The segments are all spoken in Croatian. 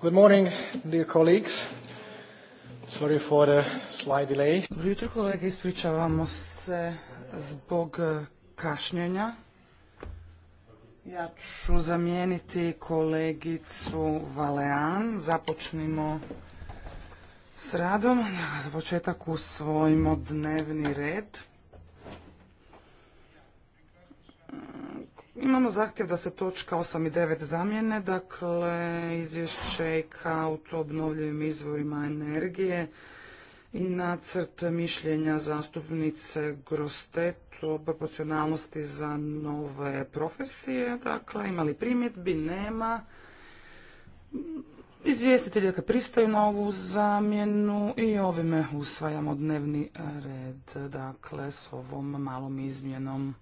Good morning, dear Dobro jutro kolege, ispričavamo se zbog e, kašnjenja. Ja ću zamijeniti kolegicu Valean. Započnimo s radom. Za početak usvojimo dnevni red. Imamo zahtjev da se točka 8 i 9 zamijene, dakle izvješće e kao to obnovljivim izvorima energije i nacrt mišljenja zastupnice Grostet o proporcionalnosti za nove profesije. Dakle, imali primjetbi? Nema. Izvjestitelji kad dakle, pristaju na ovu zamjenu i ovime usvajamo dnevni red, dakle, s ovom malom izmjenom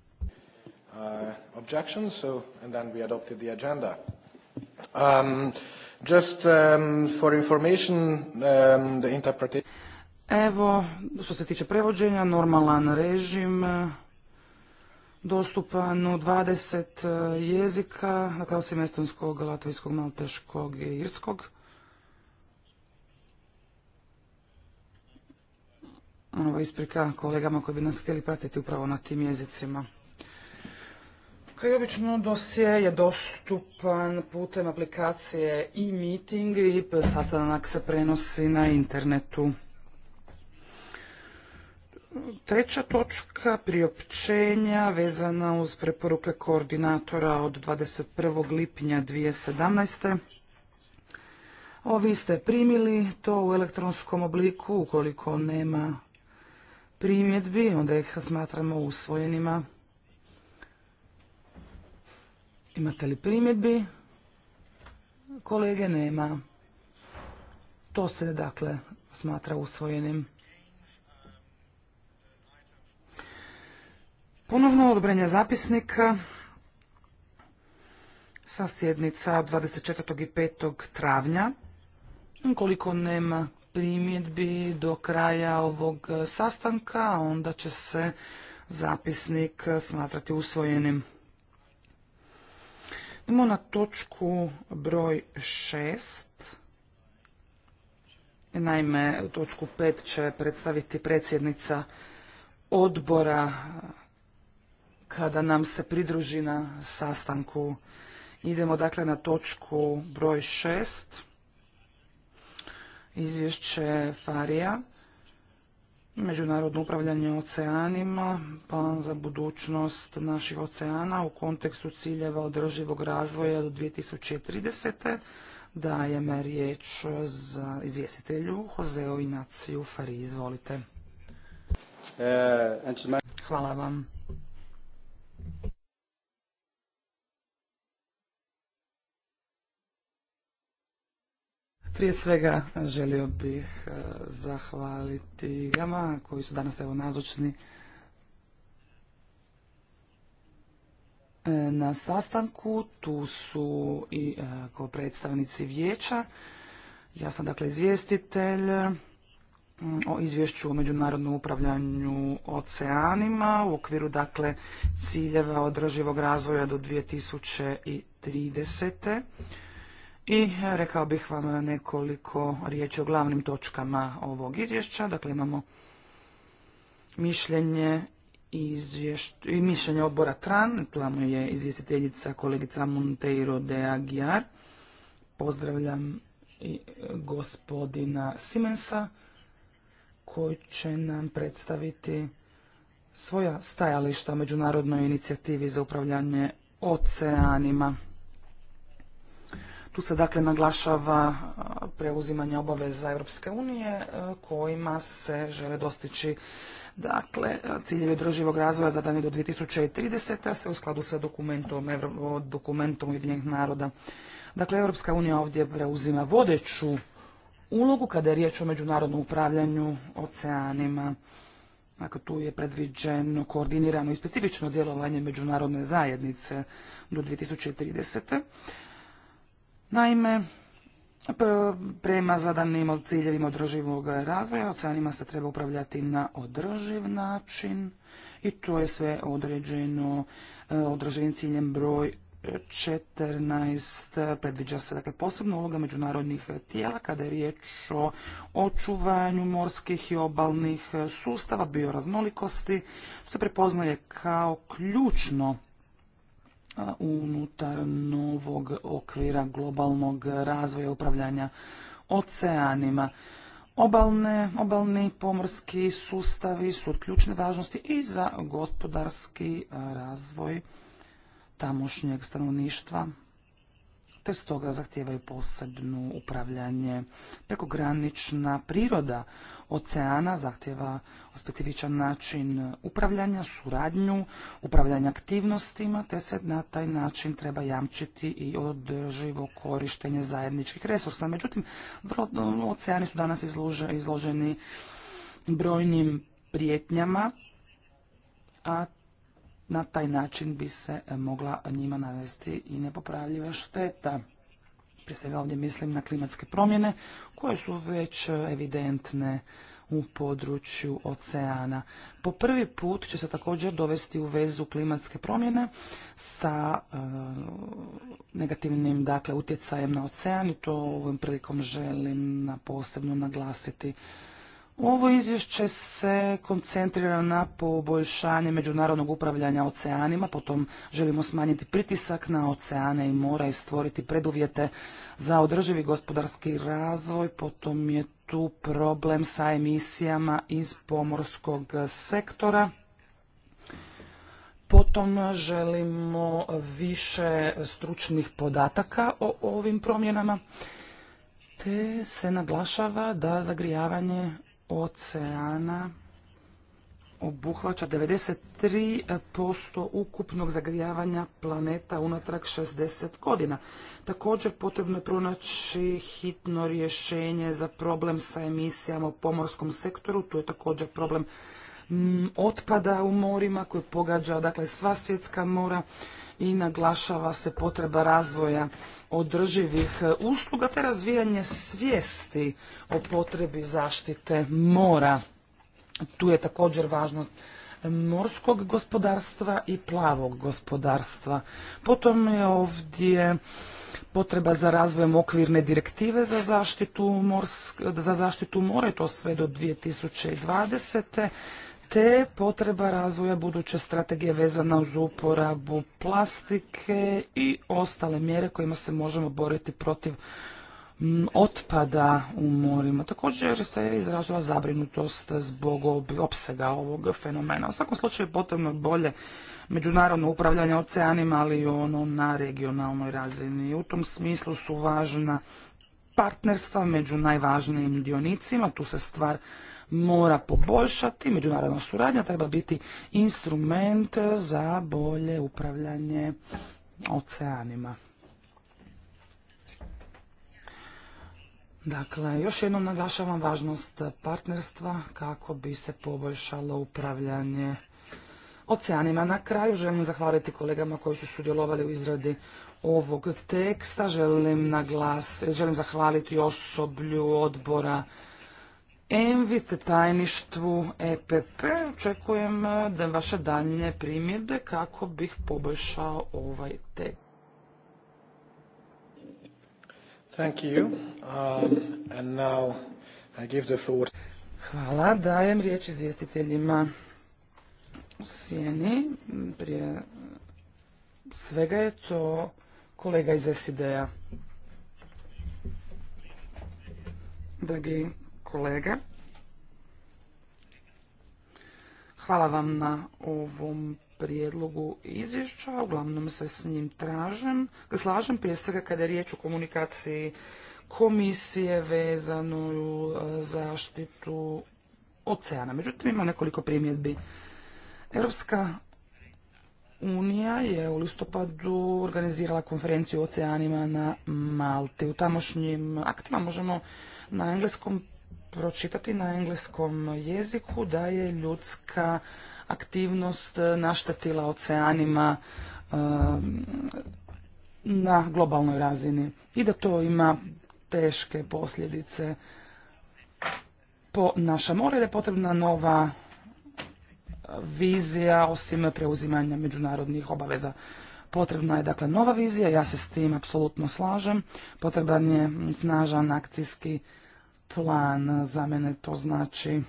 uh, objections, so, and then we adopted the agenda. Um, just um, for information, um, the interpretation... Evo, što se tiče prevođenja, normalan režim, dostupan u 20 uh, jezika, dakle osim estonskog, latvijskog, malteškog i irskog. Ovo isprika kolegama koji bi nas htjeli pratiti upravo na tim jezicima. Kao i obično, dosje je dostupan putem aplikacije e-meeting i satanak se prenosi na internetu. Treća točka priopćenja vezana uz preporuke koordinatora od 21. lipnja 2017. Ovi ste primili to u elektronskom obliku, ukoliko nema primjedbi, onda ih smatramo usvojenima. Imate li primjedbi? Kolege nema. To se dakle smatra usvojenim. Ponovno odobrenje zapisnika sa sjednica 24. i 5. travnja. Koliko nema primjedbi do kraja ovog sastanka, onda će se zapisnik smatrati usvojenim. Idemo na točku broj 6. Naime, točku 5 će predstaviti predsjednica odbora kada nam se pridruži na sastanku. Idemo dakle na točku broj 6. Izvješće Farija međunarodno upravljanje oceanima, plan za budućnost naših oceana u kontekstu ciljeva održivog razvoja do 2030. Dajem riječ za izvjestitelju hozeo Inaciju Fari. Izvolite. Eh, znači, Hvala vam. Prije svega želio bih e, zahvaliti vama koji su danas evo nazočni e, na sastanku. Tu su i e, ko predstavnici vijeća. Ja sam dakle izvjestitelj o izvješću o međunarodnom upravljanju oceanima u okviru dakle ciljeva održivog razvoja do 2030. I e, rekao bih vam nekoliko riječi o glavnim točkama ovog izvješća. Dakle, imamo mišljenje i mišljenje odbora TRAN. Tu je izvjestiteljica kolegica Monteiro de Aguiar. Pozdravljam i gospodina Simensa koji će nam predstaviti svoja stajališta o međunarodnoj inicijativi za upravljanje oceanima. Tu se dakle naglašava preuzimanje obaveza Europske unije kojima se žele dostići dakle ciljevi održivog razvoja zadani do 2030. a se u skladu sa dokumentom, dokumentom Ujedinjenih naroda. Dakle, Europska unija ovdje preuzima vodeću ulogu kada je riječ o međunarodnom upravljanju oceanima. Dakle, tu je predviđeno koordinirano i specifično djelovanje međunarodne zajednice do 2030. Naime, prema zadanim ciljevima održivog razvoja oceanima se treba upravljati na održiv način i to je sve određeno e, održivim ciljem broj 14 predviđa se dakle posebna uloga međunarodnih tijela kada je riječ o očuvanju morskih i obalnih sustava bioraznolikosti što prepoznaje kao ključno unutar novog okvira globalnog razvoja upravljanja oceanima. Obalne, obalni pomorski sustavi su od ključne važnosti i za gospodarski razvoj tamošnjeg stanovništva, te stoga zahtijevaju posebno upravljanje. Prekogranična priroda oceana zahtjeva specifičan način upravljanja, suradnju, upravljanja aktivnostima, te se na taj način treba jamčiti i održivo korištenje zajedničkih resursa. Međutim, oceani su danas izloženi brojnim prijetnjama, a na taj način bi se e, mogla njima navesti i nepopravljiva šteta. Prije svega ovdje mislim na klimatske promjene koje su već e, evidentne u području oceana. Po prvi put će se također dovesti u vezu klimatske promjene sa e, negativnim dakle, utjecajem na ocean i to ovom prilikom želim posebno naglasiti. Ovo izvješće se koncentrira na poboljšanje međunarodnog upravljanja oceanima, potom želimo smanjiti pritisak na oceane i mora i stvoriti preduvjete za održivi gospodarski razvoj, potom je tu problem sa emisijama iz pomorskog sektora. Potom želimo više stručnih podataka o ovim promjenama, te se naglašava da zagrijavanje oceana obuhvaća 93% ukupnog zagrijavanja planeta unatrag 60 godina. Također potrebno je pronaći hitno rješenje za problem sa emisijama u pomorskom sektoru, tu je također problem mm, otpada u morima koji pogađa dakle sva svjetska mora i naglašava se potreba razvoja održivih e, usluga te razvijanje svijesti o potrebi zaštite mora. Tu je također važnost morskog gospodarstva i plavog gospodarstva. Potom je ovdje potreba za razvojem okvirne direktive za zaštitu, morsk, za zaštitu more, to sve do 2020 te potreba razvoja buduće strategije vezana uz uporabu plastike i ostale mjere kojima se možemo boriti protiv otpada u morima. Također se izražila zabrinutost zbog opsega ovog fenomena. U svakom slučaju potrebno bolje međunarodno upravljanje oceanima, ali i ono na regionalnoj razini. U tom smislu su važna partnerstva među najvažnijim dionicima. Tu se stvar mora poboljšati. Međunarodna suradnja treba biti instrument za bolje upravljanje oceanima. Dakle, još jednom naglašavam važnost partnerstva kako bi se poboljšalo upravljanje oceanima. Na kraju želim zahvaliti kolegama koji su sudjelovali u izradi ovog teksta. Želim, zahvaliti osoblju odbora Envit tajništvu EPP. Očekujem e, da vaše daljnje primjedbe kako bih poboljšao ovaj tekst. Thank um, Hvala. Dajem riječ izvjestiteljima u sjeni. Prije svega je to kolega iz SID-a. Dragi kolege. Hvala vam na ovom prijedlogu izvješća. Uglavnom se s njim tražem. Slažem prije svega kada je riječ o komunikaciji komisije vezano e, zaštitu oceana. Međutim, ima nekoliko primjedbi. Europska Unija je u listopadu organizirala konferenciju o oceanima na Malti. U tamošnjim aktima možemo na engleskom pročitati na engleskom jeziku da je ljudska aktivnost naštetila oceanima um, na globalnoj razini i da to ima teške posljedice po naša mora, da je potrebna nova vizija osim preuzimanja međunarodnih obaveza. Potrebna je dakle nova vizija, ja se s tim apsolutno slažem, potreban je snažan akcijski plan. Za mene to znači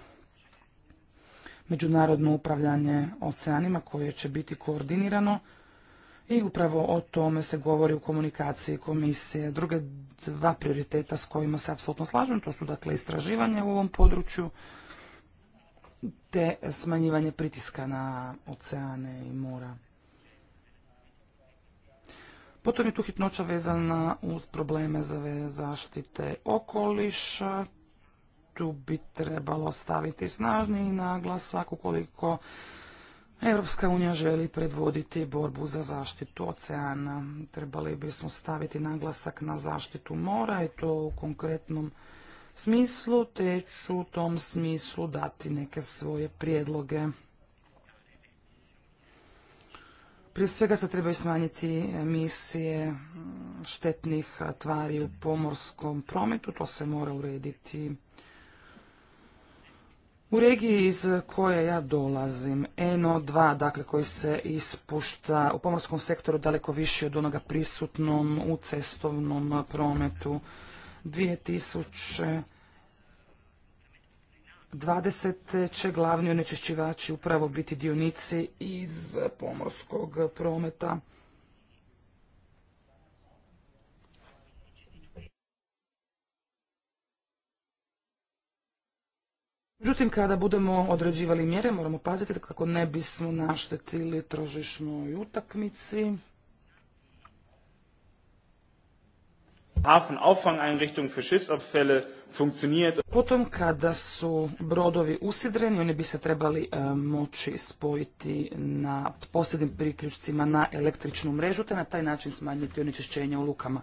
međunarodno upravljanje oceanima koje će biti koordinirano i upravo o tome se govori u komunikaciji komisije. Druge dva prioriteta s kojima se apsolutno slažem, to su dakle istraživanje u ovom području te smanjivanje pritiska na oceane i mora. Potom je tu hitnoća vezana uz probleme za zaštite okoliša. Tu bi trebalo staviti snažniji naglasak ukoliko Evropska unija želi predvoditi borbu za zaštitu oceana. Trebali bismo staviti naglasak na zaštitu mora i to u konkretnom smislu, te ću u tom smislu dati neke svoje prijedloge. Prije svega se trebaju smanjiti emisije štetnih tvari u pomorskom prometu, to se mora urediti. U regiji iz koje ja dolazim, NO2, dakle koji se ispušta u pomorskom sektoru daleko više od onoga prisutnom u cestovnom prometu, 2000 2020. će glavni onečišćivači upravo biti dionici iz pomorskog prometa. Međutim, kada budemo određivali mjere, moramo paziti kako ne bismo naštetili tržišnoj utakmici. für Potom kada su brodovi usidreni, oni bi se trebali e, moći spojiti na posljednim priključcima na električnu mrežu, te na taj način smanjiti onečišćenje u lukama.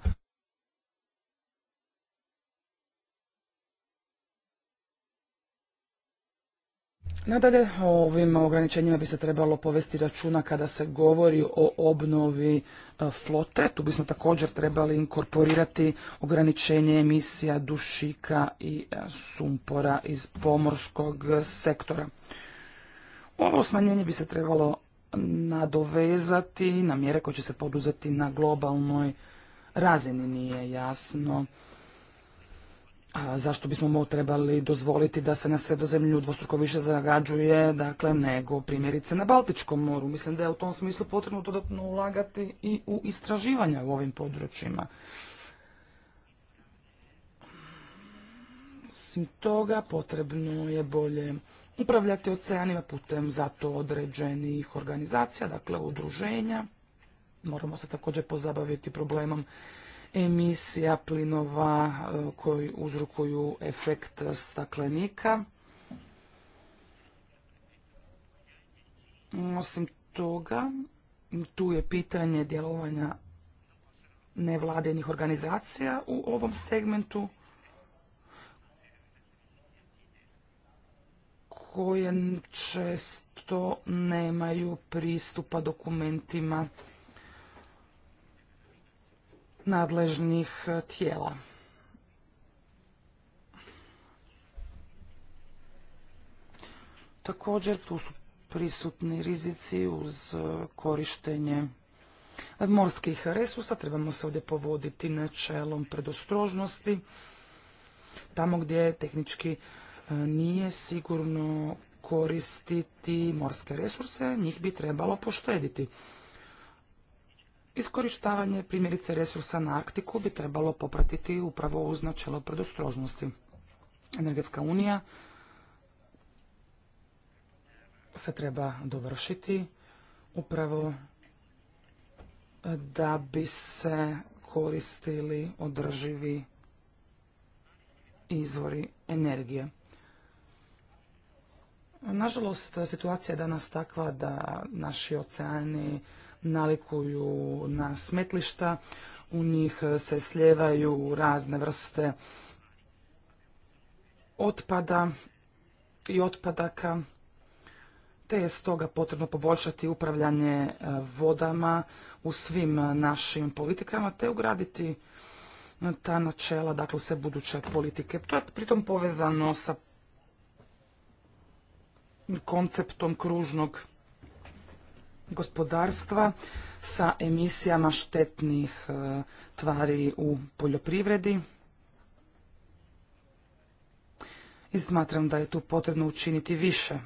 Nadalje, o ovim ograničenjima bi se trebalo povesti računa kada se govori o obnovi e, flote. Tu bismo također trebali inkorporirati ograničenje emisija dušika i e, sumpora iz pomorskog sektora. Ovo smanjenje bi se trebalo nadovezati na mjere koje će se poduzeti na globalnoj razini. Nije jasno zašto bismo mu trebali dozvoliti da se na sredozemlju dvostruko više zagađuje, dakle, nego primjerice na Baltičkom moru? Mislim da je u tom smislu potrebno dodatno ulagati i u istraživanja u ovim područjima. Osim toga, potrebno je bolje upravljati oceanima putem zato određenih organizacija, dakle udruženja. Moramo se također pozabaviti problemom emisija plinova e, koji uzrokuju efekt staklenika. Osim toga, tu je pitanje djelovanja nevladenih organizacija u ovom segmentu koje često nemaju pristupa dokumentima nadležnih e, tijela. Također tu su prisutni rizici uz e, korištenje morskih resursa. Trebamo se ovdje povoditi načelom predostrožnosti. Tamo gdje tehnički e, nije sigurno koristiti morske resurse, njih bi trebalo poštediti. Iskorištavanje primjerice resursa na Arktiku bi trebalo popratiti upravo uz načelo predostrožnosti. Energetska unija se treba dovršiti upravo eh, da bi se koristili održivi izvori energije. Nažalost, situacija je danas takva da naši oceani nalikuju na smetlišta, u njih se sljevaju razne vrste otpada i otpadaka, te je stoga potrebno poboljšati upravljanje e, vodama u svim našim politikama, te ugraditi ta načela, dakle, u sve buduće politike. To je pritom povezano sa konceptom kružnog gospodarstva sa emisijama štetnih e, tvari u poljoprivredi. I smatram da je tu potrebno učiniti više.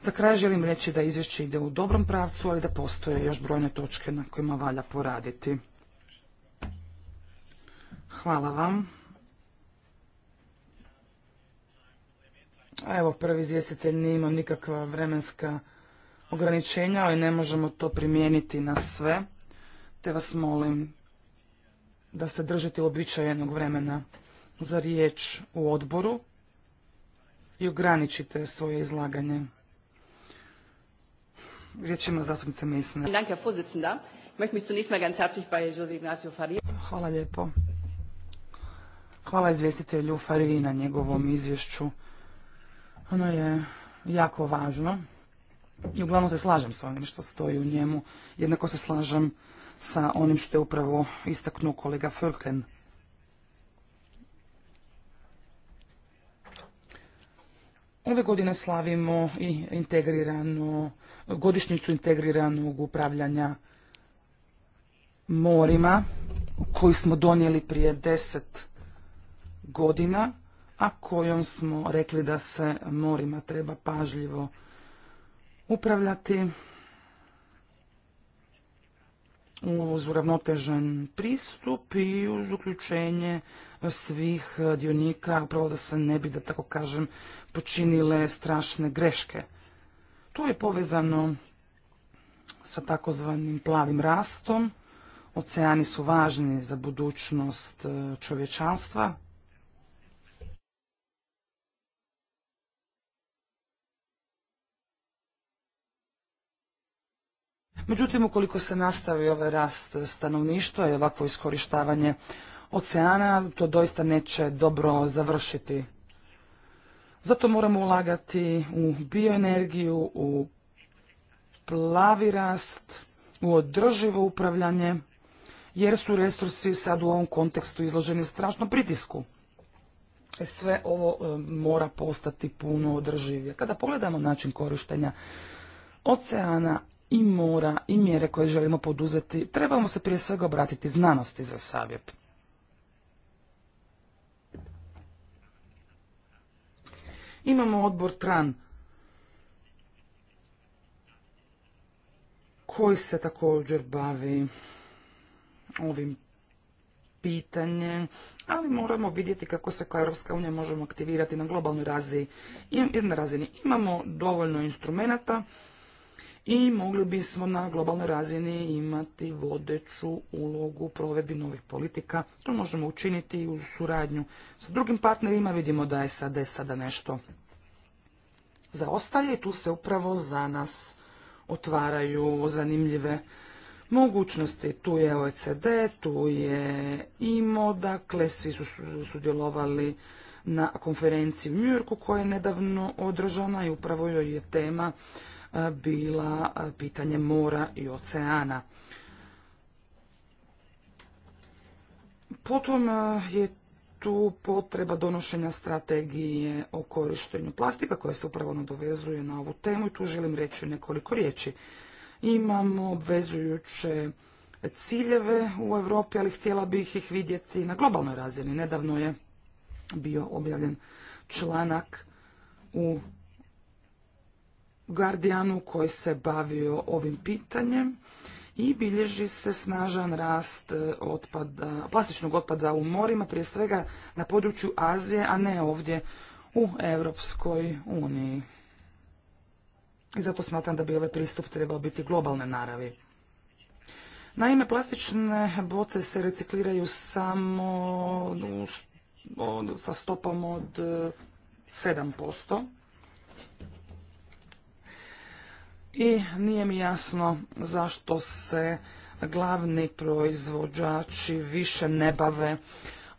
Za kraj želim reći da izvješće ide u dobrom pravcu, ali da postoje još brojne točke na kojima valja poraditi. Hvala vam. a Evo, prvi izvjestitelj nije imao nikakva vremenska ograničenja, ali ne možemo to primijeniti na sve, te vas molim da se držite uobičajenog vremena za riječ u odboru i ograničite svoje izlaganje. Riječ ima zastupnica Misne. Hvala lijepo. Hvala izvjestitelju Fariji na njegovom izvješću. Ono je jako važno i uglavnom se slažem sa onim što stoji u njemu. Jednako se slažem sa onim što je upravo istaknuo kolega Fölken. Ove godine slavimo i integriranu, godišnjicu integriranog upravljanja morima koji smo donijeli prije deset godina a kojom smo rekli da se morima treba pažljivo upravljati uz uravnotežen pristup i uz uključenje svih dionika, upravo da se ne bi, da tako kažem, počinile strašne greške. To je povezano sa takozvanim plavim rastom. Oceani su važni za budućnost eh, čovječanstva, Međutim, ukoliko se nastavi ovaj rast stanovništva i ovakvo iskorištavanje oceana, to doista neće dobro završiti. Zato moramo ulagati u bioenergiju, u plavi rast, u održivo upravljanje, jer su resursi sad u ovom kontekstu izloženi strašnom pritisku. E, sve ovo e, mora postati puno održivije. Kada pogledamo način korištenja oceana, i mora i mjere koje želimo poduzeti, trebamo se prije svega obratiti znanosti za savjet. Imamo odbor TRAN koji se također bavi ovim pitanjem, ali moramo vidjeti kako se kao Europska unija možemo aktivirati na globalnoj razini. razini imamo dovoljno instrumenta i mogli bismo na globalnoj razini imati vodeću ulogu u provedbi novih politika. To možemo učiniti i uz suradnju sa drugim partnerima. Vidimo da je sada, sada nešto zaostaje i tu se upravo za nas otvaraju zanimljive mogućnosti. Tu je OECD, tu je IMO, dakle svi su sudjelovali na konferenciji u Njujorku koja je nedavno održana i upravo joj je tema bila pitanje mora i oceana. Potom je tu potreba donošenja strategije o korištenju plastika koja se upravo nadovezuje na ovu temu i tu želim reći nekoliko riječi. Imamo obvezujuće ciljeve u Europi, ali htjela bih ih vidjeti na globalnoj razini. Nedavno je bio objavljen članak u Guardianu koji se bavio ovim pitanjem i bilježi se snažan rast e, otpada, plastičnog otpada u morima, prije svega na području Azije, a ne ovdje u Europskoj uniji. I zato smatram da bi ovaj pristup trebao biti globalne naravi. Naime, plastične boce se recikliraju samo sa stopom od 7%. E, i nije mi jasno zašto se glavni proizvođači više ne bave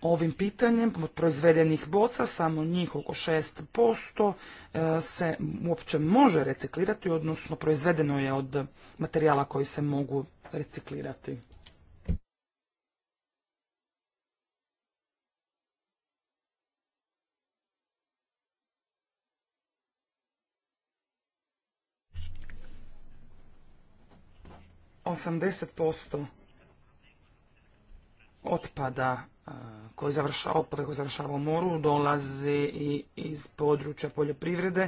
ovim pitanjem od proizvedenih boca, samo njih oko 6% e, se uopće može reciklirati, odnosno proizvedeno je od materijala koji se mogu reciklirati. 80% otpada koji završava, završava u moru dolazi i iz područja poljoprivrede,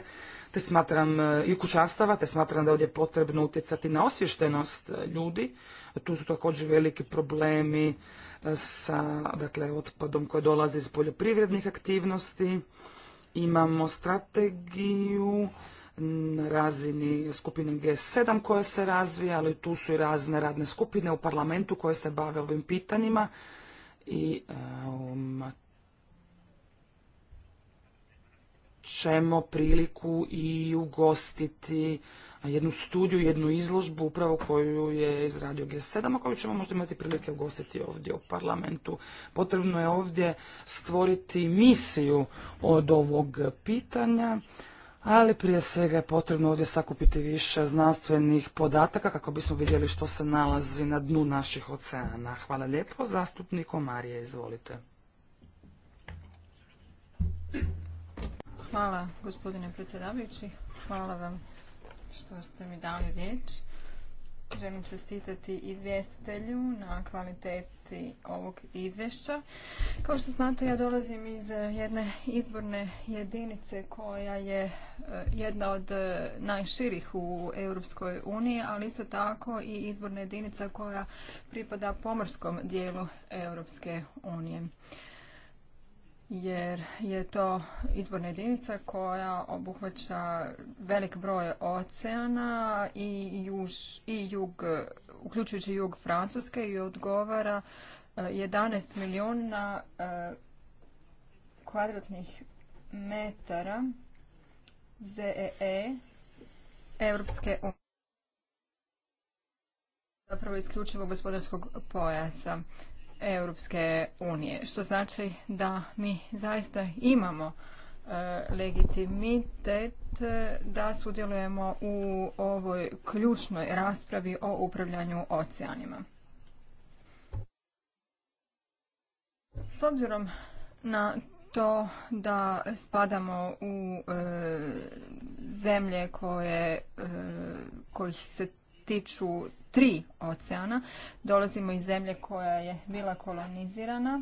te smatram e, i kućanstava, te smatram da ovdje potrebno utjecati na osvještenost e, ljudi. Tu su također veliki problemi e, sa dakle, otpadom koji dolazi iz poljoprivrednih aktivnosti. Imamo strategiju na razini skupine G7 koja se razvija, ali tu su i razne radne skupine u parlamentu koje se bave ovim pitanjima i ehm, ćemo priliku i ugostiti jednu studiju, jednu izložbu upravo koju je izradio G7, a koju ćemo možda imati prilike ugostiti ovdje u parlamentu. Potrebno je ovdje stvoriti misiju od ovog pitanja ali prije svega je potrebno ovdje sakupiti više znanstvenih podataka kako bismo vidjeli što se nalazi na dnu naših oceana. Hvala lijepo. Zastupnik Marije, izvolite. Hvala gospodine predsjedavajući. Hvala vam što ste mi dali riječ. Želim čestitati izvjestitelju na kvaliteti ovog izvješća. Kao što znate, ja dolazim iz jedne izborne jedinice koja je e, jedna od e, najširih u Europskoj uniji, ali isto tako i izborna jedinica koja pripada pomorskom dijelu Europske unije jer je to izborna jedinica koja obuhvaća velik broj oceana i, juž, i jug, uključujući jug Francuske i odgovara 11 eh, milijuna eh, kvadratnih metara ZEE europske unije zapravo isključivo gospodarskog pojasa. Europske unije, što znači da mi zaista imamo e, legitimitet e, da sudjelujemo u ovoj ključnoj raspravi o upravljanju oceanima. S obzirom na to da spadamo u e, zemlje koje, kojih se tiču tri oceana. Dolazimo iz zemlje koja je bila kolonizirana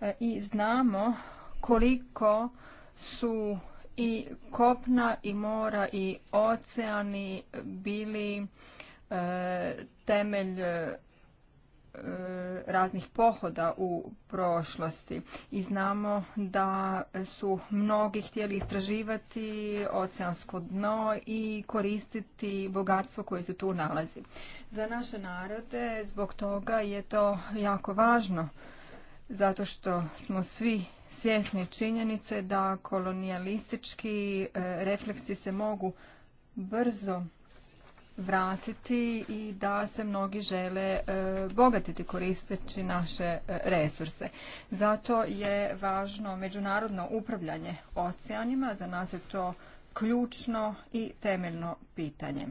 e, i znamo koliko su i kopna i mora i oceani bili e, temelj E, raznih pohoda u prošlosti i znamo da su mnogi htjeli istraživati oceansko dno i koristiti bogatstvo koje se tu nalazi. Za naše narode zbog toga je to jako važno zato što smo svi svjesni činjenice da kolonijalistički e, refleksi se mogu brzo vratiti i da se mnogi žele e, bogatiti koristeći naše e, resurse. Zato je važno međunarodno upravljanje oceanima, za nas je to ključno i temeljno pitanje.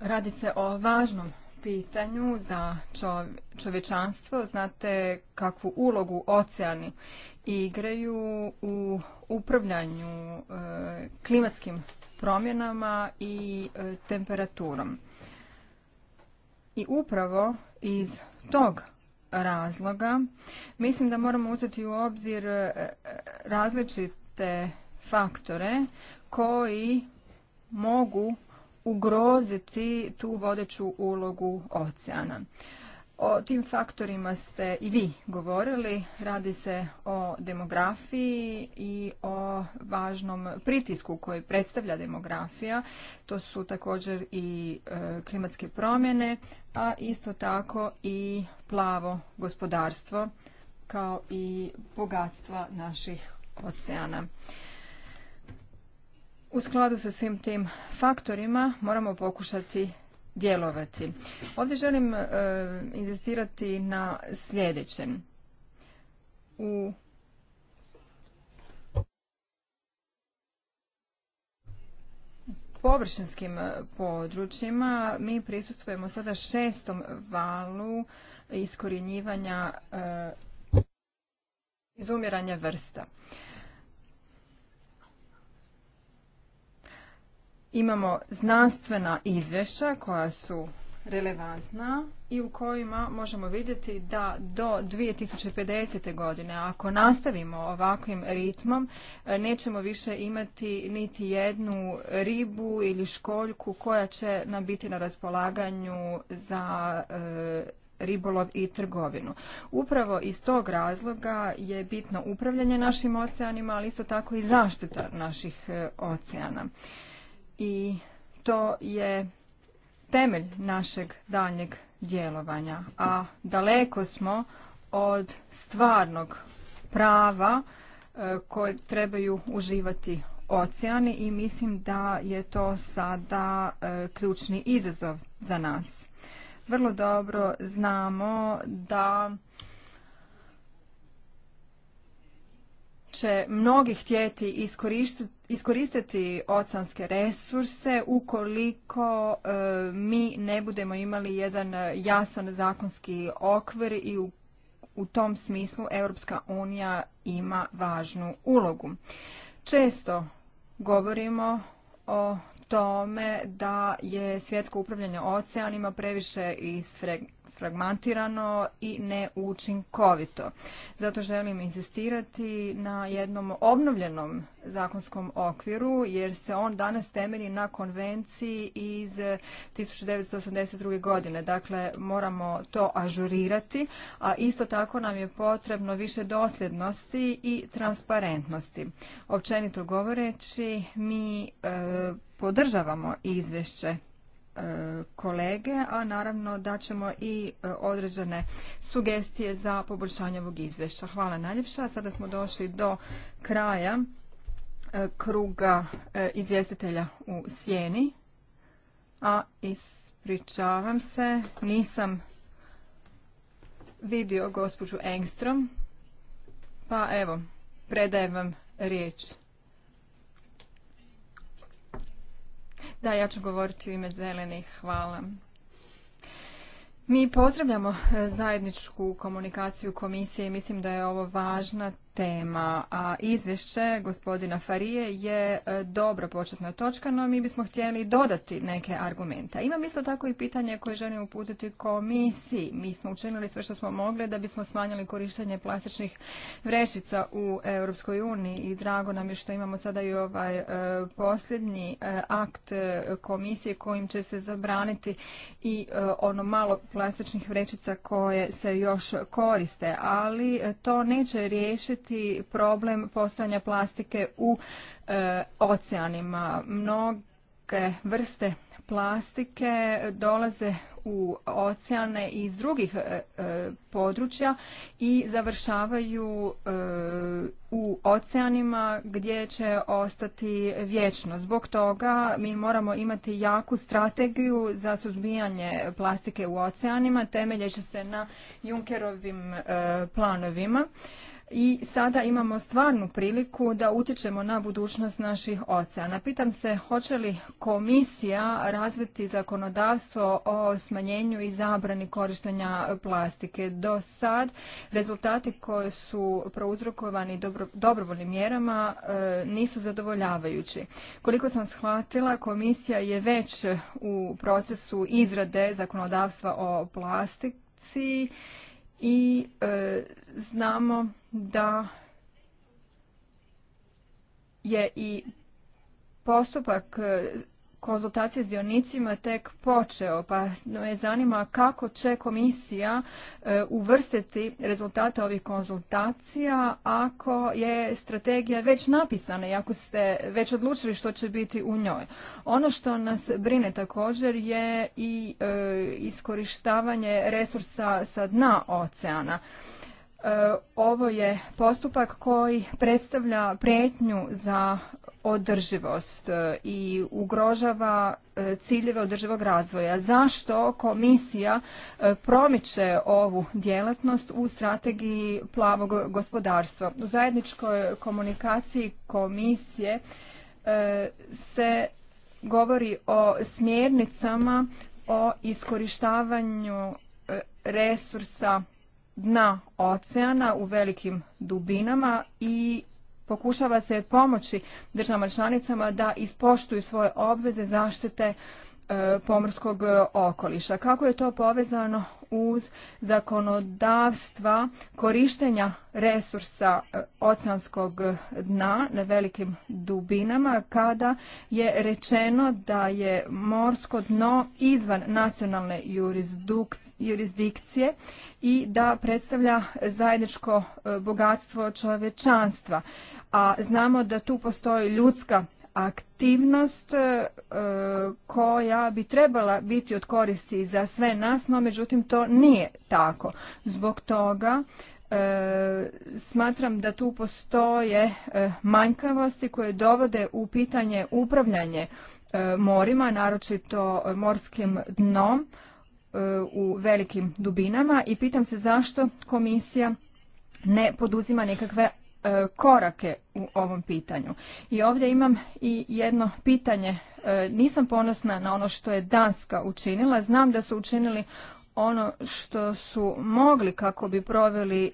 Radi se o važnom pitanju za čovječanstvo. Znate kakvu ulogu oceani igraju u upravljanju e, klimatskim promjenama i e, temperaturom. I upravo iz tog razloga mislim da moramo uzeti u obzir e, različite faktore koji mogu ugroziti tu vodeću ulogu oceana. O tim faktorima ste i vi govorili. Radi se o demografiji i o važnom pritisku koji predstavlja demografija. To su također i e, klimatske promjene, a isto tako i plavo gospodarstvo kao i bogatstva naših oceana. U skladu sa svim tim faktorima moramo pokušati djelovati. Ovdje želim e, investirati na sljedećem. U površinskim e, područjima mi prisustujemo sada šestom valu iskorjenjivanja e, izumiranja vrsta. imamo znanstvena izvješća koja su relevantna i u kojima možemo vidjeti da do 2050. godine ako nastavimo ovakvim ritmom nećemo više imati niti jednu ribu ili školjku koja će nam biti na raspolaganju za e, ribolov i trgovinu. Upravo iz tog razloga je bitno upravljanje našim oceanima, ali isto tako i zaštita naših e, oceana i to je temelj našeg daljnjeg djelovanja, a daleko smo od stvarnog prava e, koje trebaju uživati oceani i mislim da je to sada e, ključni izazov za nas. Vrlo dobro znamo da će mnogi htjeti iskoristiti oceanske resurse ukoliko e, mi ne budemo imali jedan jasan zakonski okvir i u, tom smislu Europska unija ima važnu ulogu. Često govorimo o tome da je svjetsko upravljanje oceanima previše fragmentirano i neučinkovito. Zato želim insistirati na jednom obnovljenom zakonskom okviru jer se on danas temelji na konvenciji iz 1982. godine. Dakle, moramo to ažurirati, a isto tako nam je potrebno više dosljednosti i transparentnosti. Općenito govoreći, mi e, podržavamo izvješće kolege, a naravno da ćemo i e, određene sugestije za poboljšanje ovog izvješća. Hvala najljepša. Sada smo došli do kraja e, kruga e, izvjestitelja u sjeni. A ispričavam se, nisam vidio gospođu Engstrom. Pa evo, predajem vam riječ. Da, ja ću govoriti u ime zelenih. Hvala. Mi pozdravljamo e, zajedničku komunikaciju komisije i mislim da je ovo važna tema, a izvješće gospodina Farije je e, dobro početna točka, no mi bismo htjeli dodati neke argumente. Imam isto tako i pitanje koje želim uputiti komisiji. Mi smo učinili sve što smo mogli da bismo smanjili korištenje plastičnih vrećica u Europskoj uniji i drago nam je što imamo sada i ovaj e, posljednji e, akt komisije kojim će se zabraniti i ono malo plastičnih vrećica koje se još koriste, ali to neće riješiti riješiti problem postojanja plastike u e, oceanima. Mnoge vrste plastike dolaze u oceane iz drugih e, e područja i završavaju e, u oceanima gdje će ostati vječno. Zbog toga mi moramo imati jaku strategiju za suzbijanje plastike u oceanima, će se na Junkerovim e, planovima i sada imamo stvarnu priliku da utječemo na budućnost naših oceana. Pitam se hoće li komisija razviti zakonodavstvo o smanjenju i zabrani korištenja plastike. Do sad rezultati koji su prouzrokovani dobrovoljnim mjerama e, nisu zadovoljavajući. Koliko sam shvatila, komisija je već u procesu izrade zakonodavstva o plastici i e, znamo da je i postupak e, konzultacije s dionicima tek počeo, pa me zanima kako će komisija e, uvrstiti rezultate ovih konzultacija ako je strategija već napisana i ako ste već odlučili što će biti u njoj. Ono što nas brine također je i e, iskorištavanje resursa sa dna oceana. E, ovo je postupak koji predstavlja prijetnju za održivost e, i ugrožava e, ciljeve održivog razvoja. Zašto komisija promiče ovu djelatnost u strategiji plavog gospodarstva? U zajedničkoj komunikaciji komisije se govori o smjernicama o iskorištavanju resursa dna oceana u velikim dubinama i pokušava se pomoći državama članicama da ispoštuju svoje obveze zaštite e, pomorskog okoliša. Kako je to povezano uz zakonodavstva korištenja resursa e, oceanskog dna na velikim dubinama kada je rečeno da je morsko dno izvan nacionalne jurisdikcije i da predstavlja zajedničko e, bogatstvo čovečanstva. A znamo da tu postoji ljudska aktivnost e, koja bi trebala biti od koristi za sve nas, no međutim to nije tako. Zbog toga e, smatram da tu postoje manjkavosti koje dovode u pitanje upravljanje morima, naročito morskim dnom, E, u velikim dubinama i pitam se zašto komisija ne poduzima nekakve e, korake u ovom pitanju. I ovdje imam i jedno pitanje. E, nisam ponosna na ono što je Danska učinila. Znam da su učinili ono što su mogli kako bi proveli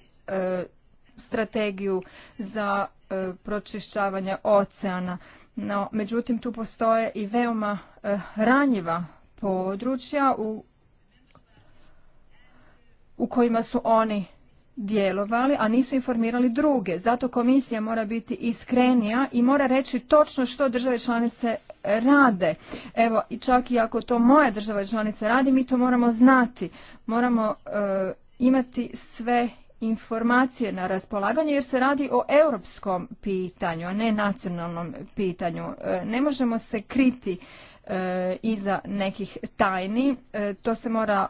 strategiju za pročišćavanje oceana. međutim, tu postoje i veoma ranjiva područja u u kojima su oni djelovali, a nisu informirali druge. Zato komisija mora biti iskrenija i mora reći točno što države članice rade. Evo, i čak i ako to moja država članica radi, mi to moramo znati. Moramo eh, imati sve informacije na raspolaganje jer se radi o europskom pitanju, a ne nacionalnom pitanju. Eh, ne možemo se kriti eh, iza nekih tajni. To se mora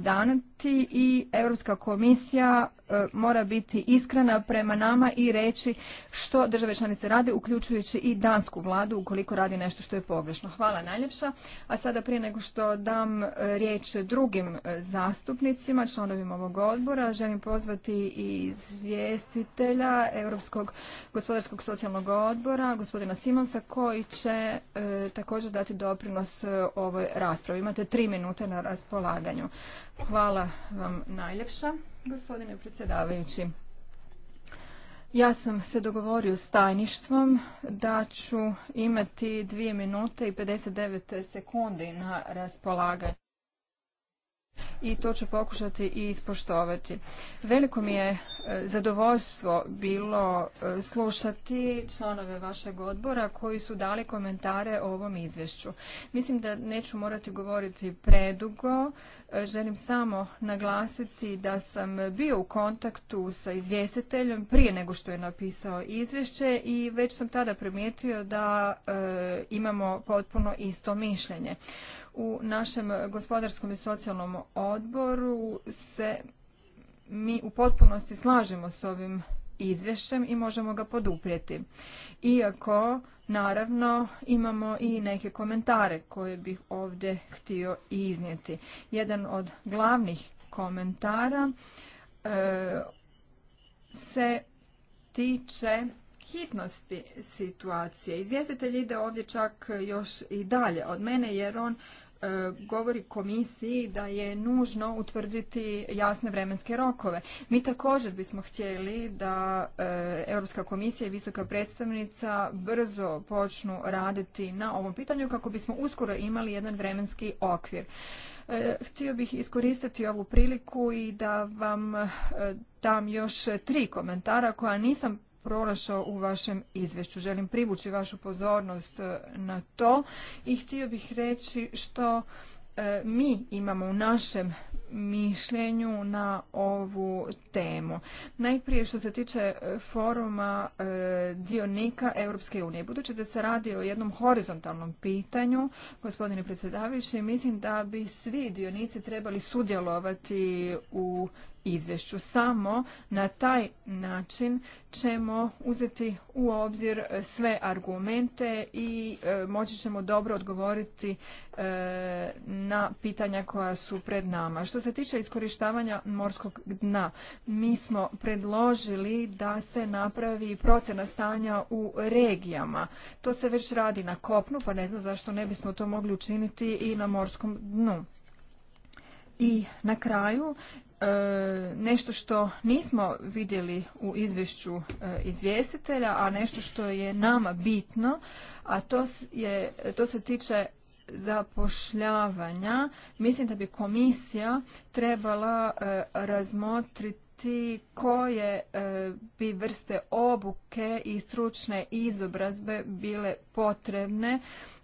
dan i Europska komisija e, mora biti iskrena prema nama i reći što države članice rade, uključujući i dansku vladu ukoliko radi nešto što je pogrešno. Hvala najljepša. A sada prije nego što dam e, riječ drugim e, zastupnicima, članovima ovog odbora, želim pozvati i izvjestitelja Europskog gospodarskog socijalnog odbora, gospodina Simonsa, koji će također dati doprinos ovoj raspravi. Imate tri minute na raspolaganju. Hvala vam najljepša, gospodine predsjedavajući. Ja sam se dogovorio s tajništvom da ću imati dvije minute i 59 sekundi na raspolaganje i to ću pokušati i ispoštovati. Veliko mi je e, zadovoljstvo bilo e, slušati članove vašeg odbora koji su dali komentare o ovom izvješću. Mislim da neću morati govoriti predugo. E, želim samo naglasiti da sam bio u kontaktu sa izvjestiteljem prije nego što je napisao izvješće i već sam tada primijetio da imamo potpuno isto mišljenje. U našem gospodarskom i socijalnom odboru se mi u potpunosti slažemo s ovim izvješćem i možemo ga poduprijeti. Iako, naravno, imamo i neke komentare koje bih ovdje htio iznijeti. Jedan od glavnih komentara e, se tiče hitnosti situacije. Izvjestitelj ide ovdje čak još i dalje od mene jer on E, govori komisiji da je nužno utvrditi jasne vremenske rokove. Mi također bismo htjeli da e, Europska komisija i visoka predstavnica brzo počnu raditi na ovom pitanju kako bismo uskoro imali jedan vremenski okvir. E, htio bih iskoristiti ovu priliku i da vam dam još tri komentara koja nisam pronašao u vašem izvješću. Želim privući vašu pozornost e, na to i htio bih reći što e, mi imamo u našem mišljenju na ovu temu. Najprije što se tiče e, foruma dionika Europske unije. Budući da se radi o jednom horizontalnom pitanju, gospodine predsjedavajući, mislim da bi svi dionici trebali sudjelovati u izvješću. Samo na taj način ćemo uzeti u obzir e, sve argumente i e, moći ćemo dobro odgovoriti e, na pitanja koja su pred nama. Što se tiče iskorištavanja morskog dna, mi smo predložili da se napravi procena stanja u regijama. To se već radi na kopnu, pa ne znam zašto ne bismo to mogli učiniti i na morskom dnu. I na kraju E, nešto što nismo vidjeli u izvješću e, izvjestitelja, a nešto što je nama bitno, a to, je, to se tiče zapošljavanja. Mislim da bi komisija trebala e, razmotriti koje bi vrste obuke i stručne izobrazbe bile potrebne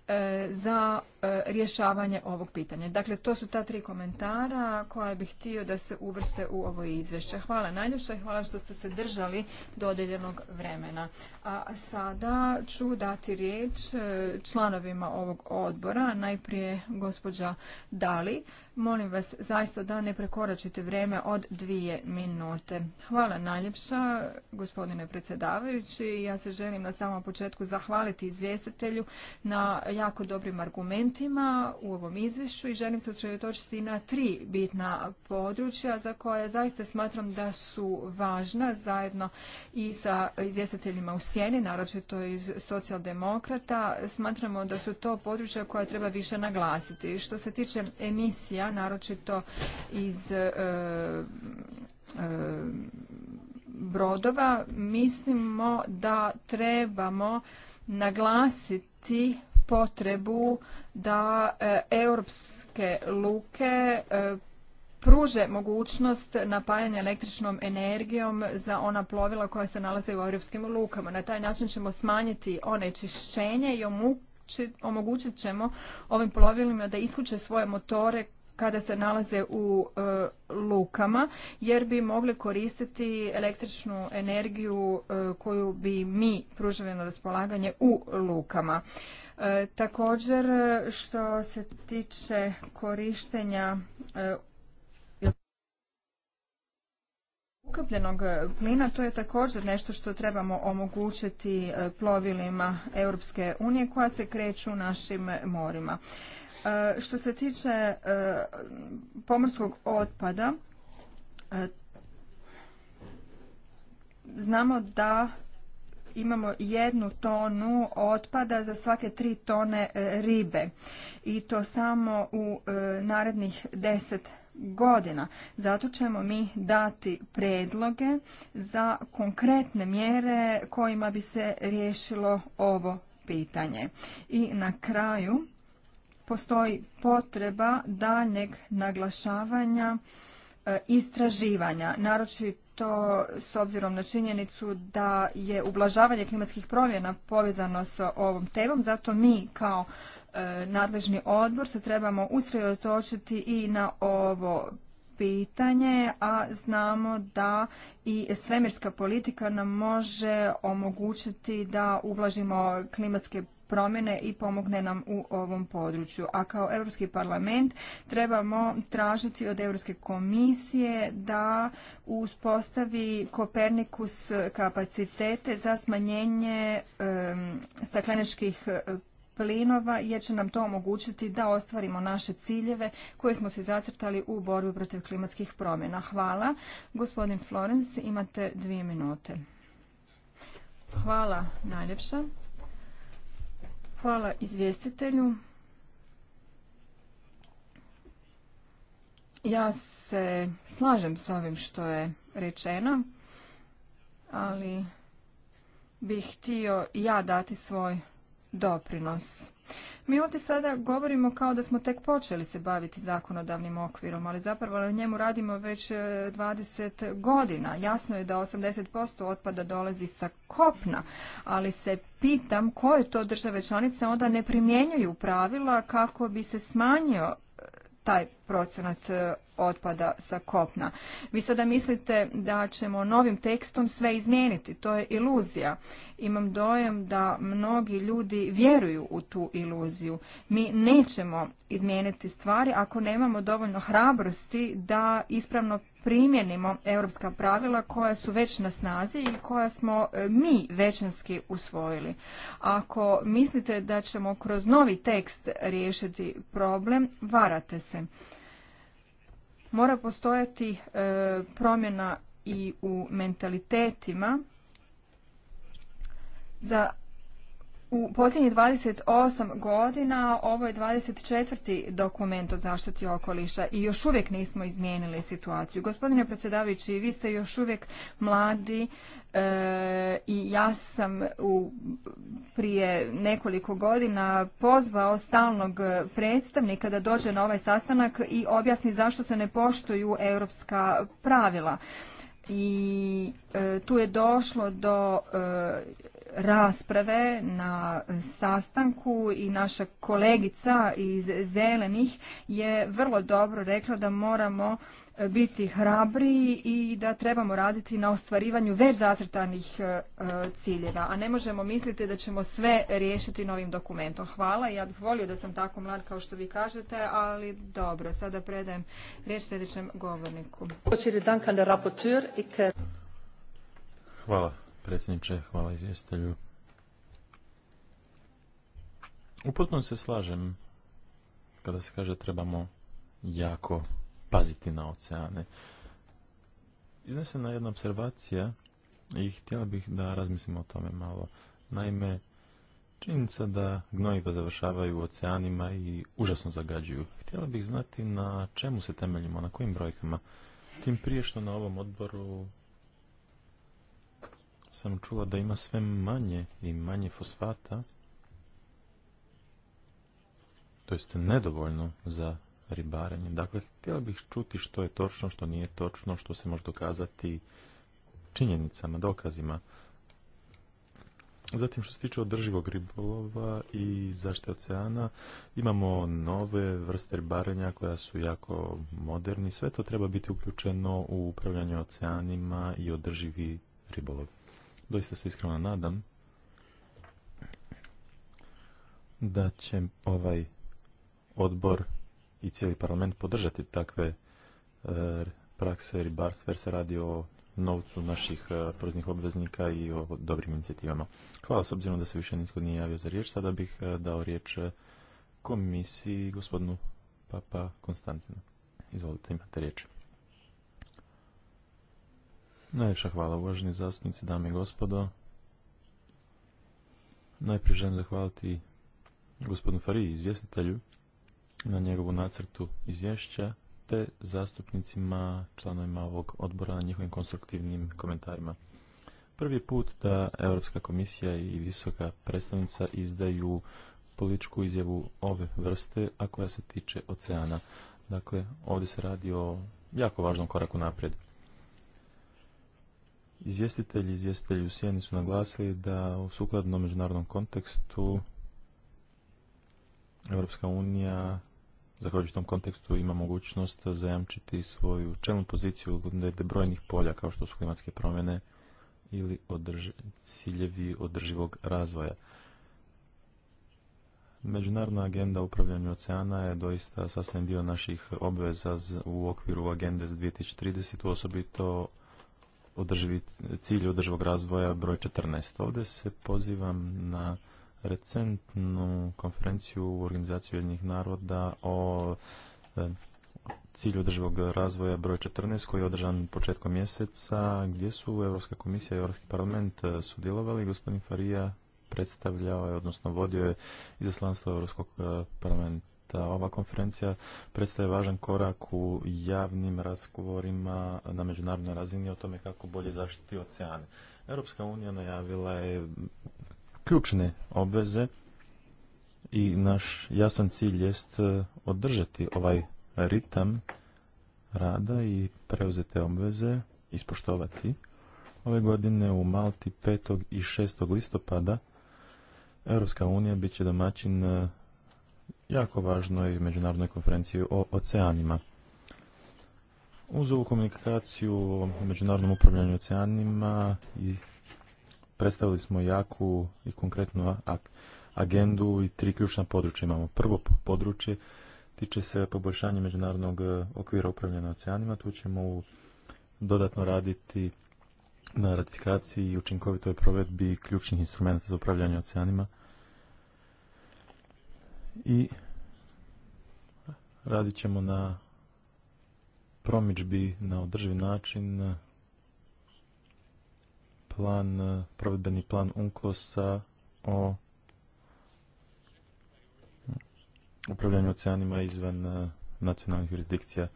E, za e, rješavanje ovog pitanja. Dakle, to su ta tri komentara koja bih htio da se uvrste u ovo izvješće. Hvala najljepša i hvala što ste se držali dodeljenog vremena. A sada ću dati riječ e, članovima ovog odbora. Najprije gospođa Dali. Molim vas zaista da ne prekoračite vrijeme od dvije minute. Hvala najljepša gospodine predsjedavajući. Ja se želim na samom početku zahvaliti izvjestitelju na jako dobrim argumentima u ovom izvješću i želim se usredotočiti na tri bitna područja za koje zaista smatram da su važna zajedno i sa izvjestiteljima u sjeni, naročito iz socijaldemokrata, smatramo da su to područja koja treba više naglasiti. Što se tiče emisija, naročito iz e, e, brodova, mislimo da trebamo naglasiti potrebu da e, europske luke pruže mogućnost napajanja električnom energijom za ona plovila koja se nalaze u europskim lukama. Na taj način ćemo smanjiti onečišćenje i omogućit ćemo ovim plovilima da isključe svoje motore kada se nalaze u e, lukama jer bi mogli koristiti električnu energiju e, koju bi mi pružili na raspolaganje u lukama. E, također što se tiče korištenja ukapljenog plina, to je također nešto što trebamo omogućiti e, plovilima Europske unije koja se kreću u našim morima. E, što se tiče e, pomorskog otpada, znamo da imamo jednu tonu otpada za svake tri tone ribe i to samo u narednih deset godina. Zato ćemo mi dati predloge za konkretne mjere kojima bi se riješilo ovo pitanje. I na kraju postoji potreba daljnjeg naglašavanja e, istraživanja, naročito s obzirom na činjenicu da je ublažavanje klimatskih promjena povezano s ovom temom, zato mi kao E, nadležni odbor se trebamo usredotočiti i na ovo pitanje, a znamo da i svemirska politika nam može omogućiti da ublažimo klimatske promjene i pomogne nam u ovom području. A kao Europski parlament trebamo tražiti od Europske komisije da uspostavi Kopernikus kapacitete za smanjenje stakleničkih plinova jer će nam to omogućiti da ostvarimo naše ciljeve koje smo se zacrtali u borbi protiv klimatskih promjena. Hvala. Gospodin Florenc, imate dvije minute. Hvala najljepša. Hvala izvjestitelju. Ja se slažem s ovim što je rečeno, ali bih htio ja dati svoj doprinos. Mi ovdje sada govorimo kao da smo tek počeli se baviti zakonodavnim okvirom, ali zapravo na njemu radimo već 20 e, godina. Jasno je da 80% otpada dolazi sa kopna, ali se pitam koje to države članice onda ne primjenjuju pravila kako bi se smanjio taj procenat e, otpada sa kopna. Vi sada mislite da ćemo novim tekstom sve izmijeniti. To je iluzija. Imam dojam da mnogi ljudi vjeruju u tu iluziju. Mi nećemo izmijeniti stvari ako nemamo dovoljno hrabrosti da ispravno primjenimo europska pravila koja su već na snazi i koja smo e, mi većinski usvojili. Ako mislite da ćemo kroz novi tekst riješiti problem, varate se. Mora postojati e, promjena i u mentalitetima za u posljednjih 28 godina ovo je 24. dokument o zaštiti okoliša i još uvijek nismo izmijenili situaciju. Gospodine predsjedavajući, vi ste još uvijek mladi e, i ja sam u, prije nekoliko godina pozvao stalnog predstavnika da dođe na ovaj sastanak i objasni zašto se ne poštuju europska pravila. I e, tu je došlo do e, rasprave na sastanku i naša kolegica iz Zelenih je vrlo dobro rekla da moramo biti hrabri i da trebamo raditi na ostvarivanju već zacrtanih e, ciljeva, a ne možemo misliti da ćemo sve riješiti novim dokumentom. Hvala, ja bih volio da sam tako mlad kao što vi kažete, ali dobro, sada predajem riječ sljedećem govorniku. Hvala predsjedniče, hvala izvjestelju. Uputno se slažem kada se kaže trebamo jako paziti na oceane. Iznesena je jedna observacija i htjela bih da razmislimo o tome malo. Naime, činjenica da gnojiva završavaju u oceanima i užasno zagađuju. Htjela bih znati na čemu se temeljimo, na kojim brojkama. Tim prije što na ovom odboru sam čula da ima sve manje i manje fosfata, to jest nedovoljno za ribarenje. Dakle, htjela bih čuti što je točno, što nije točno, što se može dokazati činjenicama, dokazima. Zatim što se tiče održivog ribolova i zaštite oceana, imamo nove vrste ribarenja koja su jako moderni. Sve to treba biti uključeno u upravljanje oceanima i održivi ribolovi. Doista se iskreno nadam da će ovaj odbor i cijeli parlament podržati takve e, prakse ribarstva jer se radi o novcu naših e, poreznih obveznika i o dobrim inicijativama. Hvala s obzirom da se više nitko nije javio za riječ. Sada bih e, dao riječ komisiji gospodinu Papa Konstantinu. Izvolite, imate riječ. Najljepša hvala uvaženi zastupnici, dame i gospodo. Najprije želim zahvaliti gospodinu Fariji, izvjestitelju, na njegovu nacrtu izvješća, te zastupnicima, članovima ovog odbora na njihovim konstruktivnim komentarima. Prvi put da Europska komisija i visoka predstavnica izdaju političku izjavu ove vrste, a koja se tiče oceana. Dakle, ovdje se radi o jako važnom koraku naprijed. Izvjestitelji i izvjestitelji u Sjeni su naglasili da u sukladnom međunarodnom kontekstu Europska unija zahvaljujući tom kontekstu ima mogućnost zajamčiti svoju čelnu poziciju glede brojnih polja kao što su klimatske promjene ili ciljevi održivog razvoja. Međunarodna agenda upravljanja oceana je doista sastavni dio naših obveza u okviru agende za 2030, osobito održivi cilj održivog razvoja broj 14. Ovdje se pozivam na recentnu konferenciju u organizaciji Jednih naroda o e, cilju održivog razvoja broj 14 koji je održan početkom mjeseca gdje su Europska komisija i Europski parlament e, sudjelovali. Gospodin Farija predstavljao je, odnosno vodio je izaslanstvo Europskog e, parlamenta da Ova konferencija predstavlja važan korak u javnim razgovorima na međunarodnoj razini o tome kako bolje zaštiti oceane. Europska unija najavila je ključne obveze i naš jasan cilj jest e, održati ovaj ritam rada i preuzete obveze ispoštovati. Ove godine u Malti 5. i 6. listopada Europska unija bit će domaćin e, jako važnoj međunarodnoj konferenciji o oceanima. Uz ovu komunikaciju o međunarodnom upravljanju oceanima i predstavili smo jaku i konkretnu agendu i tri ključna područja imamo. Prvo područje tiče se poboljšanja međunarodnog e, okvira upravljanja oceanima. Tu ćemo dodatno raditi na ratifikaciji i učinkovitoj provedbi ključnih instrumenta za upravljanje oceanima i radit ćemo na promičbi na održivi način plan, provedbeni plan unkos a o upravljanju oceanima izvan e, nacionalnih jurisdikcija.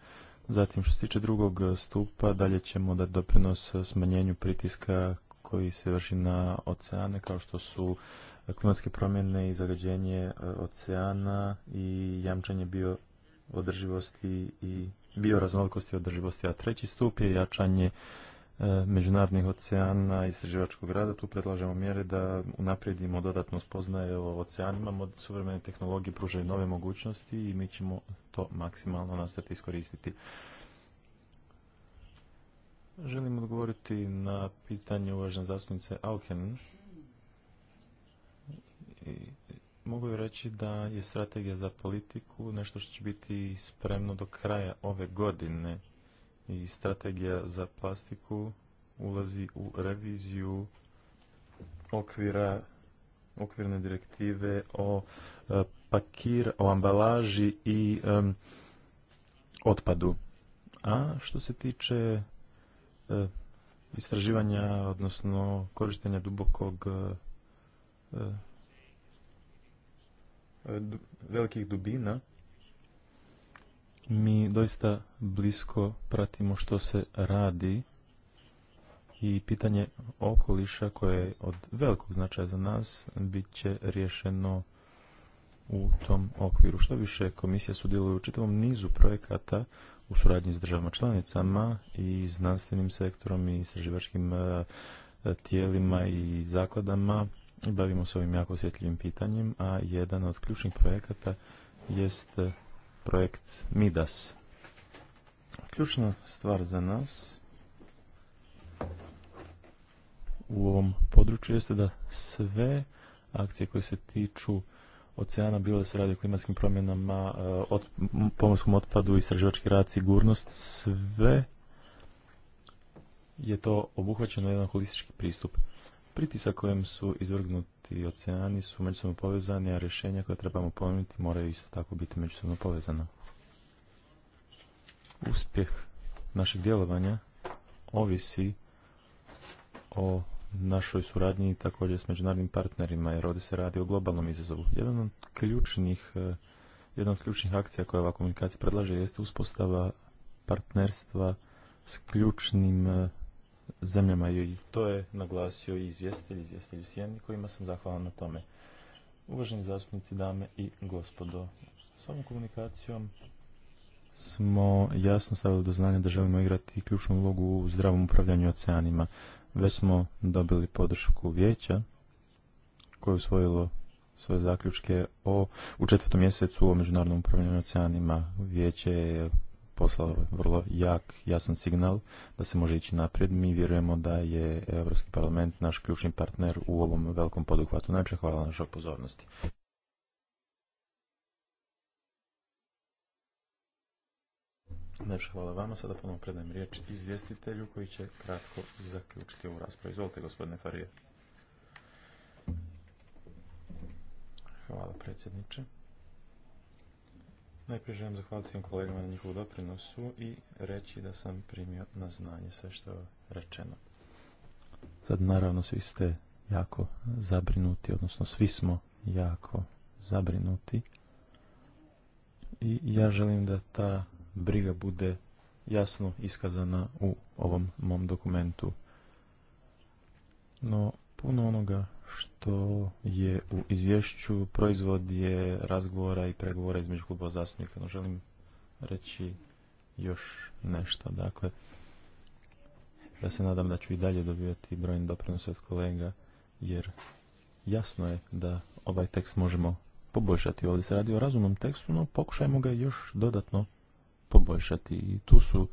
Zatim, što se tiče drugog stupa, dalje ćemo dati doprinos smanjenju pritiska koji se vrši na oceane, kao što su klimatske promjene i zagađenje e, oceana i jamčanje bio i bioraznolikosti i održivosti. A treći stup je jačanje e, međunarodnih oceana i istraživačkog rada. Tu predlažemo mjere da unaprijedimo dodatno spoznaje o oceanima. Suvremene tehnologije pružaju nove mogućnosti i mi ćemo to maksimalno nastaviti iskoristiti. Želim odgovoriti na pitanje uvažene zastupnice Auken mogu reći da je strategija za politiku nešto što će biti spremno do kraja ove godine i strategija za plastiku ulazi u reviziju okvira okvirne direktive o e, pakir, o ambalaži i e, otpadu. A što se tiče e, istraživanja, odnosno korištenja dubokog velikih dubina, mi doista blisko pratimo što se radi i pitanje okoliša koje je od velikog značaja za nas bit će rješeno u tom okviru. Što više, komisija sudjeluje u čitavom nizu projekata u suradnji s državama članicama i znanstvenim sektorom i istraživačkim e, e, tijelima i zakladama bavimo se ovim jako osjetljivim pitanjem, a jedan od ključnih projekata jest e, projekt MIDAS. Ključna stvar za nas u ovom području jeste da sve akcije koje se tiču oceana, bilo da se radi o klimatskim promjenama, e, od, pomorskom otpadu, istraživački rad, sigurnost, sve je to obuhvaćeno jedan holistički pristup. Pritisak kojem su izvrgnuti oceani su međusobno povezani, a rješenja koja trebamo ponuditi moraju isto tako biti međusobno povezana. Uspjeh našeg djelovanja ovisi o našoj suradnji također s međunarodnim partnerima, jer ovdje se radi o globalnom izazovu. Jedan od ključnih, e, jedna od ključnih akcija koja ova komunikacija predlaže jeste uspostava partnerstva s ključnim e, zemljama i to je naglasio i izvjestitelj, izvjestitelj Sjeni kojima sam zahvalan na tome. Uvaženi zastupnici, dame i gospodo, s ovom komunikacijom smo jasno stavili do znanja da želimo igrati ključnu ulogu u zdravom upravljanju oceanima. Već smo dobili podršku vijeća koje je usvojilo svoje zaključke o, u četvrtom mjesecu o međunarodnom upravljanju oceanima. Vijeće je poslao vrlo jak, jasan signal da se može ići naprijed. Mi vjerujemo da je Europski parlament naš ključni partner u ovom velikom poduhvatu. najprije hvala našoj pozornosti. Najprej hvala vama. Sada ponovno predajem riječ izvjestitelju koji će kratko zaključiti ovu raspravu. Izvolite gospodine Farije. Hvala predsjedniče. Najprije želim zahvaliti svim kolegama na njihovu doprinosu i reći da sam primio na znanje sve što je rečeno. Sad naravno svi ste jako zabrinuti, odnosno svi smo jako zabrinuti. I ja želim da ta briga bude jasno iskazana u ovom mom dokumentu. No, puno onoga što je u izvješću proizvod je razgovora i pregovora između kluba zastupnika. No želim reći još nešto. Dakle, ja se nadam da ću i dalje dobivati brojni doprinos od kolega, jer jasno je da ovaj tekst možemo poboljšati. Ovdje se radi o razumnom tekstu, no pokušajmo ga još dodatno poboljšati. I tu su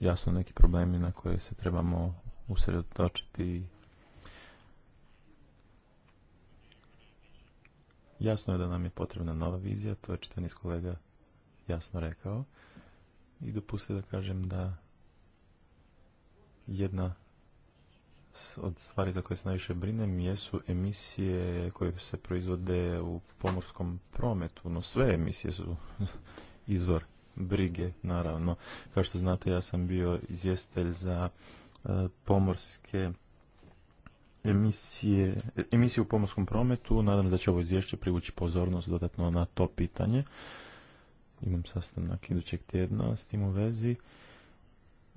jasno neki problemi na koje se trebamo usredotočiti Jasno je da nam je potrebna nova vizija, to je čitav kolega jasno rekao. I dopustite da kažem da jedna od stvari za koje se najviše brinem jesu emisije koje se proizvode u pomorskom prometu, no sve emisije su izvor brige, naravno. Kao što znate, ja sam bio izvjestitelj za e, pomorske emisije, u pomorskom prometu. Nadam se da će ovo izvješće privući pozornost dodatno na to pitanje. Imam sastanak idućeg tjedna s tim u vezi.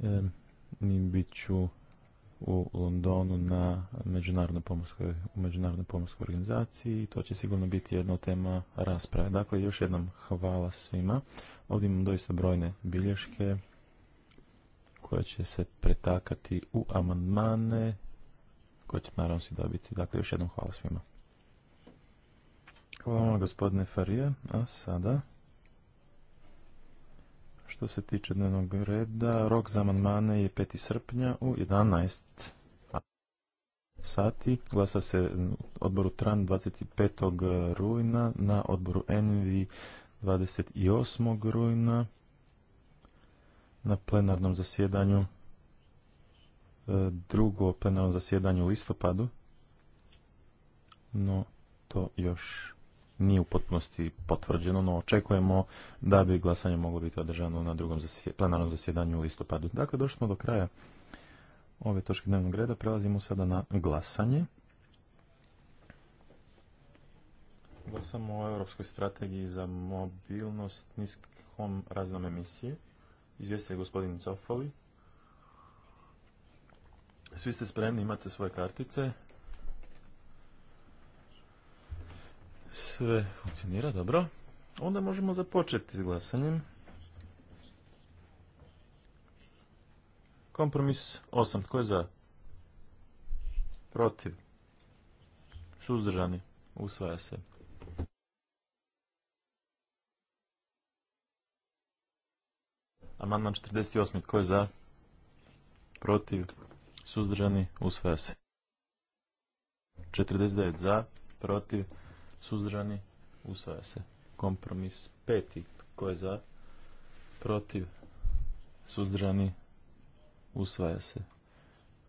E, mi bit ću u Londonu na međunarodnoj pomorskoj, u međunarodnoj pomorskoj organizaciji i to će sigurno biti jedna tema rasprave. Dakle, još jednom hvala svima. Ovdje imam doista brojne bilješke koje će se pretakati u amandmane koje ćete naravno svi dobiti. Dakle, još jednom hvala svima. Hvala vam gospodine Farija. A sada, što se tiče dnevnog reda, rok za manmane je 5. srpnja u 11 sati. Glasa se odboru TRAN 25. rujna, na odboru ENVI 28. rujna, na plenarnom zasjedanju E, drugo plenarno zasjedanje u listopadu, no to još nije u potpunosti potvrđeno, no očekujemo da bi glasanje moglo biti održano na drugom plenarnom zasjedanju u listopadu. Dakle, došli smo do kraja ove točke dnevnog reda, prelazimo sada na glasanje. Glasamo o Europskoj strategiji za mobilnost niskom raznom emisije. je gospodin Zofoli. Svi ste spremni, imate svoje kartice. Sve funkcionira, dobro. Onda možemo započeti s glasanjem. Kompromis 8. Tko je za? Protiv. Suzdržani. Usvaja se. Amandman 48. Tko je za? Protiv suzdržani, usvaja se. 49 za, protiv, suzdržani, usvaja se. Kompromis peti, tko je za, protiv, suzdržani, usvaja se.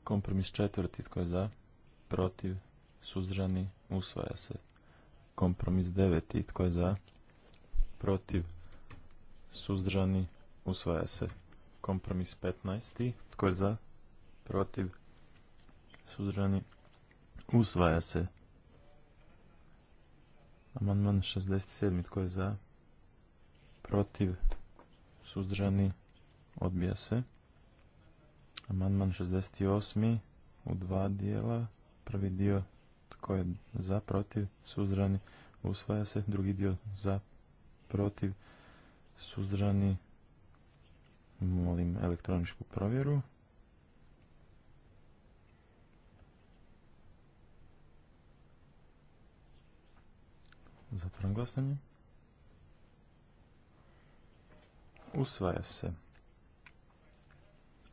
Kompromis četvrti, tko je za, protiv, suzdržani, usvaja se. Kompromis deveti, tko je za, protiv, suzdržani, usvaja se. Kompromis 15. tko je za, protiv, suzdržani, usvaja se. Amandman 67. Tko je za? Protiv, suzdržani, odbija se. Amandman 68. U dva dijela. Prvi dio tko je za, protiv, suzdržani, usvaja se. Drugi dio za, protiv, suzdržani, molim elektroničku provjeru. Zatvoram glasanje. Usvaja se.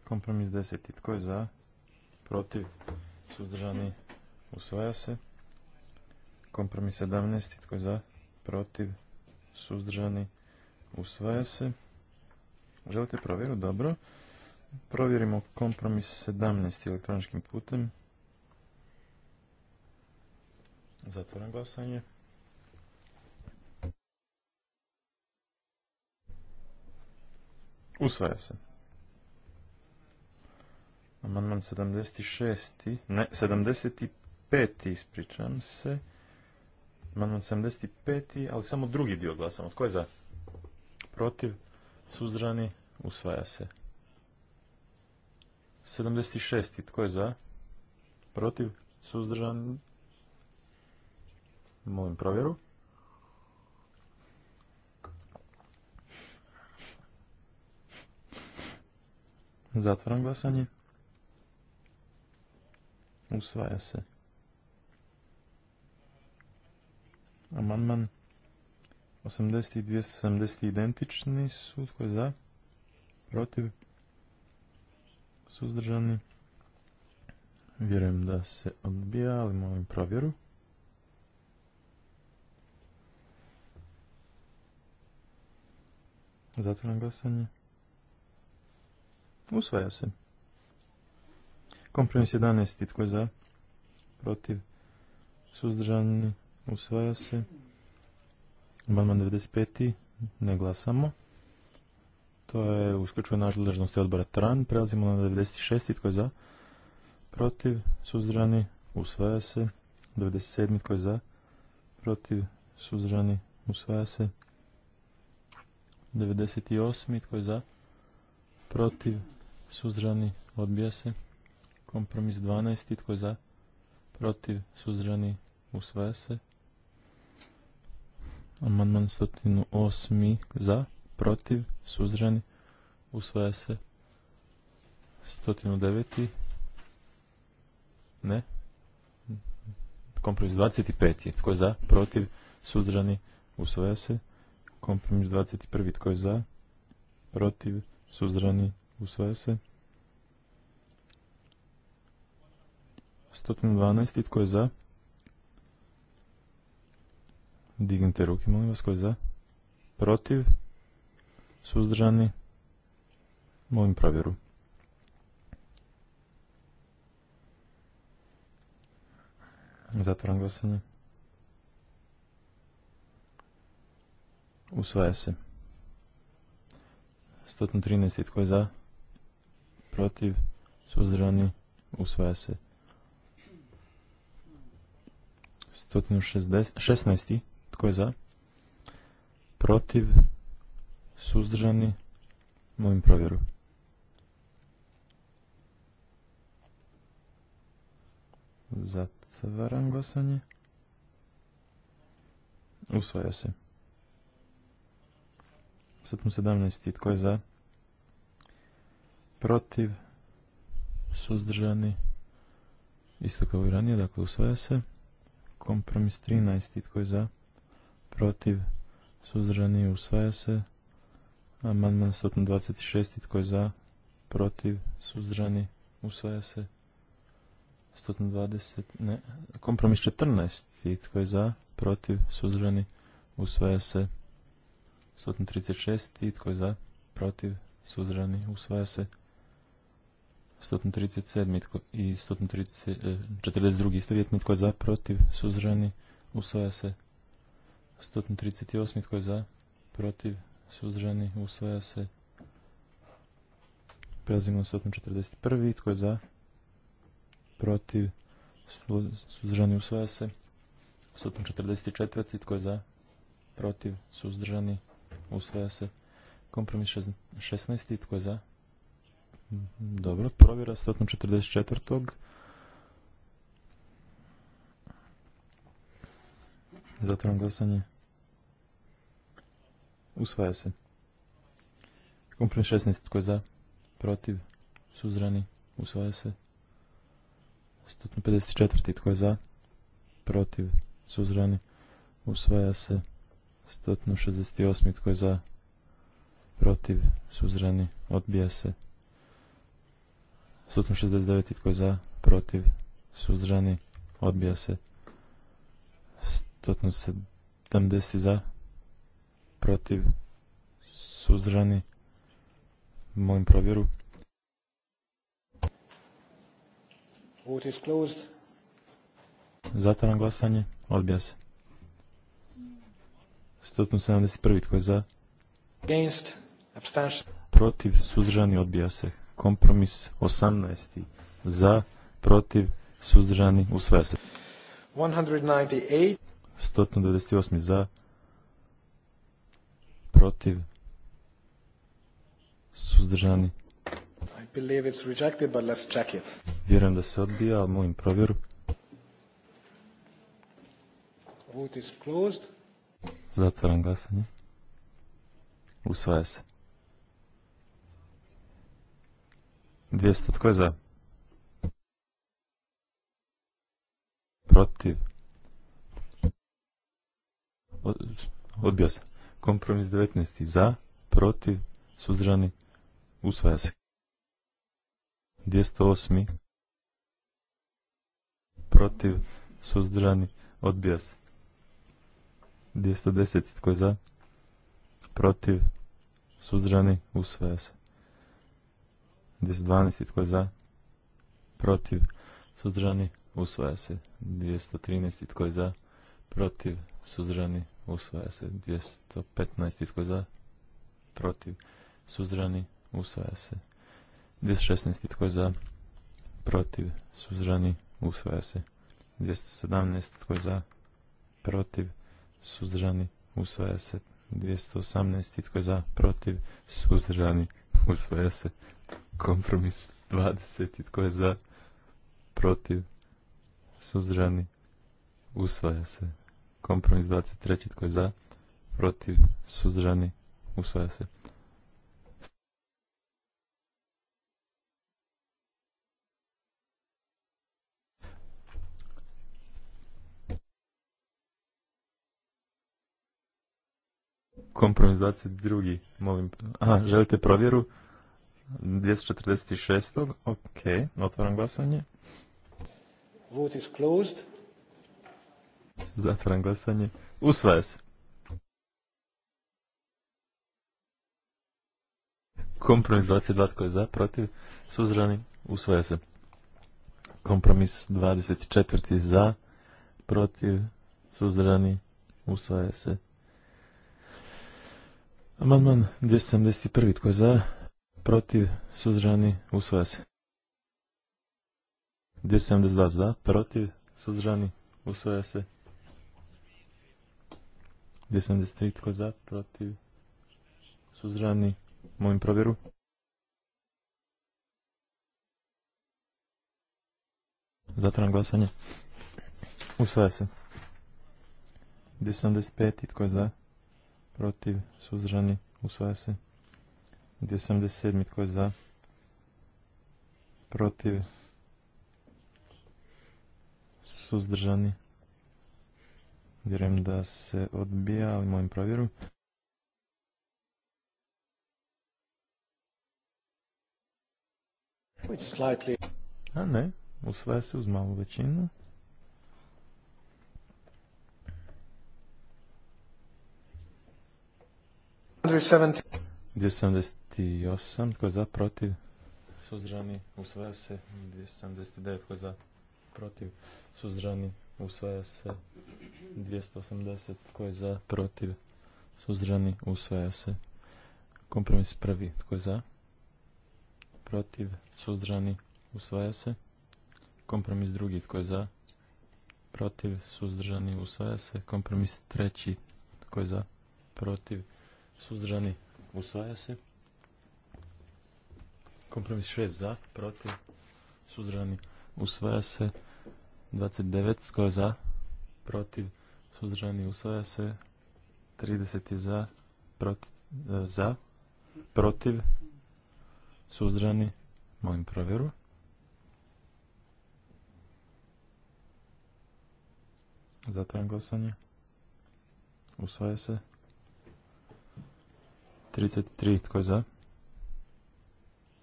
Kompromis 10. Tko je za? Protiv? Suzdržani? Usvaja se. Kompromis 17. Tko je za? Protiv? Suzdržani? Usvaja se. Želite provjeru? Dobro. Provjerimo kompromis 17 elektroničkim putem. Zatvoram glasanje. Usvaja se. Amandman 76. Ne, 75. Ispričam se. Amandman 75. Ali samo drugi dio glasa. Tko je za? Protiv? Suzdržani? Usvaja se. 76. Tko je za? Protiv? Suzdržan? Molim provjeru. Zatvoram glasanje. Usvaja se. Amandman 80 i 270 identični su. Tko je za? Protiv? Suzdržani? Vjerujem da se odbija, ali molim provjeru. Zatvaram glasanje. Usvaja se. Kompromis 11. Tko je za? Protiv? Suzdržani? Usvaja se. Amandman 95. Ne glasamo. To je usključuje nadležnosti odbora TRAN. Prelazimo na 96. Tko je za? Protiv? Suzdržani? Usvaja se. 97. Tko je za? Protiv? Suzdržani? Usvaja se. 98. Tko je za? Protiv? suzdržani, odbija se. Kompromis 12. Tko je za? Protiv, suzdržani, usvaja se. Amandman 108. Za, protiv, suzdržani, usvaja se. 109. Ne. Kompromis 25. Tko je za? Protiv, suzdržani, usvaja se. Kompromis 21. Tko je za? Protiv, suzdržani, Usvaja se. 112. Tko je za? Dignite ruke, molim vas. Tko je za? Protiv? Suzdržani? Molim provjeru. Zatvaram glasanje. Usvaja se. 113. Tko je za? protiv, suzdržani, usvaja se. 160, 16. Tko je za? Protiv, suzdržani, molim provjeru. Zatvaram glasanje. Usvaja se. 17. Tko je za? protiv, suzdržani, isto kao i ranije, dakle usvaja se. Kompromis 13, tko je za, protiv, suzdržani, usvaja se. Amandman 126, tko je za, protiv, suzdržani, usvaja se. 120, ne, kompromis 14, tko je za, protiv, suzdržani, usvaja se. 136, tko je za, protiv, suzdržani, usvaja se. 137. i 142. E, istovjetni tko je za, protiv, suzdržani, usvaja se. 138. tko je za, protiv, suzdržani, usvaja se. Prelazimo na 141. tko je za, protiv, suzdržani, usvaja se. 144. tko je za, protiv, suzdržani, usvaja se. Kompromis 16. tko je za, Mhm, dobro, provjera 144. Zatvaram glasanje. Usvaja se. Kompromis 16. Tko je za? Protiv? Suzrani? Usvaja se. 54 Tko je za? Protiv? Suzrani? Usvaja se. 168. Tko je za? Protiv? Suzrani? Odbija se. 169. Tko je za? Protiv? Suzdržani? Odbija se. 170. Za? Protiv? Suzdržani? Molim provjeru. Vote Zatvaram glasanje. Odbija se. 171. Tko je za? Against. Protiv. Suzdržani. Odbija se. Kompromis 18. Za, protiv, suzdržani, u se. 198. za, protiv, suzdržani. Vjerujem da se odbija, ali molim provjeru. Zatvaram glasanje. Usvaja se. 200. Tko je za? Protiv. Odbija se. Kompromis 19. Za, protiv, suzdržani, usvaja se. 208. Protiv, suzdržani, odbija se. 210. Tko je za? Protiv, suzdržani, usvaja se. 212. Tko je za? Protiv. Suzdržani. Usvaja se. 213. Tko je za? Protiv. Suzdržani. Usvaja se. 215. Tko je za? Protiv. Suzdržani. Usvaja se. 216. Tko je za? Protiv. Suzdržani. Usvaja se. 217. Tko je za? Protiv. Suzdržani. Usvaja se. 218. Tko je za? Protiv. Suzdržani. Usvaja se. Kompromis 20. Tko je za? Protiv? Suzdržani? Usvaja se. Kompromis 23. Tko je za? Protiv? Suzdržani? Usvaja se. Kompromis 22. Molim. Aha, želite provjeru? 246. Ok, otvaram glasanje. Vote is closed. Zatvaram glasanje. Usvaja se. Kompromis 22 tko je za, protiv, Suzrani. usvaja se. Kompromis 24 za, protiv, Suzrani. usvaja se. Amandman 271. Tko je za? protiv, suzdržani, usvaja se. 272 za, protiv, suzdržani, usvaja se. 273 tko za, protiv, suzdržani, molim provjeru. Zatran glasanje. Usvaja se. 275 tko je za, protiv, suzdržani, usvaja se. 277. Tko je za? Protiv? Suzdržani? Vjerujem da se odbija, ali mojim provjeru. A ne, usvaja se uz malu većinu. Gdje 78, tko je za, protiv, suzdržani, usvaja se. 279, tko je za, protiv, suzdržani, usvaja se. 280, tko je za, protiv, suzdržani, usvaja se. Kompromis prvi, tko je za, protiv, suzdržani, usvaja se. Kompromis drugi, tko je za, protiv, suzdržani, usvaja se. Kompromis treći, tko je za, protiv, suzdržani, usvaja se. Kompromis 6 za, protiv, suzdržani, usvaja se. 29 tko je za, protiv, suzdržani, usvaja se. 30 za, protiv, e, za, protiv, suzdržani, molim provjeru. Zatran glasanje. Usvaja se. 33. Tko je za?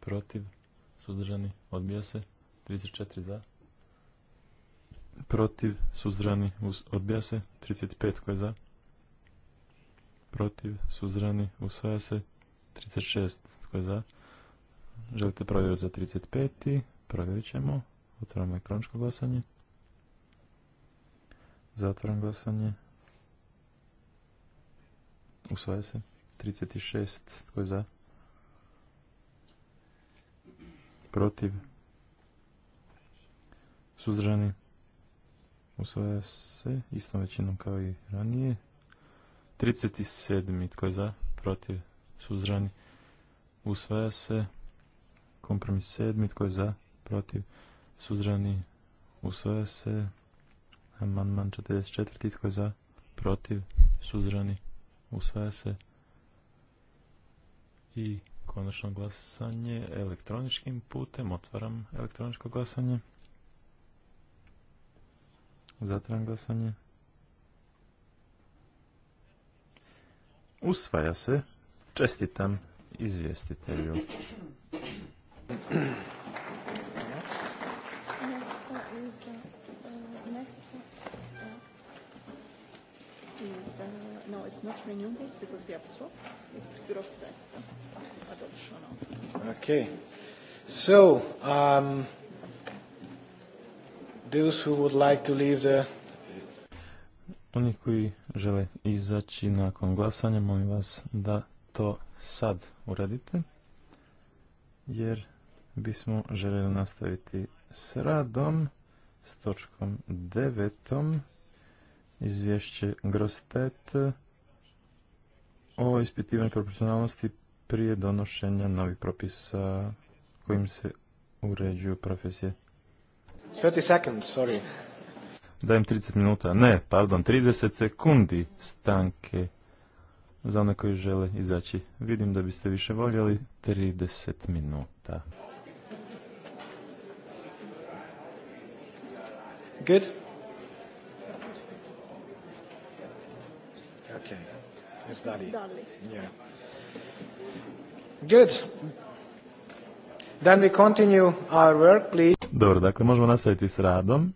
protiv, suzdrani, odbija se. 34 za, protiv, suzdrani, odbija se. 35 koje za, protiv, suzdržani, usvaja se. 36 tko za, želite provjeriti za 35. Provjerit ćemo. Otvorimo elektroničko glasanje. Zatvaram glasanje. Usvaja se. 36. Tko je za? protiv, suzdržani, usvaja se istom većinom kao i ranije. 37. tko je za, protiv, suzdržani, usvaja se. Kompromis 7. tko je za, protiv, suzdržani, usvaja se. Amandman 44. tko je za, protiv, suzdržani, usvaja se. I konačno glasanje elektroničkim putem. Otvaram elektroničko glasanje. Zatvaram glasanje. Usvaja se. Čestitam izvjestitelju. no, it's not renewables because we have swap. It's gross debt adoption. Okay. So, um, those who would like to leave the oni koji žele izaći nakon glasanja, molim vas da to sad uradite, jer bismo željeli nastaviti s radom, s točkom devetom izvješće Grostet o ispitivanju proporcionalnosti prije donošenja novih propisa kojim se uređuju profesije. 30 seconds, sorry. Dajem 30 minuta, ne, pardon, 30 sekundi stanke za one koji žele izaći. Vidim da biste više voljeli 30 minuta. Good. Okay. It's Dali. Good. Then we continue our work, please. Dobro, dakle možemo nastaviti s radom.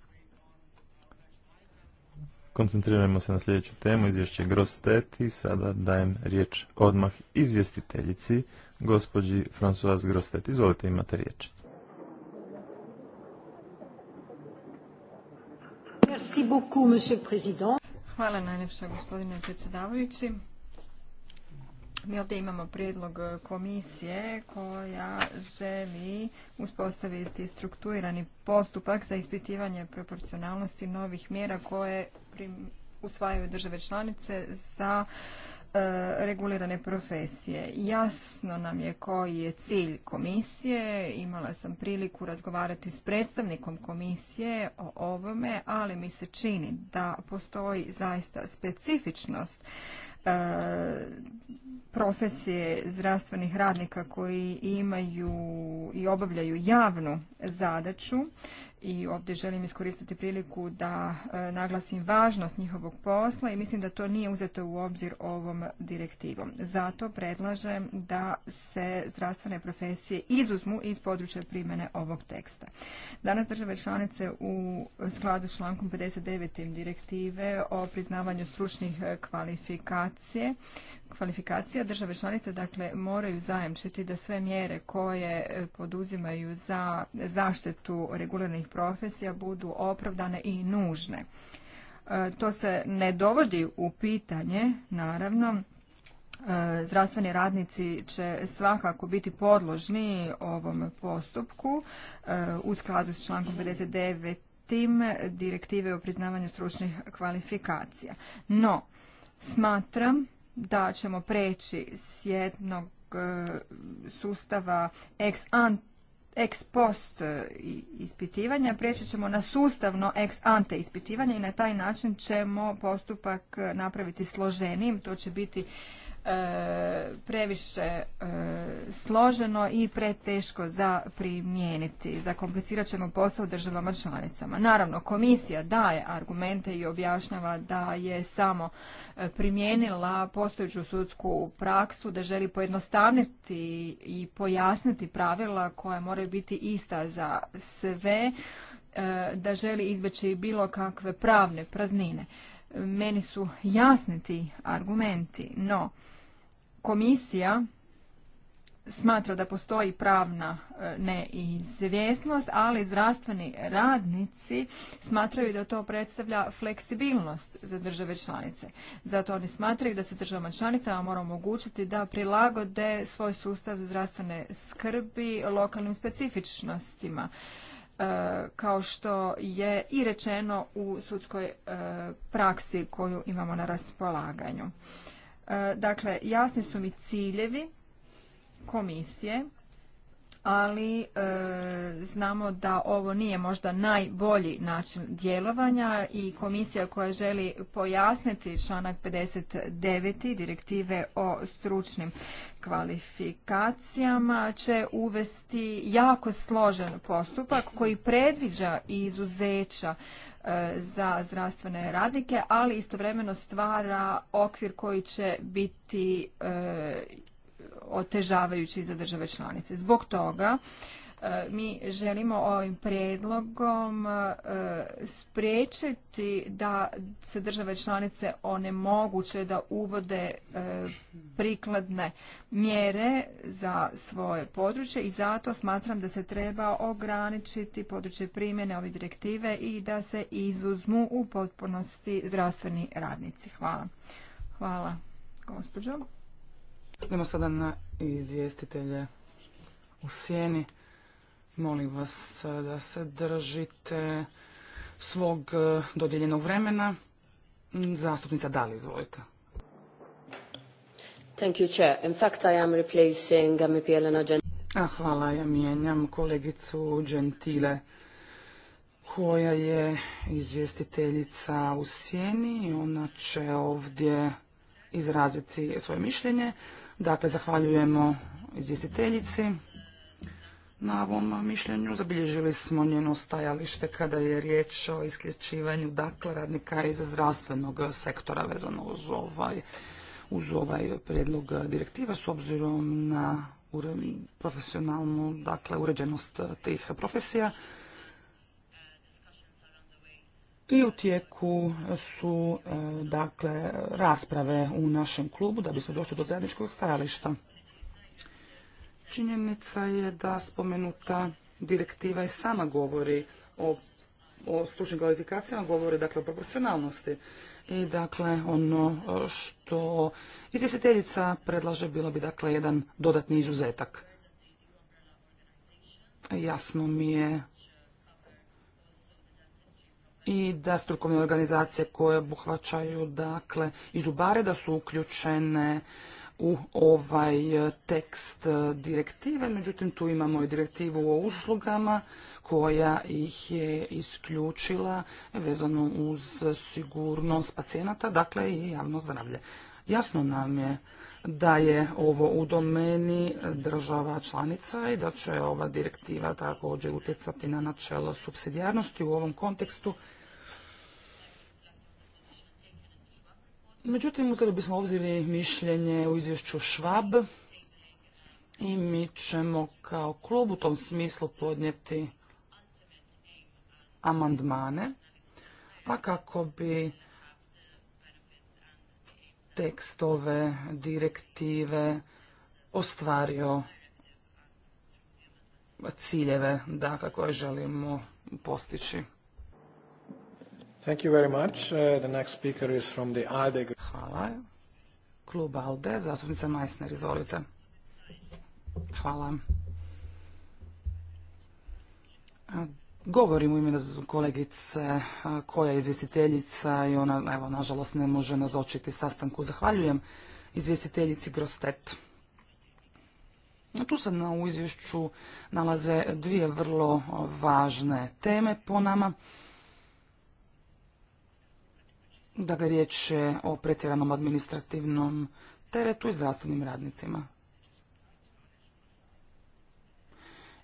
Koncentrirajmo se na sljedeću temu, izvješće Grosteti. Sada dajem riječ odmah izvjestiteljici, gospođi Françoise Grosteti. Izvolite, imate riječ. Merci beaucoup, monsieur le président. Hvala najljepša gospodine predsjedavajući. Mi ovdje imamo prijedlog e, komisije koja želi uspostaviti strukturirani postupak za ispitivanje proporcionalnosti novih mjera koje usvajaju države članice za E, regulirane profesije. Jasno nam je koji je cilj komisije. Imala sam priliku razgovarati s predstavnikom komisije o ovome, ali mi se čini da postoji zaista specifičnost e, profesije zdravstvenih radnika koji imaju i obavljaju javnu zadaću i ovdje želim iskoristiti priliku da e, naglasim važnost njihovog posla i mislim da to nije uzeto u obzir ovom direktivom. Zato predlažem da se zdravstvene profesije izuzmu iz područja primjene ovog teksta. Danas države članice u skladu s člankom 59. direktive o priznavanju stručnih kvalifikacije kvalifikacija države članice dakle moraju zajamčiti da sve mjere koje e, poduzimaju za zaštitu reguliranih profesija budu opravdane i nužne. E, to se ne dovodi u pitanje, naravno, e, zdravstveni radnici će svakako biti podložni ovom postupku u skladu s člankom 59 tim direktive o priznavanju stručnih kvalifikacija. No, smatram da ćemo preći s jednog e, sustava ex ante ex post e, ispitivanja, prijeći ćemo na sustavno ex ante ispitivanje i na taj način ćemo postupak e, napraviti složenijim. To će biti E, previše e, složeno i preteško za primijeniti. Zakomplicirat ćemo posao državama članicama. Naravno, komisija daje argumente i objašnjava da je samo e, primijenila postojeću sudsku praksu, da želi pojednostavniti i pojasniti pravila koja moraju biti ista za sve, da želi izbjeći bilo kakve pravne praznine. Meni su jasni ti argumenti, no komisija smatra da postoji pravna e, neizvjesnost, ali zdravstveni radnici smatraju da to predstavlja fleksibilnost za države članice. Zato oni smatraju da se državama članicama mora omogućiti da prilagode svoj sustav zdravstvene skrbi lokalnim specifičnostima. E, kao što je i rečeno u sudskoj e, praksi koju imamo na raspolaganju. E, dakle, jasni su mi ciljevi komisije ali e, znamo da ovo nije možda najbolji način djelovanja i komisija koja želi pojasniti članak 59. direktive o stručnim kvalifikacijama će uvesti jako složen postupak koji predviđa izuzeća e, za zdravstvene radnike, ali istovremeno stvara okvir koji će biti e, otežavajući za države članice. Zbog toga e, mi želimo ovim predlogom e, spriječiti da se države članice onemoguće da uvode e, prikladne mjere za svoje područje i zato smatram da se treba ograničiti područje primjene ove direktive i da se izuzmu u potpunosti zdravstveni radnici. Hvala. Hvala, gospođo. Idemo sada na izvjestitelje u sjeni. Molim vas da se držite svog e, dodijeljenog vremena. Zastupnica Dali, izvolite. Thank you, Chair. In um, Hvala, ja mijenjam kolegicu Gentile koja je izvjestiteljica u sjeni i ona će ovdje izraziti svoje mišljenje. Dakle, zahvaljujemo izvjestiteljici na ovom mišljenju. Zabilježili smo njeno stajalište kada je riječ o isključivanju dakle, radnika iz zdravstvenog sektora vezano uz ovaj, uz ovaj prijedlog direktiva s obzirom na profesionalnu dakle, uređenost tih profesija i u tijeku su e, dakle rasprave u našem klubu da bi se došli do zajedničkog stajališta. Činjenica je da spomenuta direktiva i sama govori o, stručnim kvalifikacijama, govori dakle o proporcionalnosti. I dakle ono e, što izvjestiteljica predlaže bilo bi dakle jedan dodatni izuzetak. Jasno mi je i da strukovne organizacije koje obuhvaćaju dakle izubare da su uključene u ovaj e, tekst e, direktive, međutim tu imamo i direktivu o uslugama koja ih je isključila vezano uz sigurnost pacijenata, dakle i javno zdravlje. Jasno nam je da je ovo u domeni država članica i da će ova direktiva također utjecati na načelo subsidijarnosti u ovom kontekstu. Međutim, uzeli bismo obzir mišljenje u izvješću Švab i mi ćemo kao klub u tom smislu podnijeti amandmane, a kako bi tekstove, direktive ostvario ciljeve da koje želimo postići. Thank you very much. Uh, the next speaker is from the Hvala. Klub ALDE, zastupnica Meissner, izvolite. Hvala. Govorim u ime kolegice koja je izvjestiteljica i ona, evo, nažalost ne može nazočiti sastanku. Zahvaljujem izvjestiteljici Grostet. Tu se na, u izvješću nalaze dvije vrlo važne teme po nama. Dakle, riječ je o pretjeranom administrativnom teretu i zdravstvenim radnicima.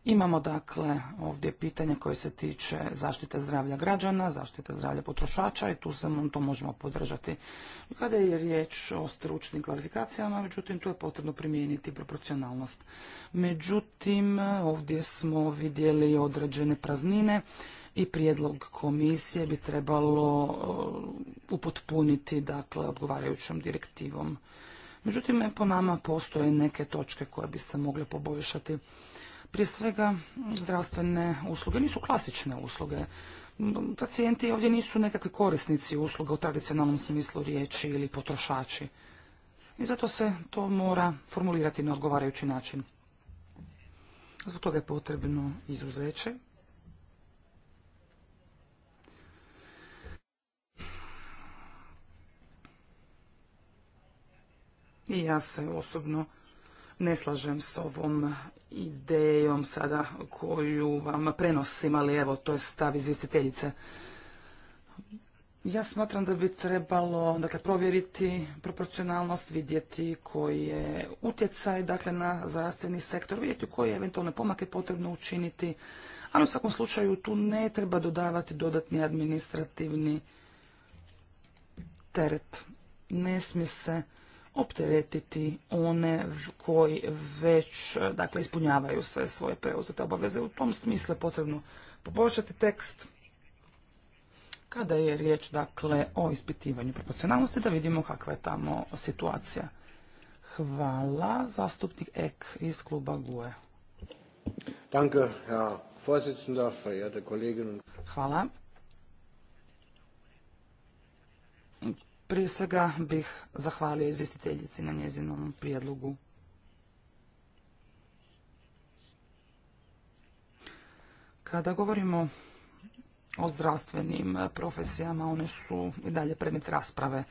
Imamo dakle ovdje pitanje koje se tiče zaštite zdravlja građana, zaštite zdravlja potrošača i tu se to možemo podržati. Kada je riječ o stručnim kvalifikacijama, međutim tu je potrebno primijeniti proporcionalnost. Međutim, ovdje smo vidjeli određene praznine i prijedlog komisije bi trebalo uh, upotpuniti dakle odgovarajućom direktivom. Međutim, po nama postoje neke točke koje bi se mogle poboljšati. Prije svega, zdravstvene usluge nisu klasične usluge. Pacijenti ovdje nisu nekakvi korisnici usluga u tradicionalnom smislu riječi ili potrošači. I zato se to mora formulirati na odgovarajući način. Zbog toga je potrebno izuzeće. I ja se osobno ne slažem s ovom idejom sada koju vam prenosim, ali evo, to je stav izvjestiteljice. Ja smatram da bi trebalo dakle, provjeriti proporcionalnost, vidjeti koji je utjecaj dakle, na zdravstveni sektor, vidjeti koje eventualne pomake potrebno učiniti, ali u svakom slučaju tu ne treba dodavati dodatni administrativni teret. Ne smije se opteretiti one koji već e, dakle, ispunjavaju sve svoje preuzete obaveze. U tom smislu je potrebno poboljšati tekst kada je riječ dakle, o ispitivanju proporcionalnosti, da vidimo kakva je tamo situacija. Hvala. Zastupnik Ek iz kluba GUE. Danke, Hvala. Prije svega bih zahvalio izvjestiteljici na njezinom prijedlogu. Kada govorimo o zdravstvenim profesijama, one su i dalje predmet rasprave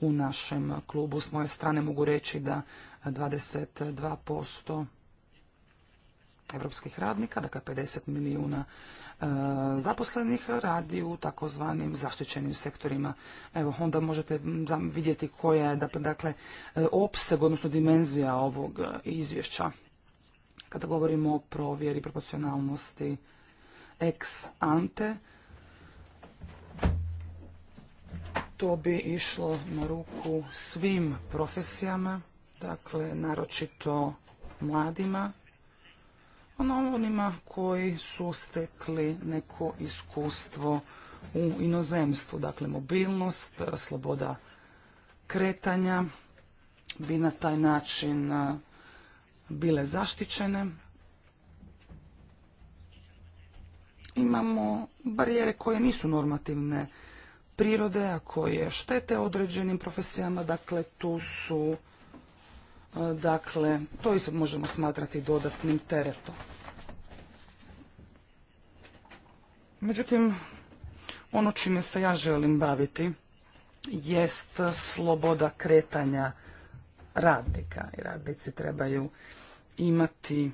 u našem klubu. S moje strane mogu reći da 22% evropskih radnika, dakle 50 milijuna e, zaposlenih radi u takozvanim zaštićenim sektorima. Evo, onda možete vidjeti koja je dakle, e, opseg, odnosno dimenzija ovog e, izvješća. Kada govorimo o provjeri proporcionalnosti ex ante, to bi išlo na ruku svim profesijama, dakle naročito mladima onima koji su stekli neko iskustvo u inozemstvu, dakle mobilnost, sloboda kretanja, bi na taj način bile zaštićene. Imamo barijere koje nisu normativne prirode, a koje štete određenim profesijama, dakle tu su Dakle, to isto možemo smatrati dodatnim teretom. Međutim, ono čime se ja želim baviti jest sloboda kretanja radnika. I radnici trebaju imati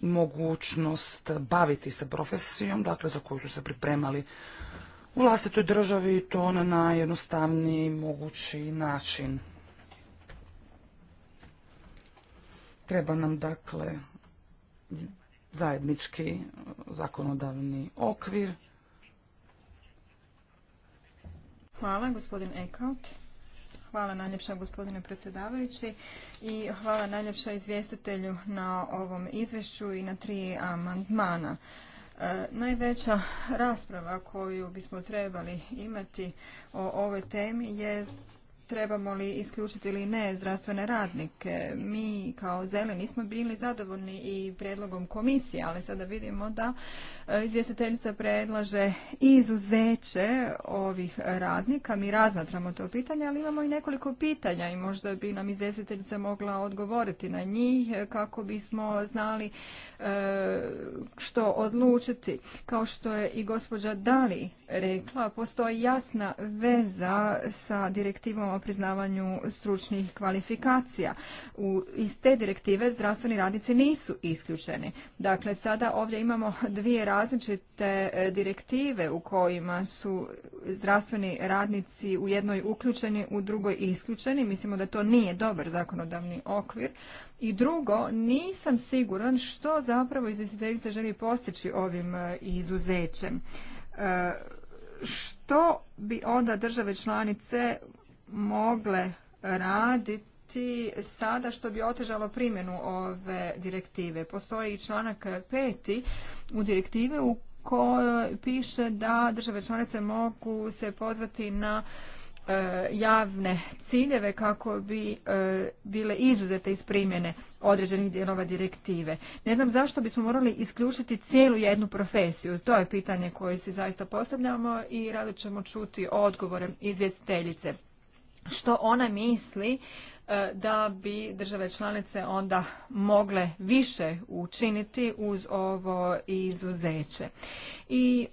mogućnost baviti se profesijom, dakle za koju su se pripremali u vlastitoj državi i to na najjednostavniji mogući način. Treba nam dakle zajednički zakonodavni okvir. Hvala, gospodin Ekaut. Hvala najljepša gospodine predsjedavajući i hvala najljepša izvjestitelju na ovom izvješću i na tri amandmana. E, najveća rasprava koju bismo trebali imati o ovoj temi je trebamo li isključiti ili ne zdravstvene radnike. Mi kao zeleni nismo bili zadovoljni i prijedlogom komisije, ali sada vidimo da e, izvjestiteljica predlaže izuzeće ovih radnika. Mi razmatramo to pitanje, ali imamo i nekoliko pitanja i možda bi nam izvjestiteljica mogla odgovoriti na njih kako bismo znali e, što odlučiti. Kao što je i gospođa Dali rekla, postoji jasna veza sa direktivom o priznavanju stručnih kvalifikacija. U, iz te direktive zdravstveni radnici nisu isključeni. Dakle, sada ovdje imamo dvije različite e, direktive u kojima su zdravstveni radnici u jednoj uključeni, u drugoj isključeni. Mislimo da to nije dobar zakonodavni okvir. I drugo, nisam siguran što zapravo izvjestiteljica želi postići ovim e, izuzećem. E, što bi onda države članice mogle raditi sada što bi otežalo primjenu ove direktive? Postoji i članak peti u direktive u kojoj piše da države članice mogu se pozvati na E, javne ciljeve kako bi e, bile izuzete iz primjene određenih dijelova direktive. Ne znam zašto bismo morali isključiti cijelu jednu profesiju. To je pitanje koje si zaista postavljamo i rado ćemo čuti odgovore izvjestiteljice. Što ona misli E, da bi države članice onda mogle više učiniti uz ovo izuzeće. I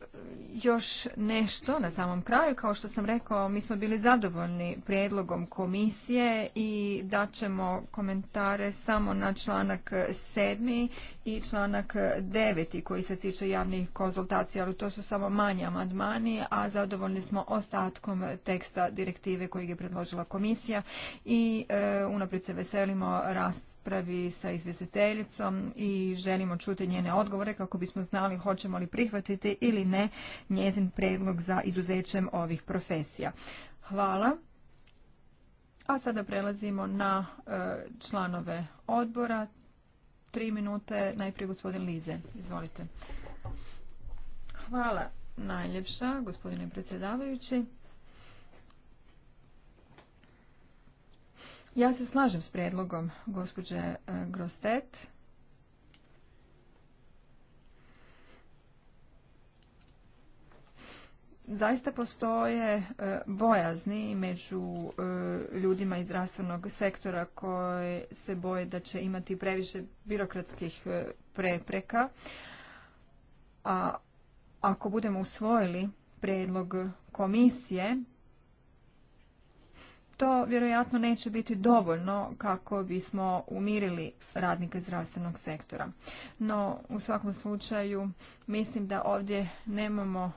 još nešto na samom kraju, kao što sam rekao, mi smo bili zadovoljni prijedlogom komisije i daćemo komentare samo na članak 7 i članak 9. koji se tiče javnih konzultacija, ali to su samo manji amandmani, a zadovoljni smo ostatkom teksta direktive kojeg je predložila komisija i e, unaprijed se veselimo raspravi sa izvjestiteljicom i želimo čuti njene odgovore kako bismo znali hoćemo li prihvatiti ili ne njezin predlog za izuzećem ovih profesija. Hvala. A sada prelazimo na e, članove odbora tri minute. Najprije gospodin Lize. Izvolite. Hvala najljepša, gospodine predsjedavajući. Ja se slažem s prijedlogom gospođe eh, Grostet zaista postoje e, bojazni među e, ljudima iz zdravstvenog sektora koji se boje da će imati previše birokratskih e, prepreka. A ako budemo usvojili predlog komisije, to vjerojatno neće biti dovoljno kako bismo umirili radnike zdravstvenog sektora. No, u svakom slučaju, mislim da ovdje nemamo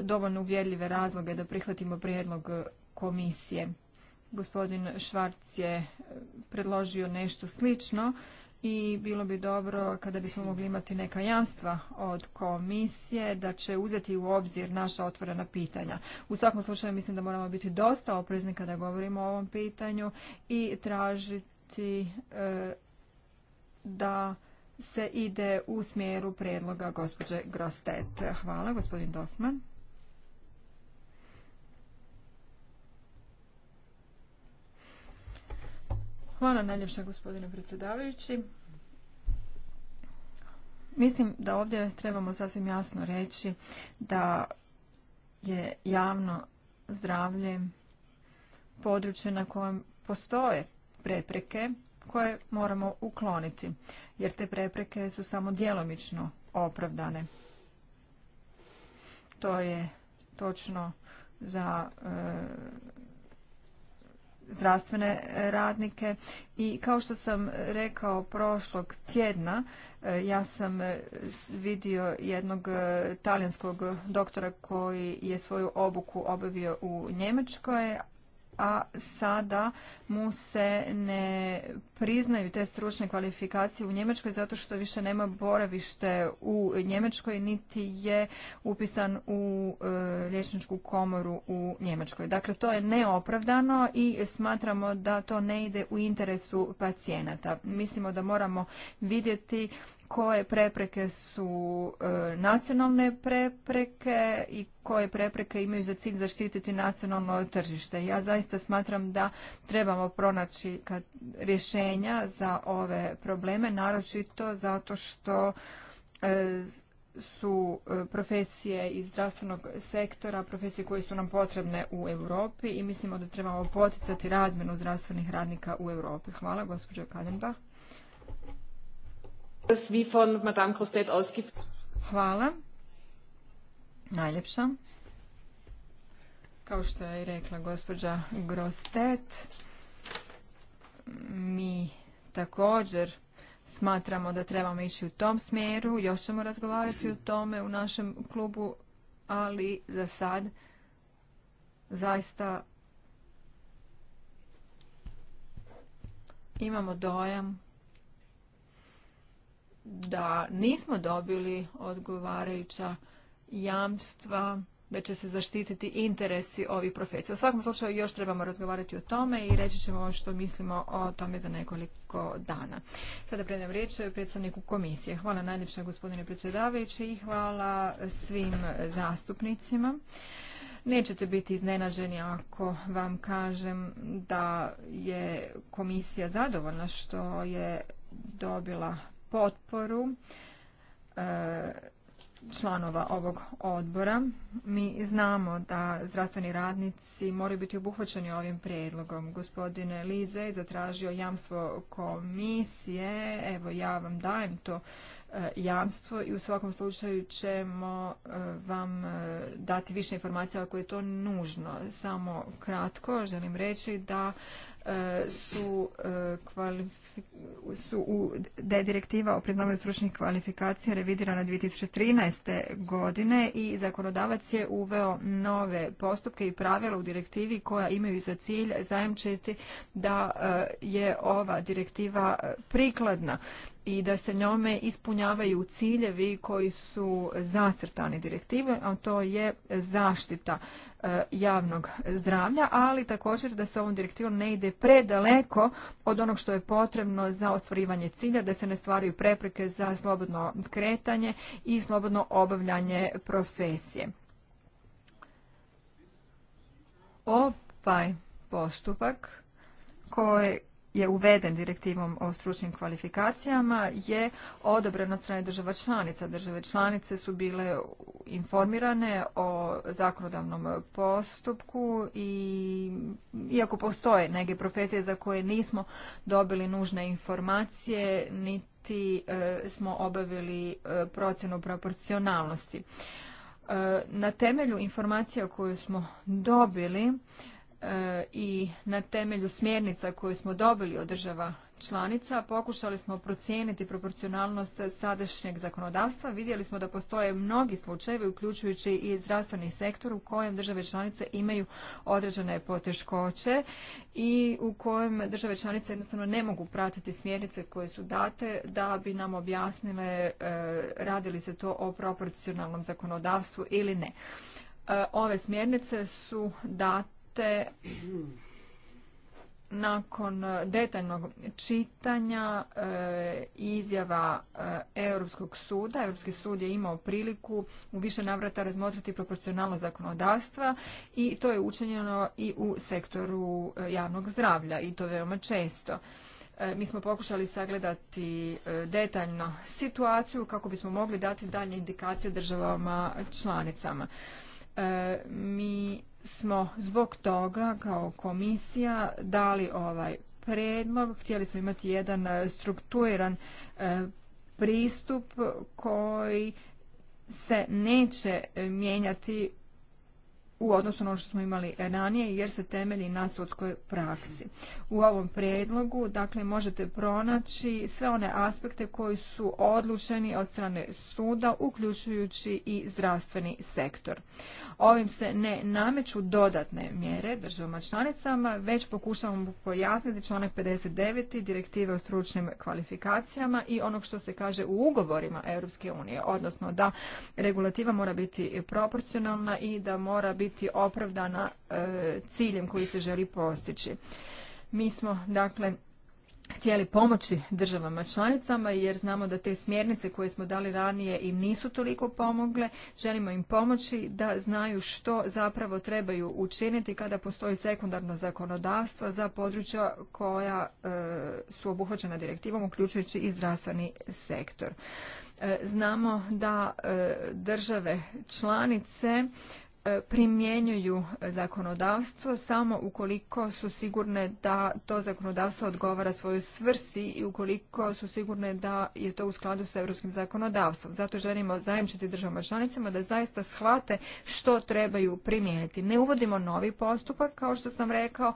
dovoljno uvjerljive razloge da prihvatimo prijedlog komisije. Gospodin Švarc je e, predložio nešto slično i bilo bi dobro kada bismo mogli imati neka jamstva od komisije da će uzeti u obzir naša otvorena pitanja. U svakom slučaju mislim da moramo biti dosta oprezni kada govorimo o ovom pitanju i tražiti e, da se ide u smjeru prijedloga gospođe Grostet. Hvala, gospodin Dosman. Hvala najljepša gospodine predsjedavajući. Mislim da ovdje trebamo sasvim jasno reći da je javno zdravlje područje na kojem postoje prepreke koje moramo ukloniti, jer te prepreke su samo djelomično opravdane. To je točno za e, zdravstvene radnike i kao što sam rekao prošlog tjedna e, ja sam e, vidio jednog e, talijanskog doktora koji je svoju obuku obavio u Njemačkoj a sada mu se ne priznaju te stručne kvalifikacije u Njemačkoj zato što više nema boravište u Njemačkoj niti je upisan u e, liječničku komoru u Njemačkoj. Dakle, to je neopravdano i smatramo da to ne ide u interesu pacijenata. Mislimo da moramo vidjeti koje prepreke su e, nacionalne prepreke i koje prepreke imaju za cilj zaštititi nacionalno tržište. Ja zaista smatram da trebamo pronaći rješenja za ove probleme, naročito zato što e, su e, profesije iz zdravstvenog sektora, profesije koje su nam potrebne u Europi i mislimo da trebamo poticati razmjenu zdravstvenih radnika u Europi. Hvala, gospođo Kadenbach. Hvala. Najljepša. Kao što je rekla gospođa Grostet, mi također smatramo da trebamo ići u tom smjeru. Još ćemo razgovarati o tome u našem klubu, ali za sad zaista imamo dojam da nismo dobili odgovarajuća jamstva da će se zaštititi interesi ovih profesija. U svakom slučaju još trebamo razgovarati o tome i reći ćemo što mislimo o tome za nekoliko dana. Sada predam riječ predstavniku komisije. Hvala najljepša gospodine predsjedavajući i hvala svim zastupnicima. Nećete biti iznenaženi ako vam kažem da je komisija zadovoljna što je dobila potporu e, članova ovog odbora. Mi znamo da zdravstveni radnici moraju biti obuhvaćeni ovim prijedlogom. Gospodine Lize je zatražio jamstvo komisije. Evo ja vam dajem to e, jamstvo i u svakom slučaju ćemo e, vam dati više informacija ako je to nužno. Samo kratko želim reći da E, su, e, su u, da je direktiva o priznavanju stručnih kvalifikacija revidirana 2013. godine i zakonodavac je uveo nove postupke i pravila u direktivi koja imaju za cilj zajamčiti da e, je ova direktiva prikladna i da se njome ispunjavaju ciljevi koji su zacrtani direktive, a to je zaštita E, javnog zdravlja, ali također da se ovom direktivom ne ide predaleko od onog što je potrebno za ostvarivanje cilja, da se ne stvaraju prepreke za slobodno kretanje i slobodno obavljanje profesije. Ovaj postupak koji je uveden direktivom o stručnim kvalifikacijama je odobren strane država članica. Države članice su bile informirane o zakonodavnom postupku i iako postoje neke profesije za koje nismo dobili nužne informacije, niti e, smo obavili e, procjenu proporcionalnosti. E, na temelju informacija koju smo dobili, E, i na temelju smjernica koje smo dobili od država članica pokušali smo procijeniti proporcionalnost sadašnjeg zakonodavstva. Vidjeli smo da postoje mnogi slučajevi, uključujući i zdravstveni sektor, u kojem države članice imaju određene poteškoće i u kojem države članice jednostavno ne mogu pratiti smjernice koje su date da bi nam objasnile e, radi li se to o proporcionalnom zakonodavstvu ili ne. E, ove smjernice su date te nakon detaljnog čitanja e, izjava e, Europskog suda, Europski sud je imao priliku u više navrata razmotriti proporcionalno zakonodavstva i to je učinjeno i u sektoru e, javnog zdravlja i to veoma često. mi smo pokušali sagledati detaljno situaciju kako bismo mogli dati dalje indikacije državama članicama. mi smo zbog toga kao komisija dali ovaj predlog. Htjeli smo imati jedan e, strukturiran e, pristup koji se neće mijenjati u odnosu na ono što smo imali e, ranije jer se temelji na sudskoj praksi. U ovom prijedlogu dakle možete pronaći sve one aspekte koji su odlučeni od strane suda uključujući i zdravstveni sektor. Ovim se ne nameću dodatne mjere državama članicama, već pokušavamo pojasniti članak 59. direktive o stručnim kvalifikacijama i onog što se kaže u ugovorima EU, odnosno da regulativa mora biti proporcionalna i da mora biti biti opravdana e, ciljem koji se želi postići. Mi smo dakle htjeli pomoći državama članicama jer znamo da te smjernice koje smo dali ranije i nisu toliko pomogle. Želimo im pomoći da znaju što zapravo trebaju učiniti kada postoji sekundarno zakonodavstvo za područja koja e, su obuhvaćena direktivom uključujući i zdravstveni sektor. E, znamo da e, države članice E, primjenjuju zakonodavstvo samo ukoliko su sigurne da to zakonodavstvo odgovara svojoj svrsi i ukoliko su sigurne da je to u skladu sa europskim zakonodavstvom. Zato želimo zajemčiti državama članicama da zaista shvate što trebaju primijeniti. Ne uvodimo novi postupak, kao što sam rekao,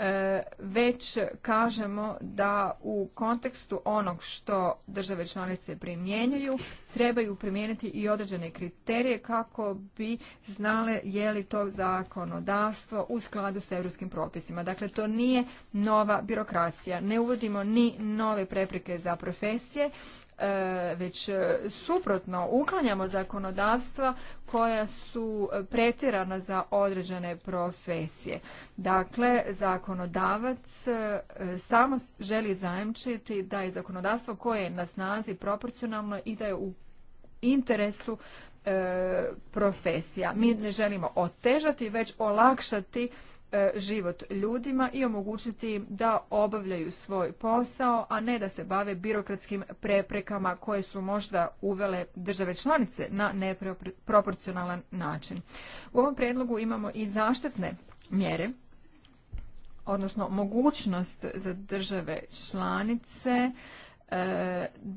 E, već kažemo da u kontekstu onog što države članice primjenjuju trebaju primijeniti i određene kriterije kako bi znale je li to zakonodavstvo u skladu s europskim propisima. Dakle, to nije nova birokracija. Ne uvodimo ni nove prepreke za profesije, E, već e, suprotno uklanjamo zakonodavstva koja su e, pretjerana za određene profesije. Dakle, zakonodavac samo želi zajemčiti da je zakonodavstvo koje je na snazi proporcionalno i da je u interesu profesija. Mi ne želimo otežati, već olakšati E, život ljudima i omogućiti im da obavljaju svoj posao, a ne da se bave birokratskim preprekama koje su možda uvele države članice na neproporcionalan način. U ovom predlogu imamo i zaštitne mjere, odnosno mogućnost za države članice E,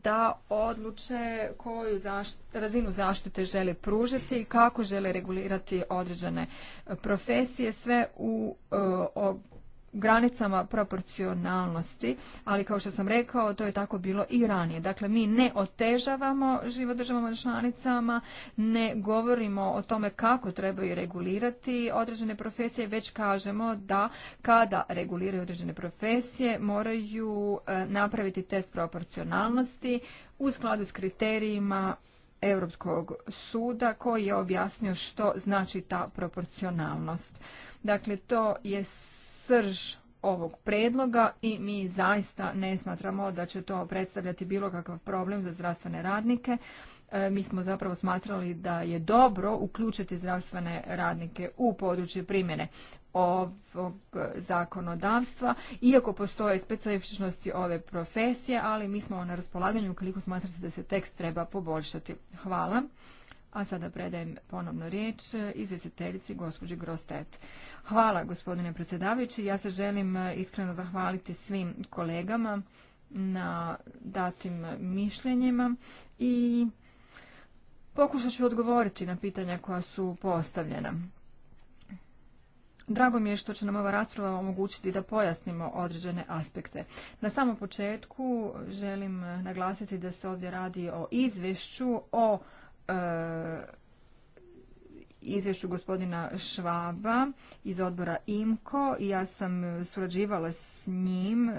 da odluče koju razinu zaštite žele pružiti i kako žele regulirati određene profesije sve u e, granicama proporcionalnosti, ali kao što sam rekao, to je tako bilo i ranije. Dakle, mi ne otežavamo život državama članicama, ne govorimo o tome kako trebaju regulirati određene profesije, već kažemo da kada reguliraju određene profesije moraju e, napraviti test proporcionalnosti u skladu s kriterijima Europskog suda koji je objasnio što znači ta proporcionalnost. Dakle, to je srž ovog predloga i mi zaista ne smatramo da će to predstavljati bilo kakav problem za zdravstvene radnike. E, mi smo zapravo smatrali da je dobro uključiti zdravstvene radnike u područje primjene ovog zakonodavstva, iako postoje specifičnosti ove profesije, ali mi smo na raspolaganju ukoliko smatrate da se tekst treba poboljšati. Hvala. A sada predajem ponovno riječ izvjestiteljici gospođi Grostet. Hvala gospodine predsjedavajući. Ja se želim e, iskreno zahvaliti svim kolegama na datim mišljenjima i pokušat ću odgovoriti na pitanja koja su postavljena. Drago mi je što će nam ova rasprava omogućiti da pojasnimo određene aspekte. Na samom početku želim e, naglasiti da se ovdje radi o izvješću o E, izvješću gospodina Švaba iz odbora IMKO. i Ja sam surađivala s njim,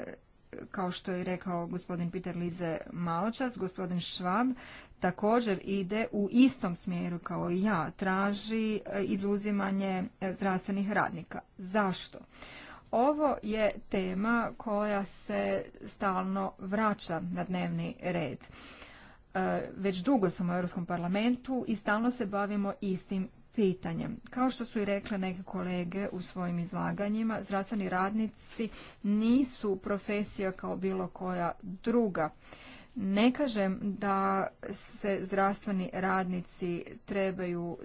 kao što je rekao gospodin Peter Lize maločas, gospodin Švab također ide u istom smjeru kao i ja, traži e, izuzimanje e, zdravstvenih radnika. Zašto? Ovo je tema koja se stalno vraća na dnevni red. Eh, već dugo sam u Europskom parlamentu i stalno se bavimo istim pitanjem. Kao što su i rekle neke kolege u svojim izlaganjima, zdravstveni radnici nisu profesija kao bilo koja druga. Ne kažem da se zdravstveni radnici trebaju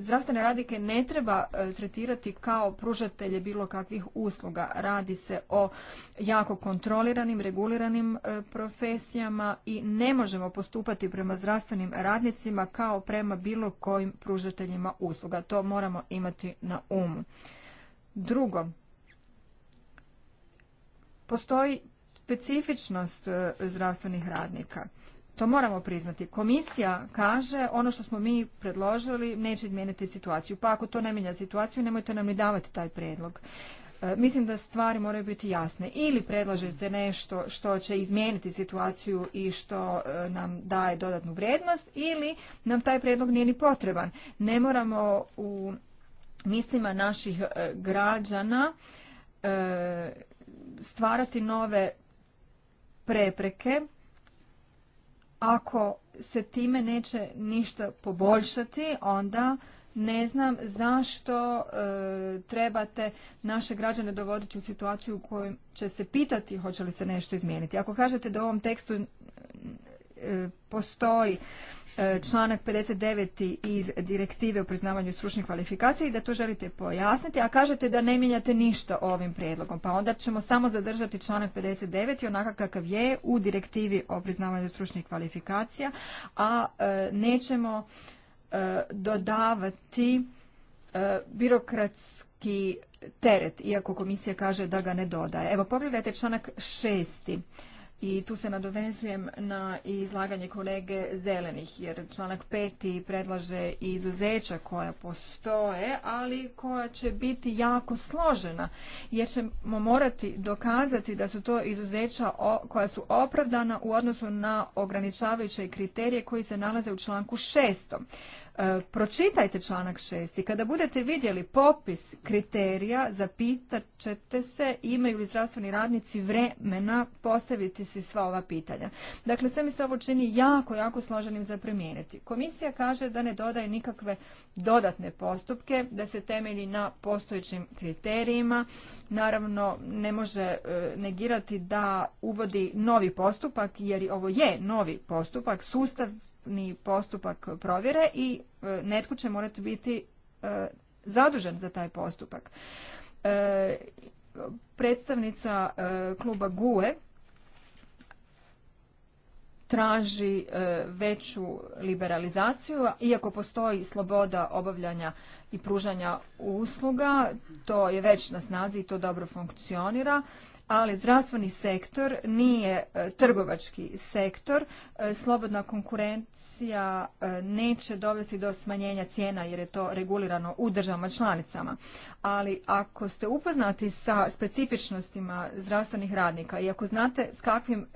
zdravstvene radnike ne treba e, tretirati kao pružatelje bilo kakvih usluga. Radi se o jako kontroliranim, reguliranim e, profesijama i ne možemo postupati prema zdravstvenim radnicima kao prema bilo kojim pružateljima usluga. To moramo imati na umu. Drugo, postoji specifičnost e, zdravstvenih radnika – to moramo priznati. Komisija kaže ono što smo mi predložili neće izmijeniti situaciju. Pa ako to ne mijenja situaciju, nemojte nam ni davati taj predlog. E, mislim da stvari moraju biti jasne. Ili predlažete nešto što će izmijeniti situaciju i što e, nam daje dodatnu vrijednost, ili nam taj predlog nije ni potreban. Ne moramo u mislima naših e, građana stvarati nove prepreke ako se time neće ništa poboljšati, onda ne znam zašto e, trebate naše građane dovoditi u situaciju u kojoj će se pitati hoće li se nešto izmijeniti. Ako kažete da u ovom tekstu e, postoji E, članak 59. iz direktive o priznavanju stručnih kvalifikacija i da to želite pojasniti, a kažete da ne mijenjate ništa ovim prijedlogom, pa onda ćemo samo zadržati članak 59. onakav kakav je u direktivi o priznavanju stručnih kvalifikacija, a e, nećemo e, dodavati birokratski teret, iako komisija kaže da ga ne dodaje. Evo, pogledajte članak 6 i tu se nadovezujem na izlaganje kolege zelenih, jer članak peti predlaže izuzeća koja postoje, ali koja će biti jako složena, jer ćemo morati dokazati da su to izuzeća koja su opravdana u odnosu na ograničavajuće kriterije koji se nalaze u članku šestom. E, pročitajte članak 6 i kada budete vidjeli popis kriterija, zapitat ćete se imaju li zdravstveni radnici vremena postaviti si sva ova pitanja. Dakle, sve mi se ovo čini jako, jako složenim za primijeniti. Komisija kaže da ne dodaje nikakve dodatne postupke, da se temelji na postojećim kriterijima. Naravno, ne može e, negirati da uvodi novi postupak, jer ovo je novi postupak, sustav ni postupak provjere i e, netko će morati biti e, zadužen za taj postupak. E, predstavnica kluba GUE traži veću liberalizaciju, iako postoji sloboda obavljanja i pružanja usluga, to je već na snazi i to dobro funkcionira ali zdravstveni sektor nije e, trgovački sektor. E, slobodna konkurencija e, neće dovesti do smanjenja cijena jer je to regulirano u državama članicama. Ali ako ste upoznati sa specifičnostima zdravstvenih radnika i ako znate s kakvim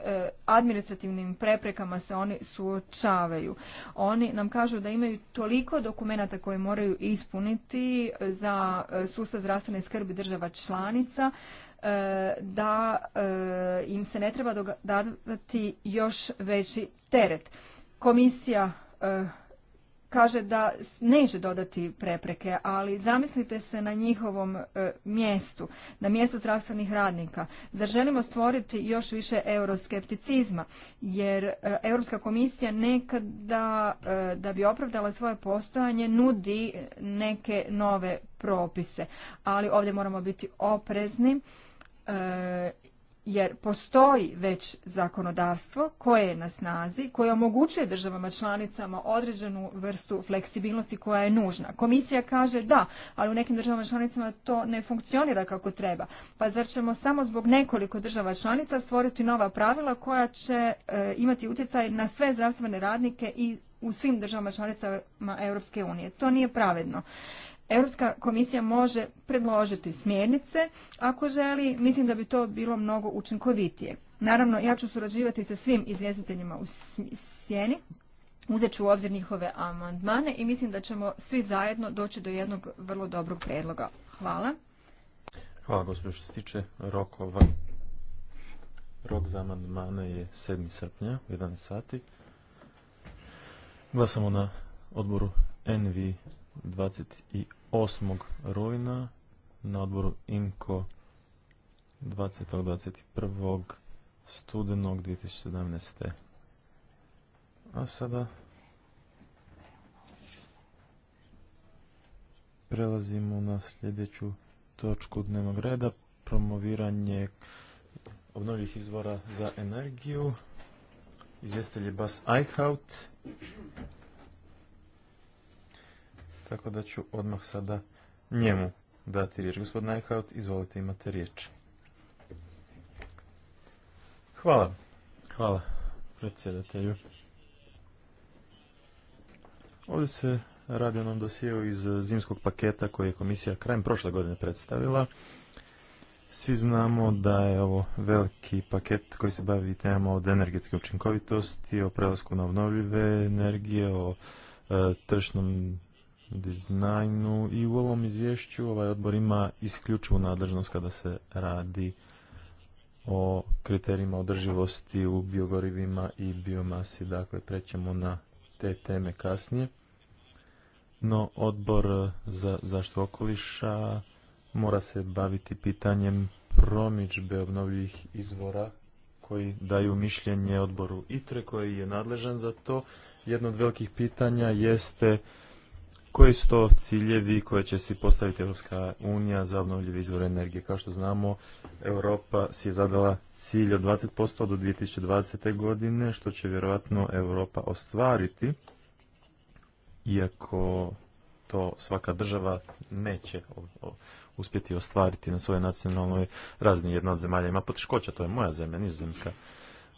administrativnim preprekama se oni suočavaju, oni nam kažu da imaju toliko dokumenata koje moraju ispuniti za sustav zdravstvene skrbi država članica E, da e, im se ne treba dodati još veći teret. Komisija e, kaže da neće dodati prepreke, ali zamislite se na njihovom mjestu, na mjestu zdravstvenih radnika. da želimo stvoriti još više euroskepticizma? Jer Europska komisija nekada, da bi opravdala svoje postojanje, nudi neke nove propise. Ali ovdje moramo biti oprezni E, jer postoji već zakonodavstvo koje je na snazi, koje omogućuje državama članicama određenu vrstu fleksibilnosti koja je nužna. Komisija kaže da, ali u nekim državama članicama to ne funkcionira kako treba. Pa zar ćemo samo zbog nekoliko država članica stvoriti nova pravila koja će e, imati utjecaj na sve zdravstvene radnike i u svim državama članicama Europske unije. To nije pravedno. Europska komisija može predložiti smjernice ako želi, mislim da bi to bilo mnogo učinkovitije. Naravno, ja ću surađivati sa svim izvjestiteljima u sjeni, uzet ću u obzir njihove amandmane i mislim da ćemo svi zajedno doći do jednog vrlo dobrog predloga. Hvala. Hvala što se tiče rokova. Rok za amandmane je 7. srpnja u 11 sati. Glasamo na odboru NV 28. 8. rujna na odboru INKO 2021. studenog 2017. A sada prelazimo na sljedeću točku dnevnog reda, promoviranje obnovljivih izvora za energiju. Izvjestelj je Bas Eichhout tako da ću odmah sada njemu dati riječ. Gospodin Eichhout, izvolite, imate riječ. Hvala. Hvala, predsjedatelju. Ovdje se radi onom dosijeu iz zimskog paketa koji je komisija krajem prošle godine predstavila. Svi znamo da je ovo veliki paket koji se bavi temama od energetske učinkovitosti, o prelasku na obnovljive energije, o e, tršnom dizajnu i u ovom izvješću ovaj odbor ima isključivu nadležnost kada se radi o kriterijima održivosti u biogorivima i biomasi. Dakle, prećemo na te teme kasnije. No, odbor za zaštitu okoliša mora se baviti pitanjem promičbe obnovljivih izvora koji daju mišljenje odboru ITRE koji je nadležan za to. Jedno od velikih pitanja jeste koji su to ciljevi koje će si postaviti Europska unija za obnovljive izvore energije? Kao što znamo, Europa si je zadala cilj od 20% do 2020. godine, što će vjerojatno Europa ostvariti, iako to svaka država neće uspjeti ostvariti na svojoj nacionalnoj razini. Jedna od zemalja ima poteškoća, to je moja zemlja, nizozemska.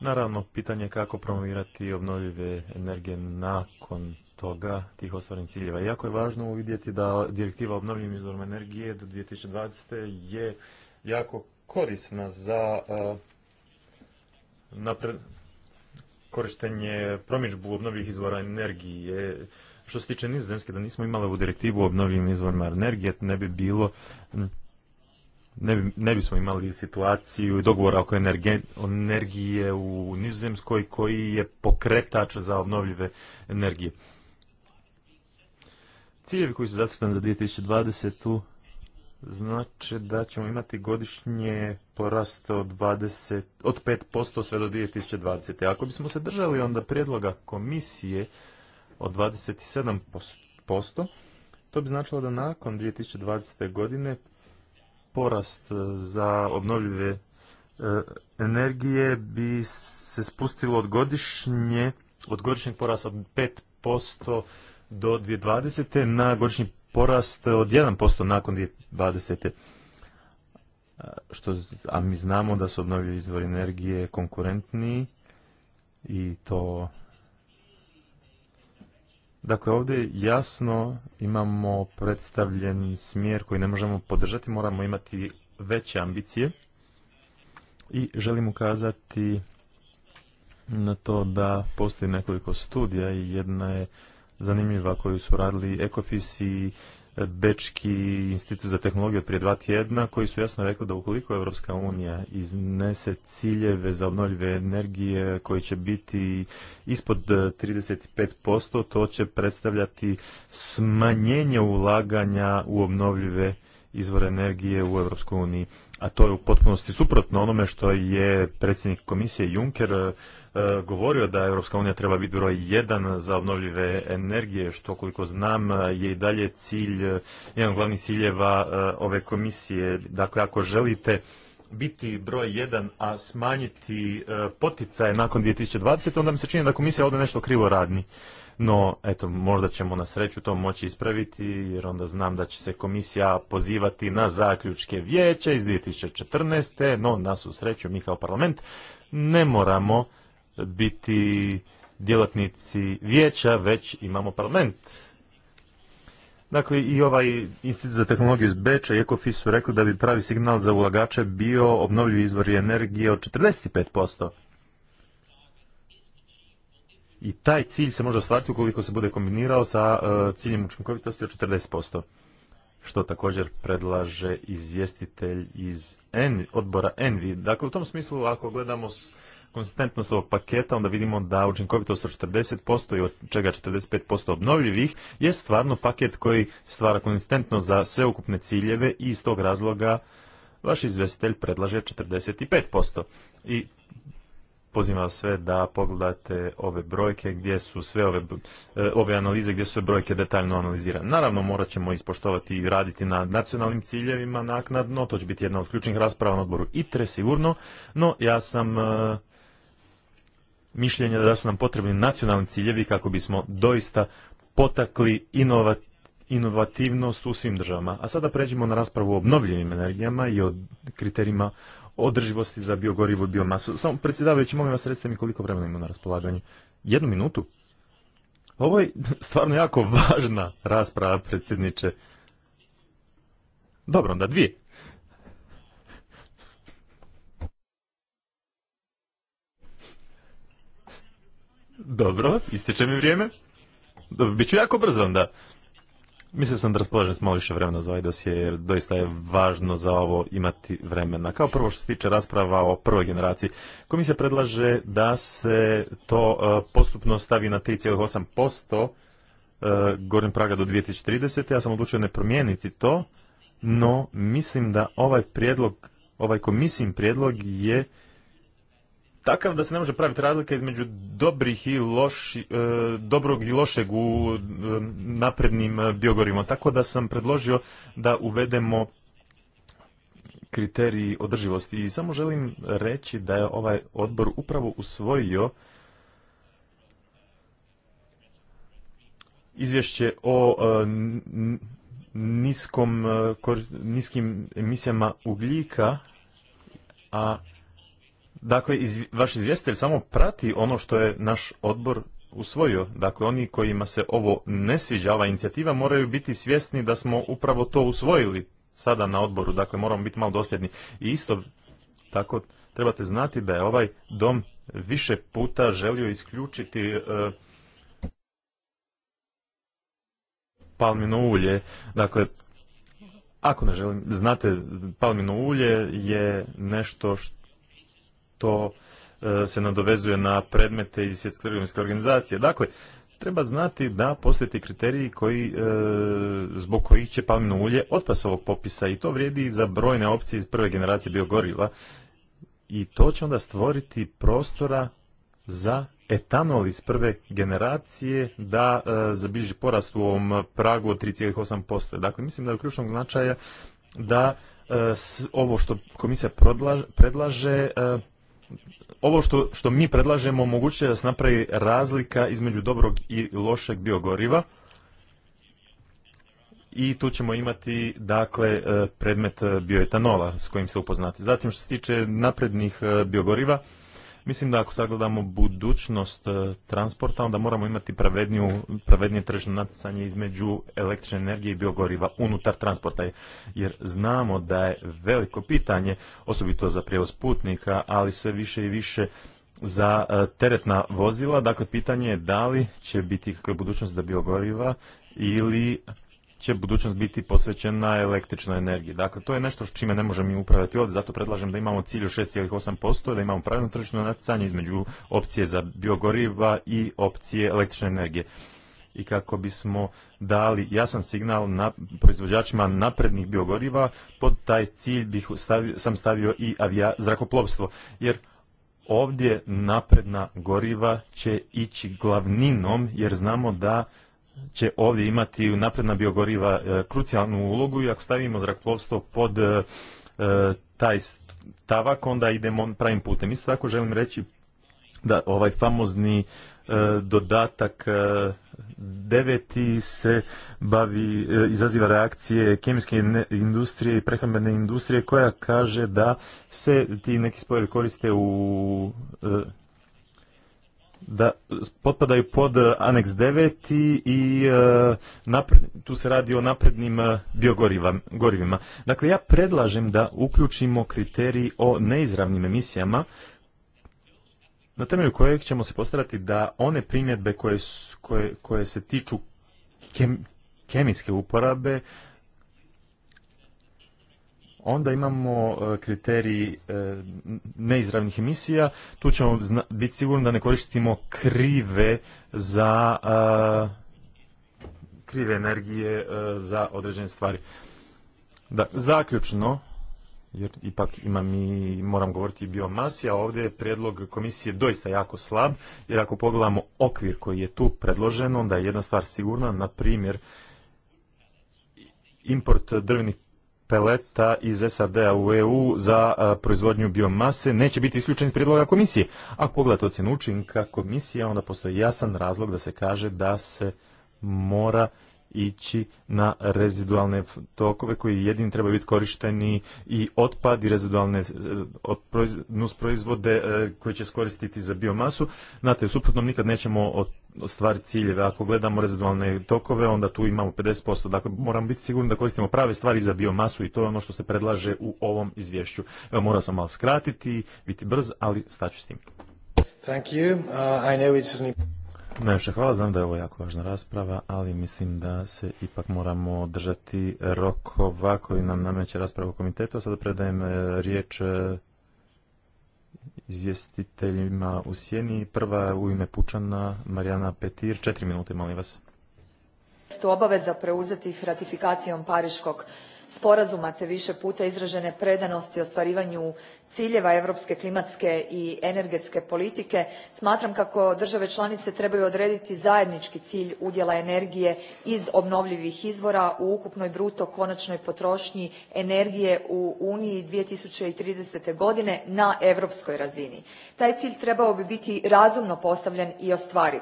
Naravno, pitanje je kako promovirati obnovljive energije nakon toga, tih ostvarenih ciljeva. Jako je važno uvidjeti da direktiva obnovljivim izvorima energije do 2020. je jako korisna za eh, korištenje promičbu obnovljivih izvora energije. Što se tiče nizozemske, da nismo imali ovu direktivu o obnovljivim izvorima energije, ne bi bilo ne, bi, smo bismo imali situaciju i dogovora oko energije u Nizozemskoj koji je pokretač za obnovljive energije. Ciljevi koji su zacrtani za 2020. znači da ćemo imati godišnje porast od, 20, od 5% sve do 2020. Ako bismo se držali onda prijedloga komisije od 27%, to bi značilo da nakon 2020. godine porast e, za obnovljive e, energije bi se spustilo od godišnje od godišnjeg porasta od 5% do 2020. na godišnji porast od 1% nakon 2020. Što, a mi znamo da su obnovljivi izvori energije konkurentni i to... Dakle, ovdje jasno imamo predstavljen smjer koji ne možemo podržati, moramo imati veće ambicije i želim ukazati na to da postoji nekoliko studija i jedna je zanimljiva koju su radili Ecofis i e, Bečki institut za tehnologiju prije dva tjedna koji su jasno rekli da ukoliko Europska unija iznese ciljeve za obnovljive energije koji će biti ispod 35%, e, to će predstavljati smanjenje ulaganja u obnovljive izvore energije u Europskoj uniji a to je u potpunosti suprotno onome što je predsjednik komisije Juncker e, govorio da Europska unija treba biti broj jedan za obnovljive energije, što koliko znam e, je i dalje cilj, e, jedan od glavnih ciljeva ove komisije. Dakle, ako želite biti broj jedan, a smanjiti poticaje nakon 2020, onda mi se čini da komisija ovdje nešto krivo radni. No, eto, možda ćemo na sreću to moći ispraviti, jer onda znam da će se komisija pozivati na zaključke vijeća iz 2014. No, nas u sreću, mi kao parlament ne moramo biti djelatnici vijeća, već imamo parlament. Dakle, i ovaj Institut za tehnologiju iz Beča i Ecofis su rekli da bi pravi signal za ulagače bio obnovljivi izvori energije od 45% i taj cilj se može ostvariti ukoliko se bude kombinirao sa e, ciljem učinkovitosti od 40%, što također predlaže izvjestitelj iz odbora Envi. Dakle, u tom smislu, ako gledamo konsistentnost ovog paketa, onda vidimo da učinkovitost od 40% i od čega 45% obnovljivih je stvarno paket koji stvara konsistentnost za sveukupne ciljeve i iz tog razloga vaš izvjestitelj predlaže 45%. I pozivam vas sve da pogledate ove brojke gdje su sve ove, e, ove analize, gdje su sve brojke detaljno analizirane. Naravno morat ćemo ispoštovati i raditi na nacionalnim ciljevima naknadno, to će biti jedna od ključnih rasprava na odboru ITRE sigurno, no ja sam e, mišljenja da su nam potrebni nacionalni ciljevi kako bismo doista potakli inovativnost u svim državama. A sada pređemo na raspravu o obnovljivim energijama i o kriterijima održivosti za biogorivu i biomasu. Samo predsjedavajući, molim vas recite mi koliko vremena ima na raspolaganju. Jednu minutu? Ovo je stvarno jako važna rasprava, predsjedniče. Dobro, onda dvije. Dobro, ističe mi vrijeme. Dobro, bit ću jako brzo onda. Mislim sam da raspolažem s malo više vremena za ovaj dosje, jer doista je važno za ovo imati vremena. Kao prvo što se tiče rasprava o prvoj generaciji, komisija predlaže da se to e, postupno stavi na 3,8% e, gornjeg praga do 2030. Ja sam odlučio ne promijeniti to, no mislim da ovaj prijedlog, ovaj komisijin prijedlog je takav da se ne može praviti razlika između dobrih i e, dobrog i lošeg u e, naprednim e, biogorima. Tako da sam predložio da uvedemo kriteriji održivosti. I samo želim reći da je ovaj odbor upravo usvojio izvješće o niskom, niskim emisijama ugljika, a Dakle, vaš izvjestitelj samo prati ono što je naš odbor usvojio. Dakle, oni kojima se ovo ne sviđa, ova inicijativa, moraju biti svjesni da smo upravo to usvojili sada na odboru. Dakle, moramo biti malo dosljedni. I isto tako trebate znati da je ovaj dom više puta želio isključiti e, palmino ulje. Dakle, ako ne želim, znate, palmino ulje je nešto što to e, se nadovezuje na predmete iz svjetske trgovinske organizacije. Dakle, treba znati da postoje ti kriteriji koji, e, zbog kojih će palmino ulje otpas ovog popisa i to vrijedi i za brojne opcije iz prve generacije biogoriva i to će onda stvoriti prostora za etanol iz prve generacije da e, zabilježi porast u ovom pragu od 3,8%. Dakle, mislim da je ključnog značaja da e, ovo što komisija predlaže, ovo što, što mi predlažemo moguće da se napravi razlika između dobrog i lošeg biogoriva i tu ćemo imati dakle e, predmet bioetanola s kojim se upoznati. Zatim što se tiče naprednih e, biogoriva, Mislim da ako sagledamo budućnost e, transporta, onda moramo imati pravednije tržno natjecanje između električne energije i biogoriva unutar transporta, jer znamo da je veliko pitanje, osobito za prijevoz putnika, ali sve više i više za e, teretna vozila. Dakle, pitanje je da li će biti kakva budućnost za biogoriva ili će budućnost biti posvećena električnoj energiji. Dakle, to je nešto s čime ne možemo mi upravljati ovdje, zato predlažem da imamo cilj 6,8%, da imamo pravilno tržično natjecanje između opcije za biogoriva i opcije električne energije i kako bismo dali jasan signal na proizvođačima naprednih biogoriva, pod taj cilj bih stavio, sam stavio i avija, zrakoplovstvo, jer ovdje napredna goriva će ići glavninom, jer znamo da će ovdje imati napredna biogoriva e, krucijalnu ulogu i ako stavimo zrakoplovstvo pod e, e, taj stavak, onda idemo pravim putem. Isto tako želim reći da ovaj famozni dodatak deveti se bavi, izaziva reakcije kemijske industrije i prehrambene industrije koja kaže da se ti neki spojevi koriste u da potpadaju pod eh, aneks 9 i, i eh, tu se radi o naprednim eh, biogorivima. Dakle, ja predlažem da uključimo kriterij o neizravnim emisijama na temelju kojeg ćemo se postarati da one primjedbe koje, koje, koje se tiču kemijske uporabe Onda imamo e, kriterij e, neizravnih emisija, tu ćemo biti sigurni da ne koristimo krive za e, krive energije za određene stvari. Da, zaključno, jer ipak imam i, moram govoriti i biomasi, a ovdje je prijedlog komisije doista jako slab, jer ako pogledamo okvir koji je tu predložen, onda je jedna stvar sigurna, na primjer, import drvenih peleta iz SAD-a u EU za proizvodnju biomase neće biti isključen iz prijedloga komisije. Ako pogledate ocjenu učinka komisije, onda postoji jasan razlog da se kaže da se mora ići na rezidualne tokove koji jedini trebaju biti korišteni i otpad i rezidualne e, nus proizvode e, koje će skoristiti za biomasu. Znate, u suprotnom nikad nećemo ostvariti ciljeve. Ako gledamo rezidualne tokove, onda tu imamo 50%. Dakle, moramo biti sigurni da koristimo prave stvari za biomasu i to je ono što se predlaže u ovom izvješću. Evo, morao sam malo skratiti, biti brz, ali staću s tim. Thank you. Uh, I know it's... Najviše hvala, znam da je ovo jako važna rasprava, ali mislim da se ipak moramo držati rokova koji nam nameće raspravu u komitetu. Sada predajem e, riječ e, izvjestiteljima u sjeni. Prva u ime Pučana, Marijana Petir. Četiri minute, molim vas. Obaveza preuzetih ratifikacijom Pariškog sporazuma te više puta izražene predanosti ostvarivanju ciljeva europske klimatske i energetske politike smatram kako države članice trebaju odrediti zajednički cilj udjela energije iz obnovljivih izvora u ukupnoj bruto konačnoj potrošnji energije u uniji. two thousand and godine na europskoj razini. taj cilj trebao bi biti razumno postavljen i ostvariv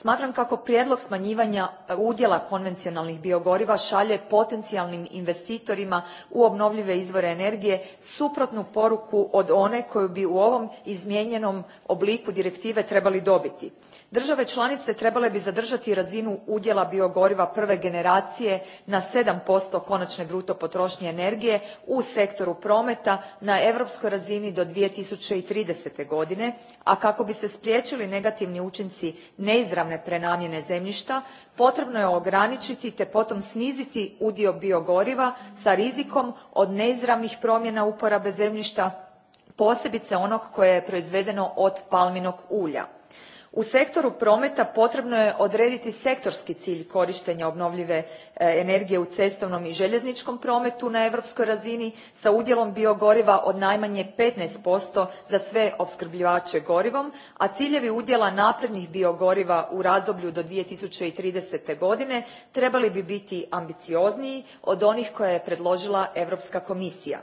smatram kako prijedlog smanjivanja e, udjela konvencionalnih biogoriva šalje potencijalnim investitorima u obnovljive izvore energije suprotnu poruku od one koju bi u ovom izmijenjenom obliku direktive trebali dobiti. države članice trebale bi zadržati razinu udjela biogoriva prve generacije na seven konačne bruto potrošnje energije u sektoru prometa na europskoj razini do. two thousand and thirty godine a kako bi se spriječili negativni učinci neizravnih prenamjene zemljišta potrebno je ograničiti te potom sniziti udio biogoriva s rizikom od neizravnih promjena uporabe zemljišta posebice onog koje je proizvedeno od palminog ulja u sektoru prometa potrebno je odrediti sektorski cilj korištenja obnovljive e, energije u cestovnom i željezničkom prometu na europskoj razini sa udjelom biogoriva od najmanje 15% za sve opskrbljivače gorivom a ciljevi udjela naprednih biogoriva u razdoblju do. 2030. godine trebali bi biti ambiciozniji od onih koje je predložila europska komisija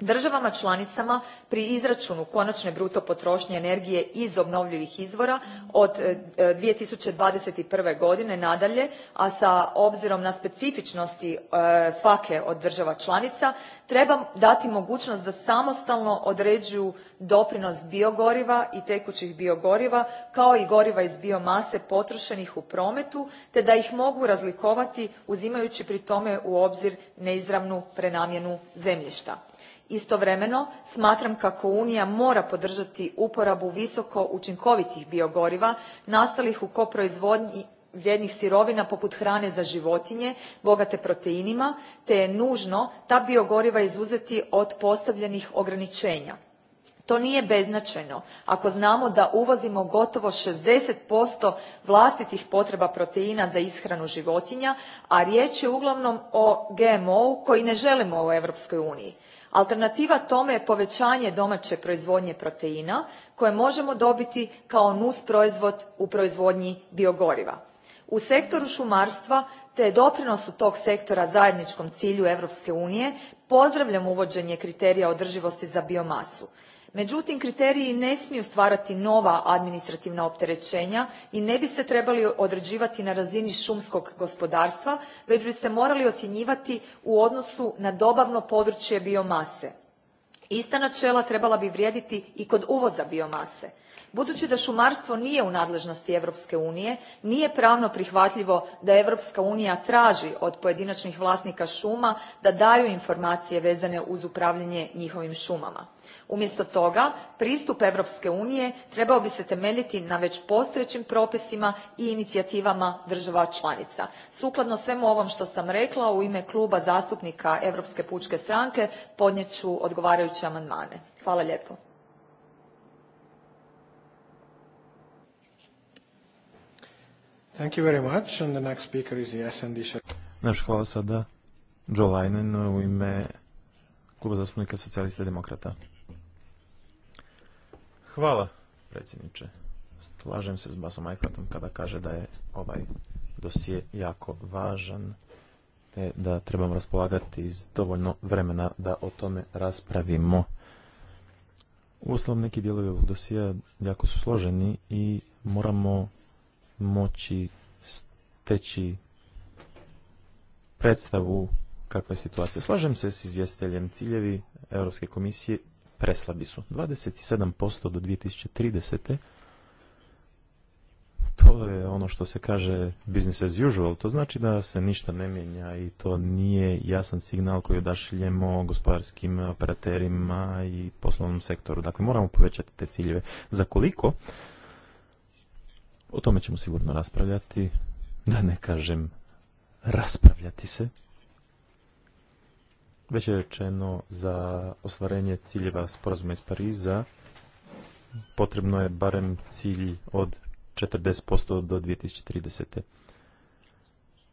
dravama lanicama pri izraunu konačne bruto potronje energije iz obnovljivih izvora od. two thousand and twenty one godine nadalje a s obzirom na specifinosti e, svake od drava lanica treba dati mogunost da samostalno određuju doprinos biogoriva i tekuih biogoriva kao i goriva iz biomase potroenih u prometu te da ih mogu razlikovati uzimajui pri tome u obzir neizravnu prenamjenu zemljišta istovremeno smatram kako unija mora podržati uporabu visoko učinkovitih biogoriva nastalih u koproizvodnji vrijednih sirovina poput hrane za životinje bogate proteinima te je nužno ta biogoriva izuzeti od postavljenih ograničenja. to nije beznačajno ako znamo da uvozimo gotovo sixty vlastitih potreba proteina za ishranu životinja a riječ je uglavnom o gmo u koji ne želimo u europskoj uniji alternativa tome je povećanje domaće proizvodnje proteina koje možemo dobiti kao proizvod u proizvodnji biogoriva. u sektoru šumarstva te doprinosu tog sektora zajedničkom cilju europske unije pozdravljam uvođenje kriterija održivosti za biomasu međutim kriteriji ne smiju stvarati nova administrativna opterećenja i ne bi se trebali određivati na razini šumskog gospodarstva već bi se morali ocjenjivati u odnosu na dobavno područje biomase. ista načela trebala bi vrijediti i kod uvoza biomase budući da šumarstvo nije u nadležnosti europske unije nije pravno prihvatljivo da europska unija traži od pojedinačnih vlasnika šuma da daju informacije vezane uz upravljanje njihovim šumama. umjesto toga pristup europske unije trebao bi se temeljiti na već postojećim propisima i inicijativama država članica. sukladno svemu ovom što sam rekla u ime kluba zastupnika europske pučke stranke podnijet ću odgovarajuće amandmane. hvala lijepo. Thank you very much. And the next speaker is the Naš hvala sada Joe Linen u ime Kluba zastupnika socijalista i demokrata. Hvala, predsjedniče. Slažem se s Basom Ajklatom kada kaže da je ovaj dosije jako važan te da trebamo raspolagati iz dovoljno vremena da o tome raspravimo. Uostalom neki dijelovi ovog dosija jako su složeni i moramo moći steći predstavu kakva je situacija. Slažem se s izvjestiteljem ciljevi Europske komisije preslabi su. 27% do 2030. To je ono što se kaže business as usual. To znači da se ništa ne mijenja i to nije jasan signal koji odašiljemo gospodarskim operaterima i poslovnom sektoru. Dakle, moramo povećati te ciljeve. Za koliko? O tome ćemo sigurno raspravljati, da ne kažem raspravljati se. Već je rečeno za ostvarenje ciljeva sporazuma iz Pariza potrebno je barem cilj od 40% do 2030.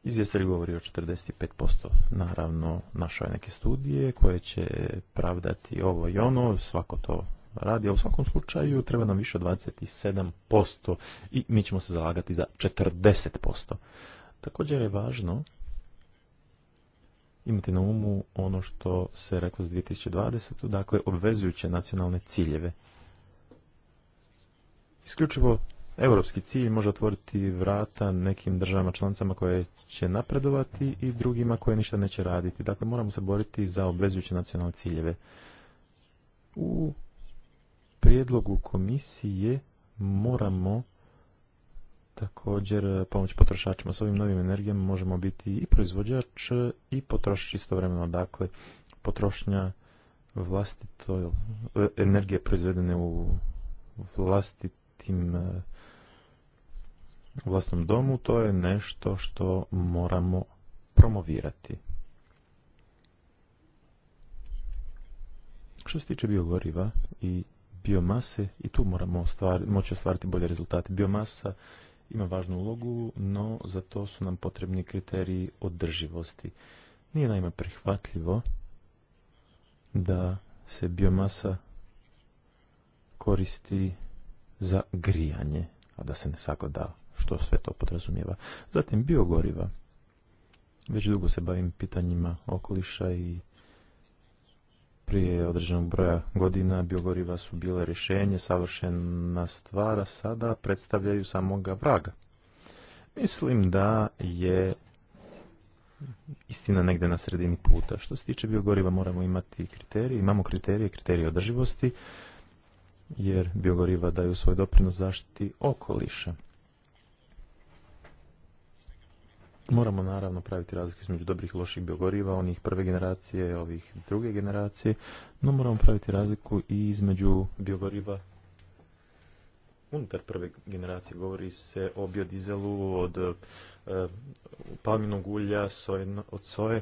Izvjestelj govori o 45%. Naravno, našao je neke studije koje će pravdati ovo i ono, svako to radi, a u svakom slučaju treba nam više od 27% i mi ćemo se zalagati za 40%. Također je važno imati na umu ono što se reklo za 2020. Dakle, obvezujuće nacionalne ciljeve. Isključivo europski cilj može otvoriti vrata nekim državama članicama koje će napredovati i drugima koje ništa neće raditi. Dakle, moramo se boriti za obvezujuće nacionalne ciljeve. U prijedlogu komisije moramo također eh, pomoći potrošačima. S ovim novim energijama možemo biti i proizvođač eh, i potrošač istovremeno. Dakle, potrošnja vlastito, eh, energije proizvedene u vlastitim vlastnom domu, to je nešto što moramo promovirati. Što se tiče biogoriva i biomase i tu moramo stvari, moći ostvariti bolje rezultate. Biomasa ima važnu ulogu, no za to su nam potrebni kriteriji održivosti. Nije naime prihvatljivo da se biomasa koristi za grijanje, a da se ne sagleda što sve to podrazumijeva. Zatim biogoriva. Već dugo se bavim pitanjima okoliša i prije određenog broja godina biogoriva su bile rješenje, savršena stvar, a sada predstavljaju samoga vraga. Mislim da je istina negdje na sredini puta. Što se tiče biogoriva moramo imati kriterije, imamo kriterije, kriterije održivosti, jer biogoriva daju svoj doprinos zaštiti okoliša. Moramo naravno praviti razliku između dobrih i loših biogoriva, onih prve generacije, ovih druge generacije, no moramo praviti razliku i između biogoriva unutar prve generacije. Govori se o biodizelu od e, palminog ulja, soje od soje,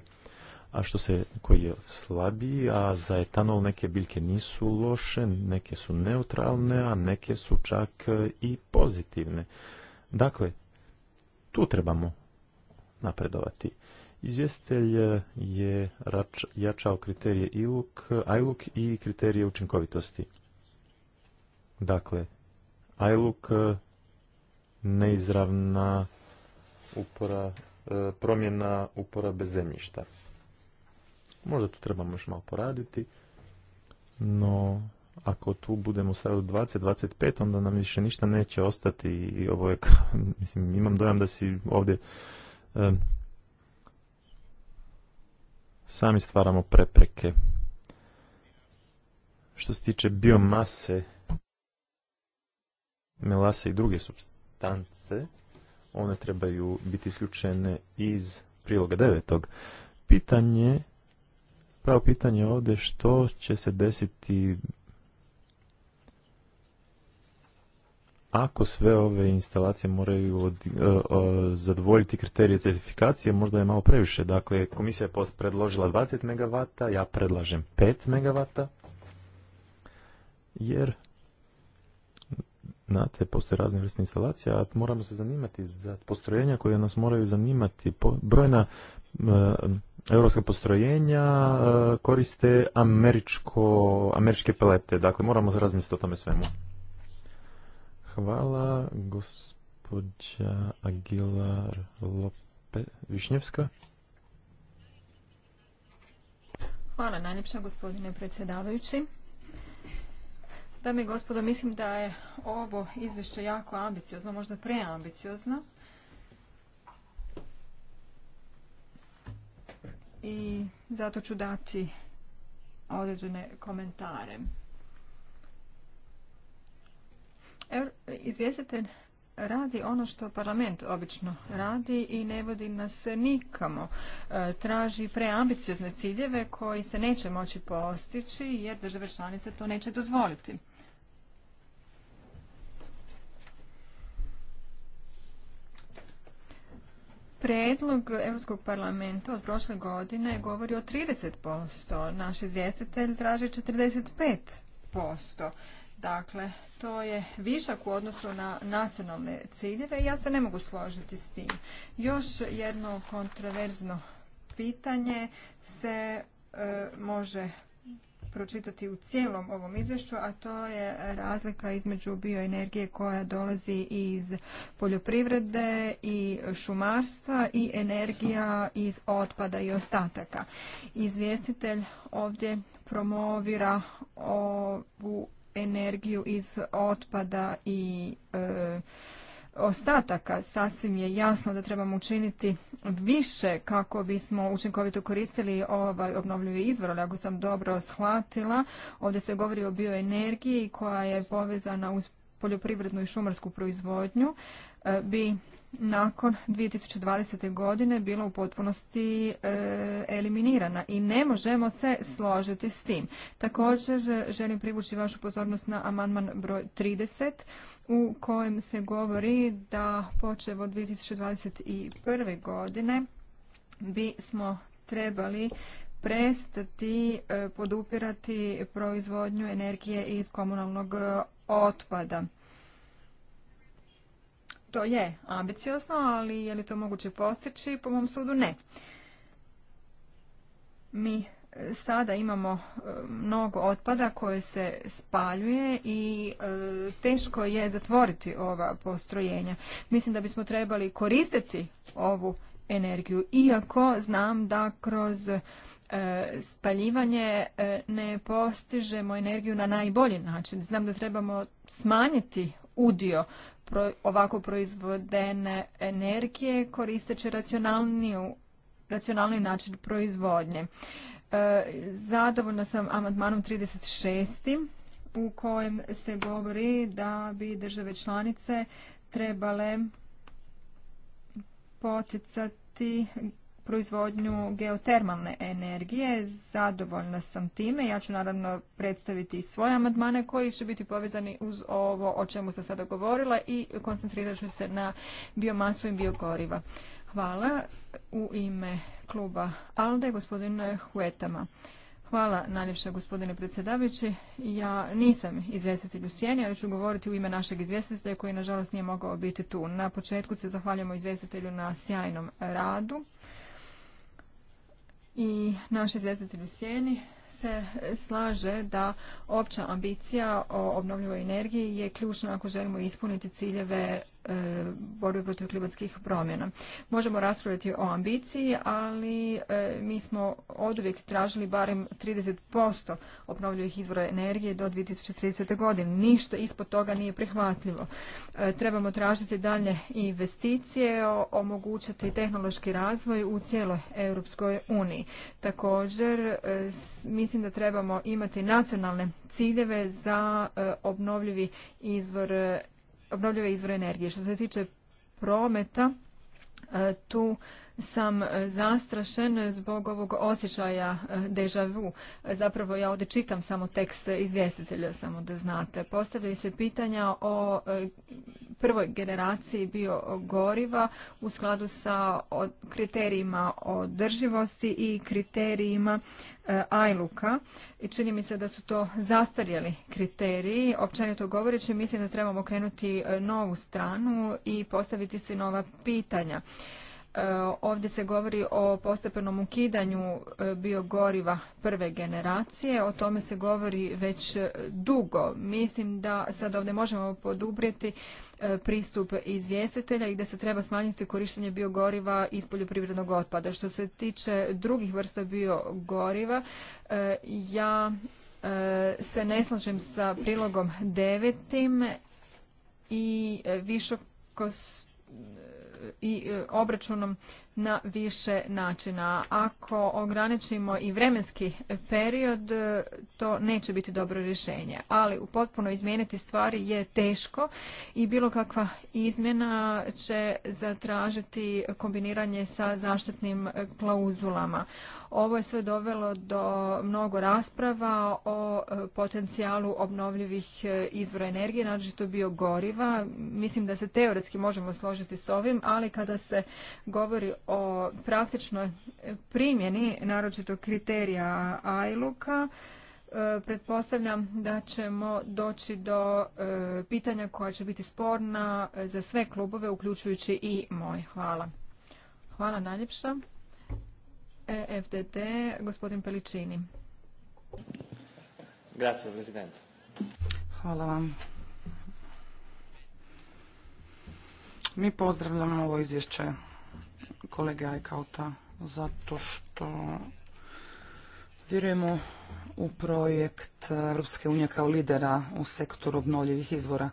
a što se, koji je slabiji, a za etanol neke biljke nisu loše, neke su neutralne, a neke su čak eh, i pozitivne. Dakle, tu trebamo napredovati. Izvjestitelj eh, je jačao kriterije ILUK, i kriterije učinkovitosti. Dakle, ILUK eh, neizravna upora, eh, promjena uporabe zemljišta. Možda tu trebamo još malo poraditi, no ako tu budemo stavili 20-25, onda nam više ništa neće ostati i ovo je, mislim, imam dojam da si ovdje sami stvaramo prepreke. Što se tiče biomase, melase i druge substance, one trebaju biti isključene iz priloga devetog. Pitanje, pravo pitanje ovdje što će se desiti ako sve ove instalacije moraju od, e, e, zadovoljiti kriterije certifikacije, možda je malo previše. Dakle, komisija je predložila 20 MW, ja predlažem 5 MW, jer znate, postoje razne vrste instalacija, a moramo se zanimati za postrojenja koje nas moraju zanimati. Po, brojna europska postrojenja e, koriste američko, američke pelete, dakle moramo razmisliti o tome svemu. Hvala, gospođa Aguilar Lope Višnjevska. Hvala najljepša gospodine predsjedavajući. Dame i gospodo, mislim da je ovo izvješće jako ambiciozno, možda preambiciozno. I zato ću dati određene komentare. Izvjestitelj radi ono što parlament obično radi i ne vodi nas nikamo. E, traži preambiciozne ciljeve koji se neće moći postići jer države članice to neće dozvoliti. Predlog Europskog parlamenta od prošle godine govori o 30%. Naš izvjestitelj traži 45%. Dakle, to je višak u odnosu na nacionalne ciljeve i ja se ne mogu složiti s tim. Još jedno kontroverzno pitanje se e, može pročitati u cijelom ovom izvješću, a to je razlika između bioenergije koja dolazi iz poljoprivrede i šumarstva i energija iz otpada i ostataka. Izvjestitelj ovdje promovira ovu energiju iz otpada i e, ostataka sasvim je jasno da trebamo učiniti više kako bismo učinkovito koristili ovaj obnovljivi izvor, ali ako sam dobro shvatila, ovdje se govori o bioenergiji koja je povezana uz poljoprivrednu i šumarsku proizvodnju, e, bi nakon 2020. godine bila u potpunosti e, eliminirana i ne možemo se složiti s tim. Također e, želim privući vašu pozornost na amandman broj 30 u kojem se govori da počevo od 2021. godine bismo trebali prestati e, podupirati proizvodnju energije iz komunalnog otpada. To je ambiciozno, ali je li to moguće postići? Po mom sudu ne. Mi e, sada imamo e, mnogo otpada koje se spaljuje i e, teško je zatvoriti ova postrojenja. Mislim da bismo trebali koristiti ovu energiju, iako znam da kroz spaljivanje ne postižemo energiju na najbolji način. Znam da trebamo smanjiti udio ovako proizvodene energije koristeći racionalni način proizvodnje. E, zadovoljna sam amandmanom 36. u kojem se govori da bi države članice trebale poticati proizvodnju geotermalne energije. Zadovoljna sam time. Ja ću naravno predstaviti svoje amadmane koji će biti povezani uz ovo o čemu sam sada govorila i koncentrirat ću se na biomasu i biogoriva. Hvala u ime kluba ALDE gospodine Huetama. Hvala najljepša gospodine predsjedavajući. Ja nisam izvjestitelj u sjeni, ali ću govoriti u ime našeg izvjestitelja koji nažalost nije mogao biti tu. Na početku se zahvaljujemo izvjestitelju na sjajnom radu i naš izvjestitelj u sjeni se slaže da opća ambicija o obnovljivoj energiji je ključna ako želimo ispuniti ciljeve E, borbe protiv klimatskih promjena. Možemo raspravljati o ambiciji, ali e, mi smo od uvijek tražili barem 30% obnovljivih izvora energije do 2030. godine. Ništa ispod toga nije prihvatljivo. E, trebamo tražiti dalje investicije, omogućati tehnološki razvoj u cijeloj Europskoj uniji. Također, mislim da trebamo imati nacionalne ciljeve za obnovljivi izvor obnovljive izvore energije. Što se tiče prometa, e, tu sam e, zastrašen zbog ovog osjećaja e, deja vu. Zapravo ja ovdje čitam samo tekst izvjestitelja, samo da znate. Postavljaju se pitanja o e, prvoj generaciji biogoriva u skladu sa kriterijima održivosti i kriterijima ajluka. I čini mi se da su to zastarjeli kriteriji. Općenito govoreći, mislim da trebamo krenuti novu stranu i postaviti se nova pitanja. E, ovdje se govori o postepenom ukidanju e, biogoriva prve generacije. O tome se govori već e, dugo. Mislim da sad ovdje možemo poduprijeti pristup izvjestitelja i da se treba smanjiti korištenje biogoriva iz poljoprivrednog otpada. Što se tiče drugih vrsta biogoriva, ja se ne slažem sa prilogom devetim i višokost i e, obračunom na više načina. Ako ograničimo i vremenski period, e, to neće biti dobro rješenje. Ali u potpuno izmijeniti stvari je teško i bilo kakva izmjena će zatražiti kombiniranje sa zaštitnim klauzulama. Ovo je sve dovelo do mnogo rasprava o e, potencijalu obnovljivih e, izvora energije, naročito goriva. Mislim da se teoretski možemo složiti s ovim, ali kada se govori o praktičnoj primjeni, naročito kriterija ailuka e, pretpostavljam da ćemo doći do pitanja koja će biti sporna za sve klubove, uključujući i moj. Hvala. Hvala najljepša. EFDD, gospodin Peličini. Grazie, prezident. Hvala vam. Mi pozdravljamo ovo izvješće kolege Ajkauta zato što vjerujemo u projekt Europske unije kao lidera u sektoru obnovljivih izvora.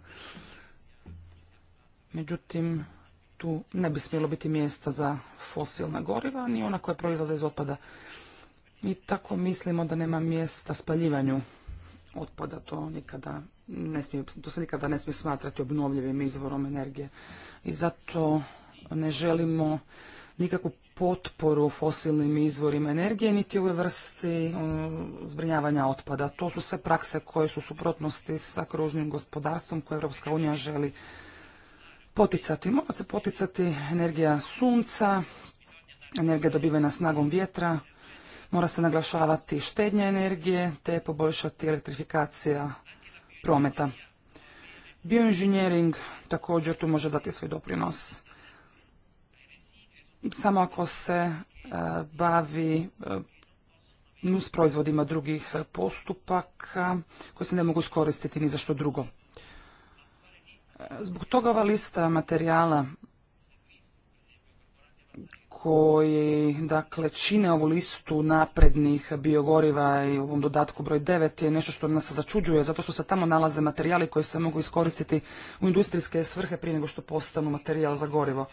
Međutim, tu ne bi smjelo biti mjesta za fosilna goriva, ni ona koja proizlaze iz otpada. I tako mislimo da nema mjesta spaljivanju otpada, to nikada ne smije, to se nikada ne smije smatrati obnovljivim izvorom energije. I zato ne želimo nikakvu potporu fosilnim izvorima energije, niti ove vrsti zbrinjavanja otpada. To su sve prakse koje su suprotnosti sa kružnim gospodarstvom koje Europska unija želi poticati. Mora se poticati energija sunca, energija dobivena snagom vjetra, mora se naglašavati štednja energije te poboljšati elektrifikacija prometa. Bioinženjering također tu može dati svoj doprinos. Samo ako se e, bavi e, s proizvodima drugih postupaka koji se ne mogu skoristiti ni za što drugo. Zbog toga ova lista materijala koji dakle čine ovu listu naprednih biogoriva i u ovom dodatku broj 9 je nešto što nas začuđuje zato što se tamo nalaze materijali koji se mogu iskoristiti u industrijske svrhe prije nego što postanu materijal za gorivo.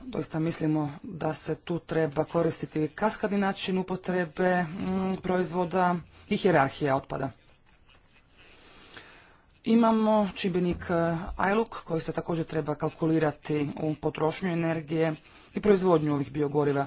Doista mislimo da se tu treba koristiti kaskadni način upotrebe mm, proizvoda i hjerarhija otpada. Imamo čibenik e, ILUC koji se također treba kalkulirati u potrošnju energije i proizvodnju ovih biogoriva.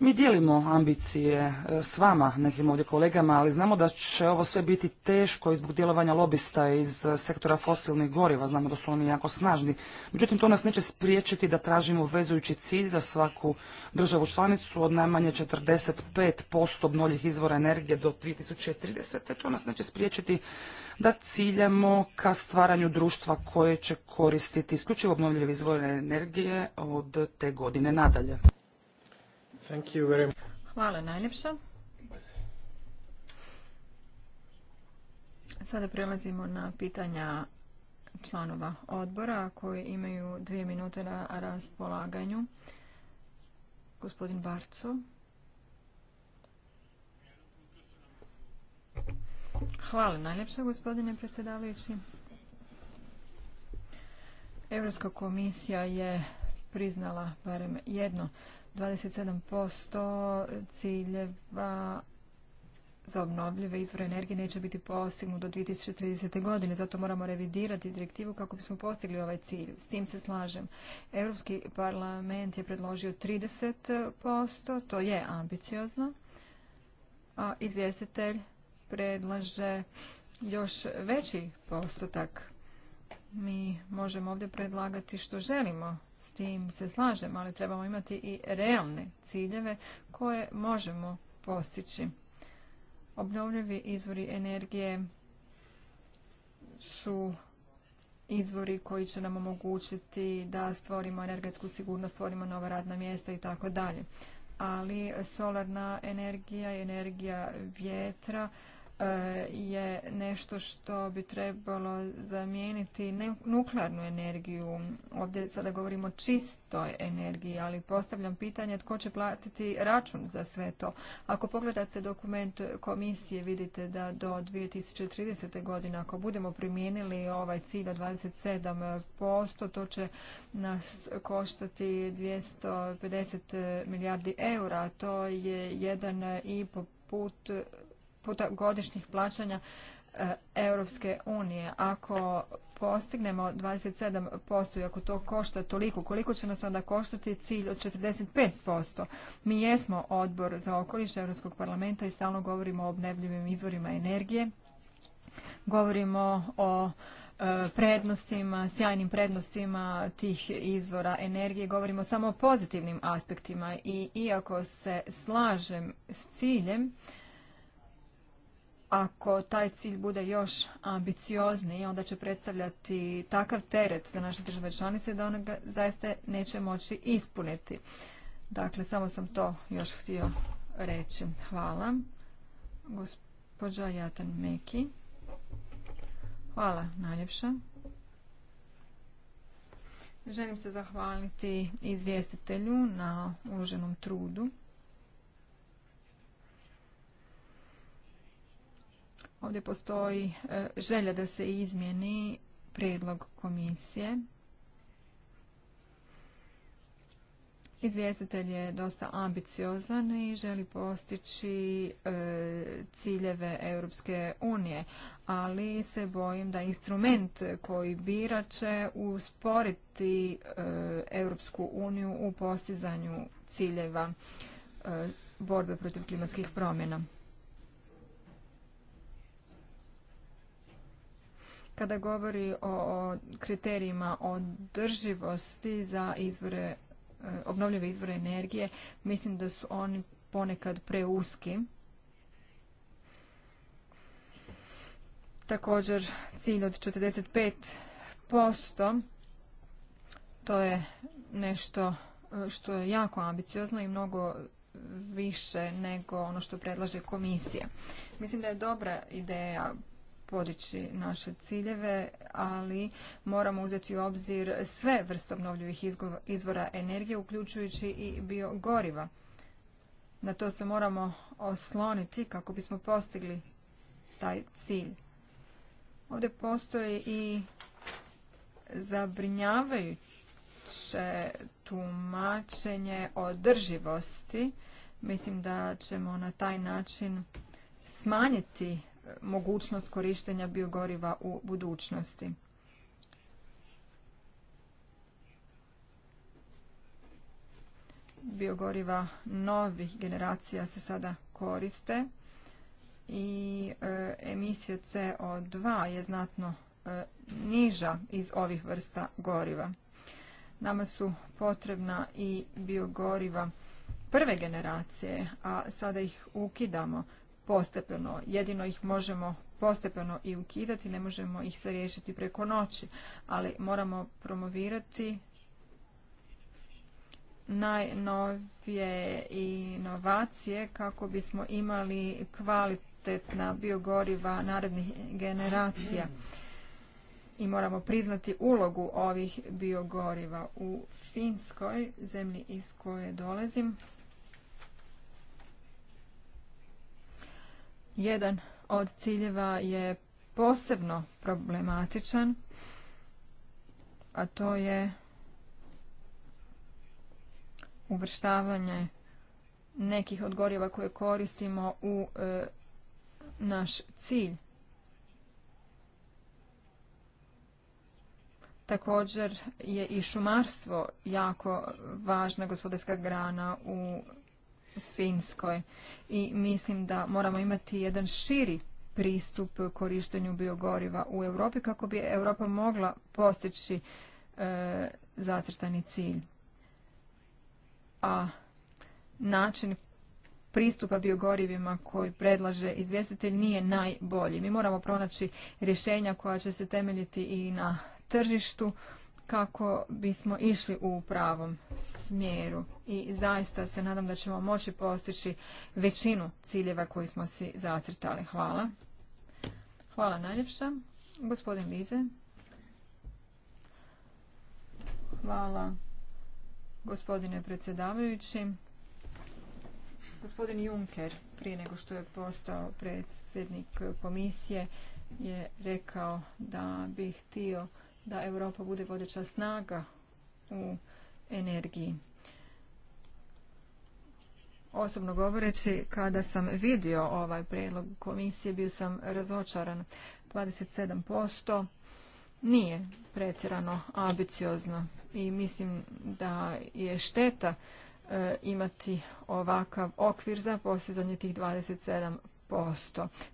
Mi dijelimo ambicije e, s vama, nekim ovdje kolegama, ali znamo da će ovo sve biti teško i zbog djelovanja lobista iz e, sektora fosilnih goriva, znamo da su oni jako snažni. Međutim, to nas neće spriječiti da tražimo vezujući cilj za svaku državu članicu od najmanje 45% obnovljivih izvora energije do 2030. To nas neće spriječiti da ciljamo ka stvaranju društva koje će koristiti isključivo obnovljive izvore energije od te godine nadalje. Hvala najljepša. Sada prelazimo na pitanja članova odbora koji imaju dvije minute na raspolaganju. Gospodin Barco. Hvala najljepša gospodine predsjedavajući. Europska komisija je priznala barem jedno 27% ciljeva za obnovljive izvore energije neće biti postignut do 2030. godine, zato moramo revidirati direktivu kako bismo postigli ovaj cilj. S tim se slažem. Europski parlament je predložio 30%, to je ambiciozno, a izvjestitelj predlaže još veći postotak. Mi možemo ovdje predlagati što želimo s tim se slažem, ali trebamo imati i realne ciljeve koje možemo postići. Obnovljivi izvori energije su izvori koji će nam omogućiti da stvorimo energetsku sigurnost, stvorimo nova radna mjesta i tako dalje. Ali solarna energija i energija vjetra E, je nešto što bi trebalo zamijeniti nuklearnu energiju. Ovdje sada govorimo o čistoj energiji, ali postavljam pitanje tko će platiti račun za sve to. Ako pogledate dokument komisije vidite da do 2030. godine ako budemo primijenili ovaj cilj od 27%, to će nas koštati 250 milijardi eura. To je jedan i po put puta godišnjih plaćanja e, Europske unije. Ako postignemo 27% i ako to košta toliko, koliko će nas onda koštati cilj od 45%? Mi jesmo odbor za okoliš Europskog parlamenta i stalno govorimo o obnevljivim izvorima energije. Govorimo o e, prednostima, sjajnim prednostima tih izvora energije, govorimo samo o pozitivnim aspektima i iako se slažem s ciljem, ako taj cilj bude još ambiciozniji, onda će predstavljati takav teret za naše države članice da one ga zaista neće moći ispuniti. Dakle, samo sam to još htio reći. Hvala. Gospođa Jatan Meki. Hvala najljepša. Želim se zahvaliti izvjestitelju na uloženom trudu. Ovdje postoji e, želja da se izmjeni predlog komisije. Izvjestitelj je dosta ambiciozan i želi postići e, ciljeve Europske unije, ali se bojim da instrument koji bira će usporiti EU Europsku uniju u postizanju ciljeva e, borbe protiv klimatskih promjena. kada govori o kriterijima održivosti za izvore, e, obnovljive izvore energije, mislim da su oni ponekad preuski. Također cilj od 45%, to je nešto e, što je jako ambiciozno i mnogo više nego ono što predlaže komisija. Mislim da je dobra ideja podići naše ciljeve, ali moramo uzeti u obzir sve vrste obnovljivih izvora energije, uključujući i biogoriva. Na to se moramo osloniti kako bismo postigli taj cilj. Ovdje postoji i zabrinjavajuće tumačenje održivosti. Mislim da ćemo na taj način smanjiti mogućnost korištenja biogoriva u budućnosti. Biogoriva novih generacija se sada koriste i e, emisija CO2 je znatno e, niža iz ovih vrsta goriva. Nama su potrebna i biogoriva prve generacije, a sada ih ukidamo postepeno. Jedino ih možemo postepeno i ukidati, ne možemo ih se riješiti preko noći, ali moramo promovirati najnovije inovacije kako bismo imali kvalitetna biogoriva narednih generacija. I moramo priznati ulogu ovih biogoriva u Finskoj, zemlji iz koje dolazim. Jedan od ciljeva je posebno problematičan, a to je uvrštavanje nekih od goriva koje koristimo u e, naš cilj. Također je i šumarstvo jako važna gospodarska grana u Finskoj i mislim da moramo imati jedan širi pristup korištenju biogoriva u Europi kako bi Europa mogla postići e, zacrtani cilj. A način pristupa biogorivima koji predlaže izvjestitelj nije najbolji. Mi moramo pronaći rješenja koja će se temeljiti i na tržištu kako bismo išli u pravom smjeru i zaista se nadam da ćemo moći postići većinu ciljeva koji smo si zacrtali. Hvala. Hvala najljepša. Gospodin Lize. Hvala gospodine predsjedavajući. Gospodin Juncker, prije nego što je postao predsjednik komisije, je rekao da bi htio da Europa bude vodeća snaga u energiji. Osobno govoreći, kada sam vidio ovaj prijedlog komisije, bio sam razočaran. 27% nije pretjerano ambiciozno i mislim da je šteta e, imati ovakav okvir za postizanje tih 27%.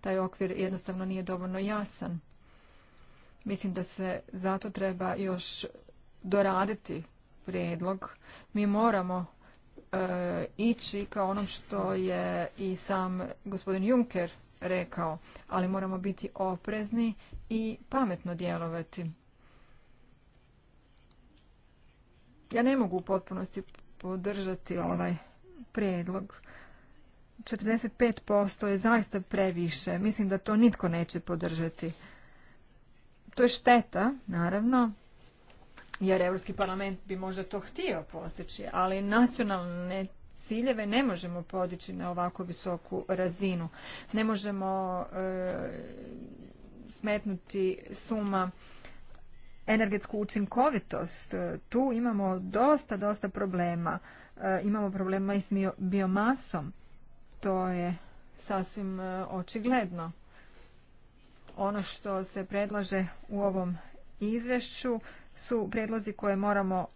Taj okvir jednostavno nije dovoljno jasan. Mislim da se zato treba još doraditi prijedlog. Mi moramo e, ići kao ono što je i sam gospodin Juncker rekao, ali moramo biti oprezni i pametno djelovati. Ja ne mogu u potpunosti podržati ovaj prijedlog. 45% je zaista previše. Mislim da to nitko neće podržati. To je šteta, naravno, jer Europski parlament bi možda to htio postići, ali nacionalne ciljeve ne možemo podići na ovako visoku razinu. Ne možemo e, smetnuti suma energetsku učinkovitost. Tu imamo dosta, dosta problema. E, imamo problema i s biomasom. To je sasvim e, očigledno. Ono što se predlaže u ovom izvješću su predlozi koje moramo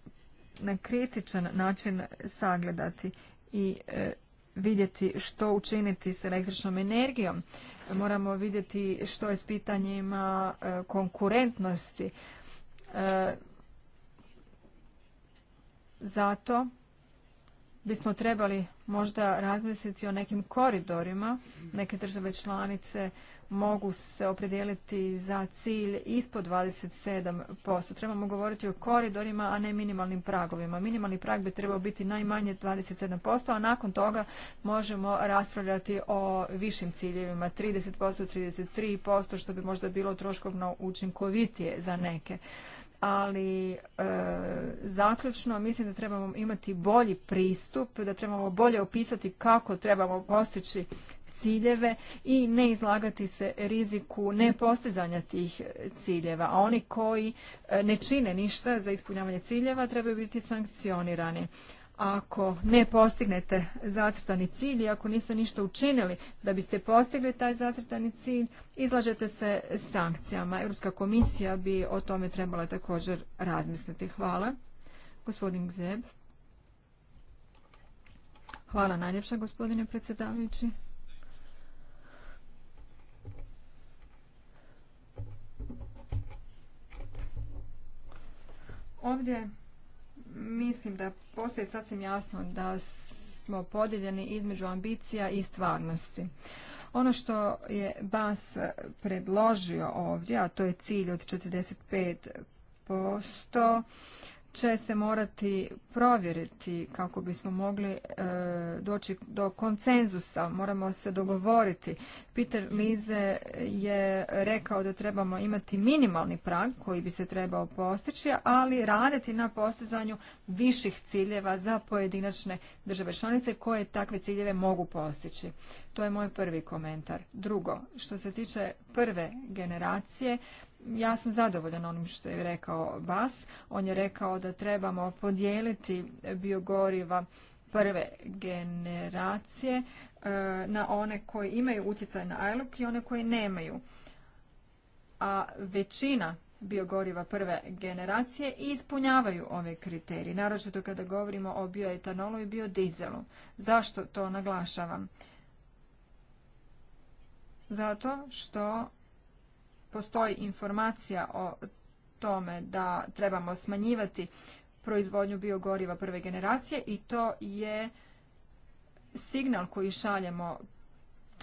na kritičan način sagledati i e, vidjeti što učiniti s električnom energijom. Moramo vidjeti što je s pitanjima e, konkurentnosti. E, zato bismo trebali možda razmisliti o nekim koridorima. Neke države članice mogu se opredijeliti za cilj ispod 27%. Trebamo govoriti o koridorima, a ne minimalnim pragovima. Minimalni prag bi trebao biti najmanje 27%, a nakon toga možemo raspravljati o višim ciljevima, 30%, 33%, što bi možda bilo troškovno učinkovitije za neke ali e, zaključno mislim da trebamo imati bolji pristup, da trebamo bolje opisati kako trebamo postići ciljeve i ne izlagati se riziku nepostizanja tih ciljeva. A oni koji e, ne čine ništa za ispunjavanje ciljeva trebaju biti sankcionirani. Ako ne postignete zacrtani cilj i ako niste ništa učinili da biste postigli taj zacrtani cilj, izlažete se sankcijama. Europska komisija bi o tome trebala također razmisliti. Hvala. Gospodin Gzeb. Hvala najljepša gospodine predsjedavajući. Ovdje mislim da postoji sasvim jasno da smo podijeljeni između ambicija i stvarnosti. Ono što je BAS predložio ovdje, a to je cilj od 45%, će se morati provjeriti kako bismo mogli e, doći do konsenzusa, moramo se dogovoriti. Peter Lize je rekao da trebamo imati minimalni prag koji bi se trebao postići, ali raditi na postizanju viših ciljeva za pojedinačne države članice koje takve ciljeve mogu postići. To je moj prvi komentar. Drugo, što se tiče prve generacije, ja sam zadovoljan onim što je rekao Bas. On je rekao da trebamo podijeliti biogoriva prve generacije e, na one koji imaju utjecaj na ILOC i one koji nemaju. A većina biogoriva prve generacije i ispunjavaju ove kriterije, naročito kada govorimo o bioetanolu i biodizelu. Zašto to naglašavam? Zato što postoji informacija o tome da trebamo smanjivati proizvodnju biogoriva prve generacije i to je signal koji šaljemo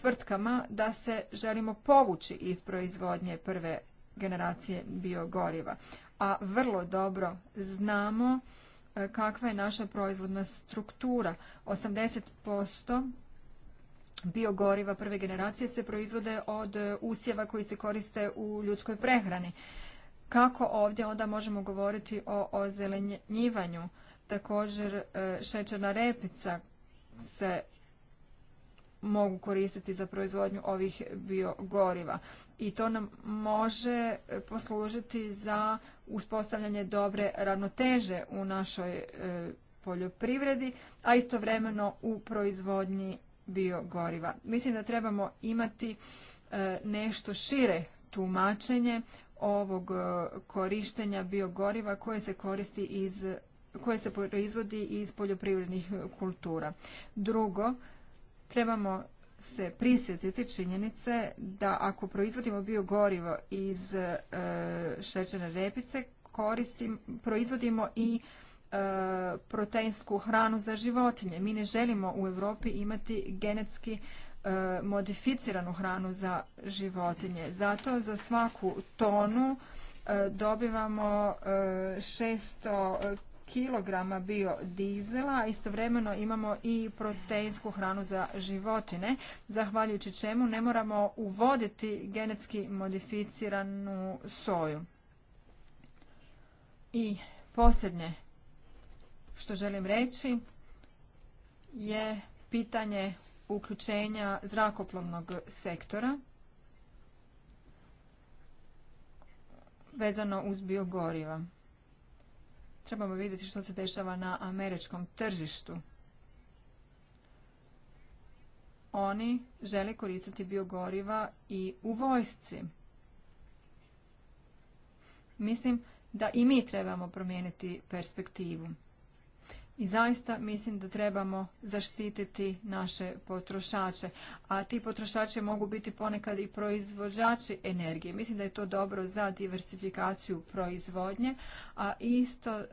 tvrtkama da se želimo povući iz proizvodnje prve generacije biogoriva. A vrlo dobro znamo e, kakva je naša proizvodna struktura. 80% biogoriva prve generacije se proizvode od e, usjeva koji se koriste u ljudskoj prehrani. Kako ovdje onda možemo govoriti o ozelenjivanju? Također e, šećerna repica se mogu koristiti za proizvodnju ovih biogoriva. I to nam može poslužiti za uspostavljanje dobre ravnoteže u našoj e, poljoprivredi, a istovremeno u proizvodnji biogoriva. Mislim da trebamo imati e, nešto šire tumačenje ovog e, korištenja biogoriva koje se koristi iz koje se proizvodi iz poljoprivrednih kultura. Drugo, trebamo se prisjetiti činjenice da ako proizvodimo biogorivo iz e, šećerne repice, proizvodimo i E, proteinsku hranu za životinje. Mi ne želimo u Europi imati genetski e, modificiranu hranu za životinje. Zato za svaku tonu e, dobivamo 600 kilograma biodizela, istovremeno imamo i proteinsku hranu za životine, zahvaljujući čemu ne moramo uvoditi genetski modificiranu soju. I posljednje što želim reći je pitanje uključenja zrakoplovnog sektora vezano uz biogoriva. Trebamo vidjeti što se dešava na američkom tržištu. Oni žele koristiti biogoriva i u vojsci. Mislim da i mi trebamo promijeniti perspektivu. I zaista mislim da trebamo zaštititi naše potrošače. A ti potrošači mogu biti ponekad i proizvođači energije. Mislim da je to dobro za diversifikaciju proizvodnje, a isto e,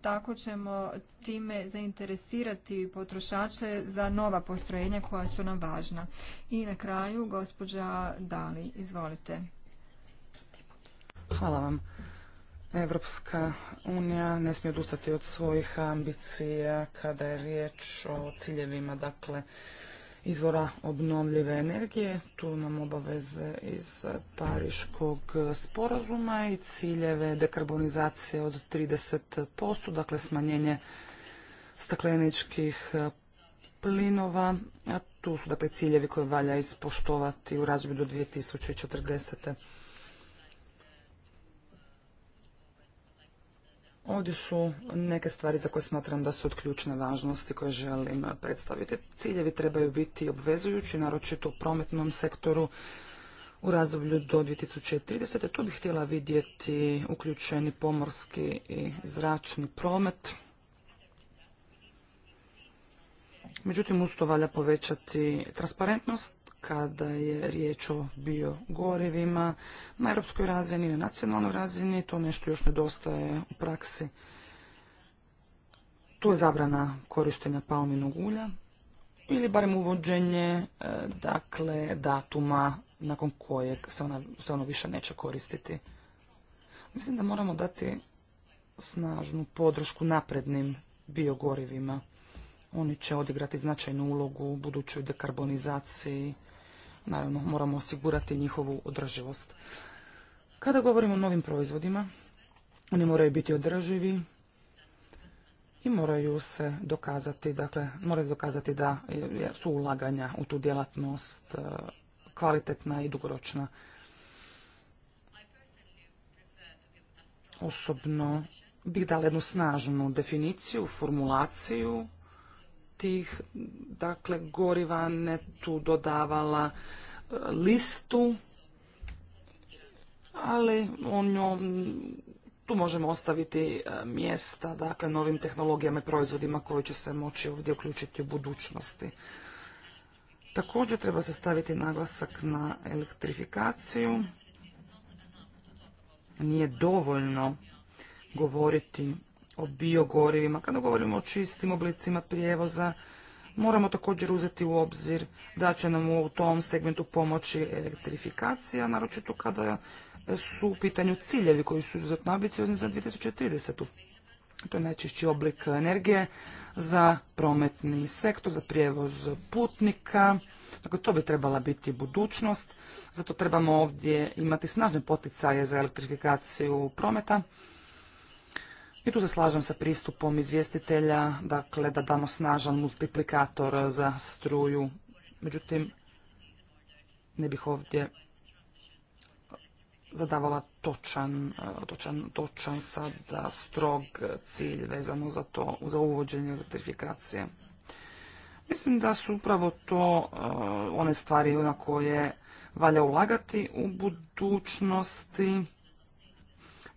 tako ćemo time zainteresirati potrošače za nova postrojenja koja su nam važna. I na kraju, gospođa Dali, izvolite. Hvala vam. Evropska unija ne smije odustati od svojih ambicija kada je riječ o ciljevima, dakle, izvora obnovljive energije. Tu imamo obaveze iz Pariškog sporazuma i ciljeve dekarbonizacije od 30%, dakle smanjenje stakleničkih plinova. A tu su dakle ciljevi koje valja ispoštovati u razdoblju do 2040. Ovdje su neke stvari za koje smatram da su od ključne važnosti koje želim predstaviti. Ciljevi trebaju biti obvezujući, naročito u prometnom sektoru u razdoblju do 2030. Tu bih htjela vidjeti uključeni pomorski i zračni promet. Međutim, uz valja povećati transparentnost kada je riječ o biogorivima na europskoj razini i na nacionalnoj razini. To nešto još nedostaje u praksi. Tu je zabrana korištenja palminog ulja ili barem uvođenje e, dakle, datuma nakon kojeg se, ona, se ono više neće koristiti. Mislim da moramo dati snažnu podršku naprednim biogorivima. Oni će odigrati značajnu ulogu u budućoj dekarbonizaciji Naravno, moramo osigurati njihovu održivost. Kada govorimo o novim proizvodima, oni moraju biti održivi i moraju se dokazati, dakle, moraju dokazati da su ulaganja u tu djelatnost e, kvalitetna i dugoročna. Osobno bih dala jednu snažnu definiciju, formulaciju tih dakle goriva ne tu dodavala e, listu ali on tu možemo ostaviti e, mjesta dakle novim tehnologijama i proizvodima koji će se moći ovdje uključiti u budućnosti. Također treba se staviti naglasak na elektrifikaciju. Nije dovoljno govoriti o biogorivima, kada govorimo o čistim oblicima prijevoza, moramo također uzeti u obzir da će nam u tom segmentu pomoći elektrifikacija, naročito kada su u pitanju ciljevi koji su izuzetno ambiciozni za 2030. To je najčešći oblik energije za prometni sektor, za prijevoz putnika. Dakle, to bi trebala biti budućnost. Zato trebamo ovdje imati snažne poticaje za elektrifikaciju prometa. I tu se slažem sa pristupom izvjestitelja, dakle da damo snažan multiplikator za struju. Međutim, ne bih ovdje zadavala točan, točan, točan sada strog cilj vezano za to, za uvođenje elektrifikacije. Mislim da su upravo to one stvari na koje valja ulagati u budućnosti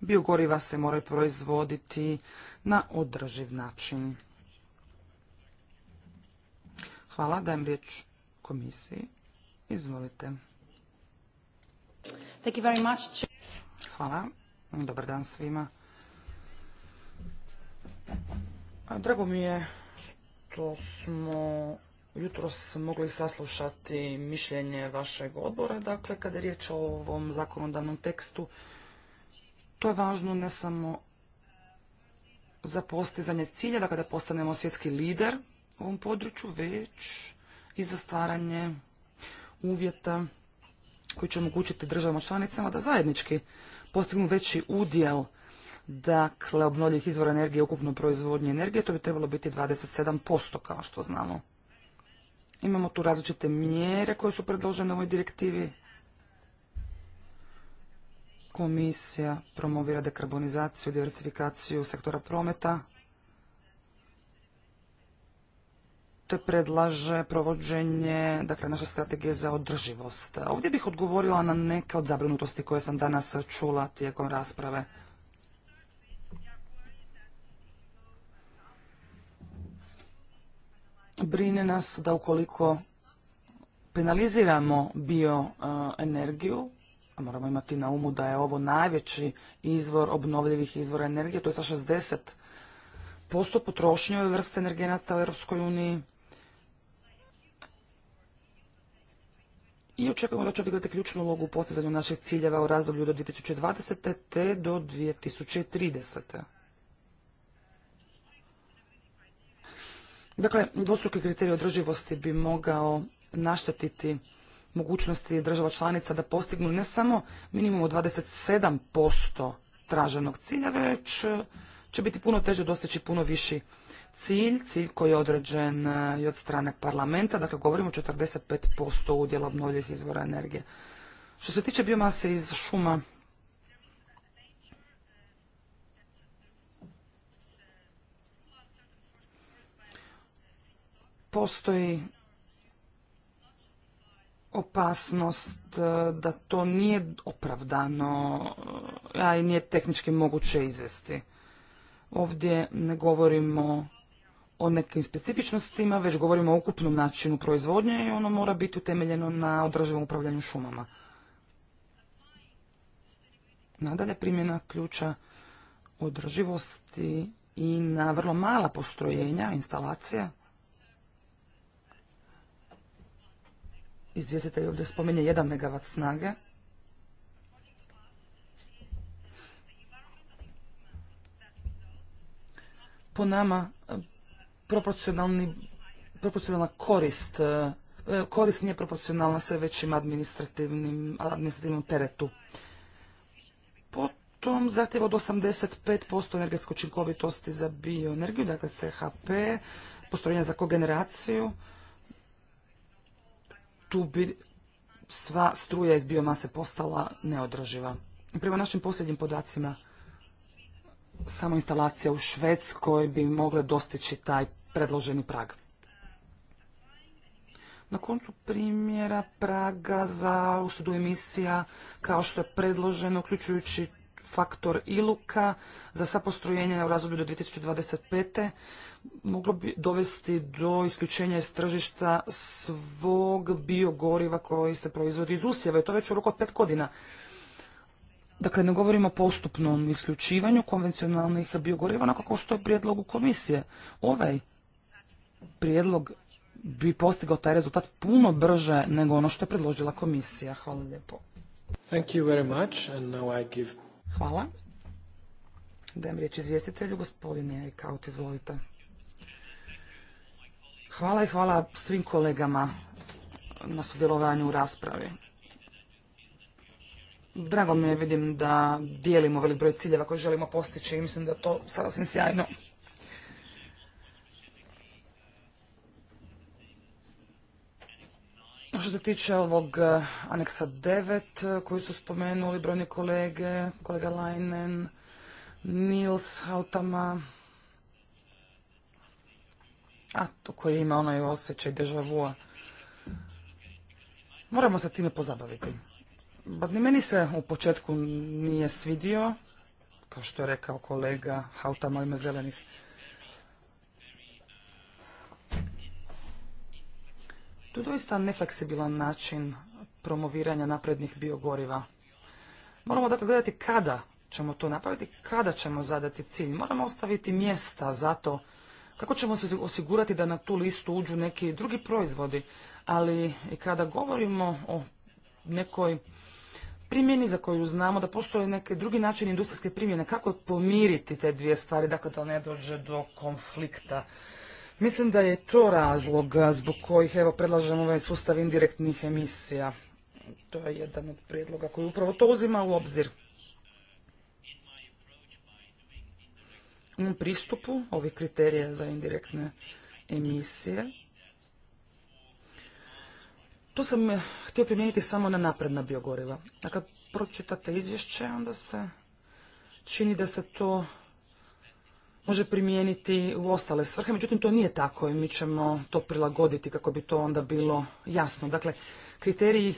biogoriva se moraju proizvoditi na održiv način. Hvala, dajem riječ komisiji. Izvolite. Thank Hvala, dobar dan svima. Drago mi je što smo jutros mogli saslušati mišljenje vašeg odbora. Dakle, kada je riječ o ovom zakonodavnom tekstu, to je važno ne samo za postizanje cilja, dakle da kada postanemo svjetski lider u ovom području, već i za stvaranje uvjeta koji će omogućiti državama članicama da zajednički postignu veći udjel dakle obnovljivih izvora energije ukupno proizvodnje energije, to bi trebalo biti 27% kao što znamo. Imamo tu različite mjere koje su predložene u ovoj direktivi, Komisija promovira dekarbonizaciju i diversifikaciju sektora prometa te predlaže provođenje dakle, naše strategije za održivost. Ovdje bih odgovorila na neke od zabrinutosti koje sam danas čula tijekom rasprave. Brine nas da ukoliko penaliziramo bioenergiju, moramo imati na umu da je ovo najveći izvor obnovljivih izvora energije, to je sa 60% potrošnje ove vrste energenata u Europskoj uniji. I očekujemo da će odigrati ključnu ulogu u postizanju naših ciljeva u razdoblju do 2020. te do 2030. Dakle, dvostruki kriterij održivosti bi mogao naštetiti mogućnosti država članica da postignu ne samo minimum od 27% traženog cilja, već e, će biti puno teže dostići puno viši cilj, cilj koji je određen e, i od strane parlamenta, dakle govorimo o 45% udjela obnovljivih izvora energije. Što se tiče biomase iz šuma, postoji opasnost e, da to nije opravdano, e, a i nije tehnički moguće izvesti. Ovdje ne govorimo o nekim specifičnostima, već govorimo o ukupnom načinu proizvodnje i ono mora biti utemeljeno na održivom upravljanju šumama. Nadalje primjena ključa održivosti i na vrlo mala postrojenja, instalacija, izvjestitelj ovdje spominje 1 MW snage. Po nama e, proporcionalna korist, e, e, korist nije proporcionalna sve većim administrativnim, administrativnom teretu. Potom zahtjeva od 85% energetske učinkovitosti za bioenergiju, dakle CHP, postrojenja za kogeneraciju, tu bi sva struja iz biomase postala neodrživa. Prema našim posljednjim podacima, samo instalacija u Švedskoj bi mogle dostići taj predloženi prag. Na koncu primjera praga za uštedu emisija, kao što je predloženo, uključujući faktor iluka za sva postrojenja u razdoblju do 2025. moglo bi dovesti do isključenja iz tržišta svog biogoriva koji se proizvodi iz usjeva i to već u roku od pet godina. Dakle, ne govorimo o postupnom isključivanju konvencionalnih biogoriva, onako kako stoji prijedlogu komisije. Ovaj prijedlog bi postigao taj rezultat puno brže nego ono što je predložila komisija. Hvala lijepo. Thank you very much and now I give Hvala. Dajem riječ izvjestitelju, gospodin je kaut, izvolite. Hvala i hvala svim kolegama na sudjelovanju u raspravi. Drago mi je, vidim da dijelimo velik broj ciljeva koje želimo postići i mislim da je to sasvim sjajno. Što se tiče ovog eh, aneksa 9 eh, koji su spomenuli brojni kolege, kolega Leinen, Nils Hautama, a to koji ima onaj osjećaj deja Moramo se time pozabaviti. Ni meni se u početku nije svidio, kao što je rekao kolega Hautama ime zelenih. To je doista nefleksibilan način promoviranja naprednih biogoriva. Moramo dakle gledati kada ćemo to napraviti, kada ćemo zadati cilj. Moramo ostaviti mjesta za to kako ćemo se osigurati da na tu listu uđu neki drugi proizvodi. Ali i kada govorimo o nekoj primjeni za koju znamo da postoje neki drugi način industrijske primjene, kako pomiriti te dvije stvari, dakle da ne dođe do konflikta Mislim da je to razlog zbog kojih evo predlažem ovaj sustav indirektnih emisija. To je jedan od prijedloga koji upravo to uzima u obzir. U pristupu ovih kriterija za indirektne emisije to sam eh, htio primijeniti samo na napredna biogoriva. A kad pročitate izvješće, onda se čini da se to može primijeniti u ostale svrhe, međutim to nije tako i mi ćemo to prilagoditi kako bi to onda bilo jasno. Dakle, kriteriji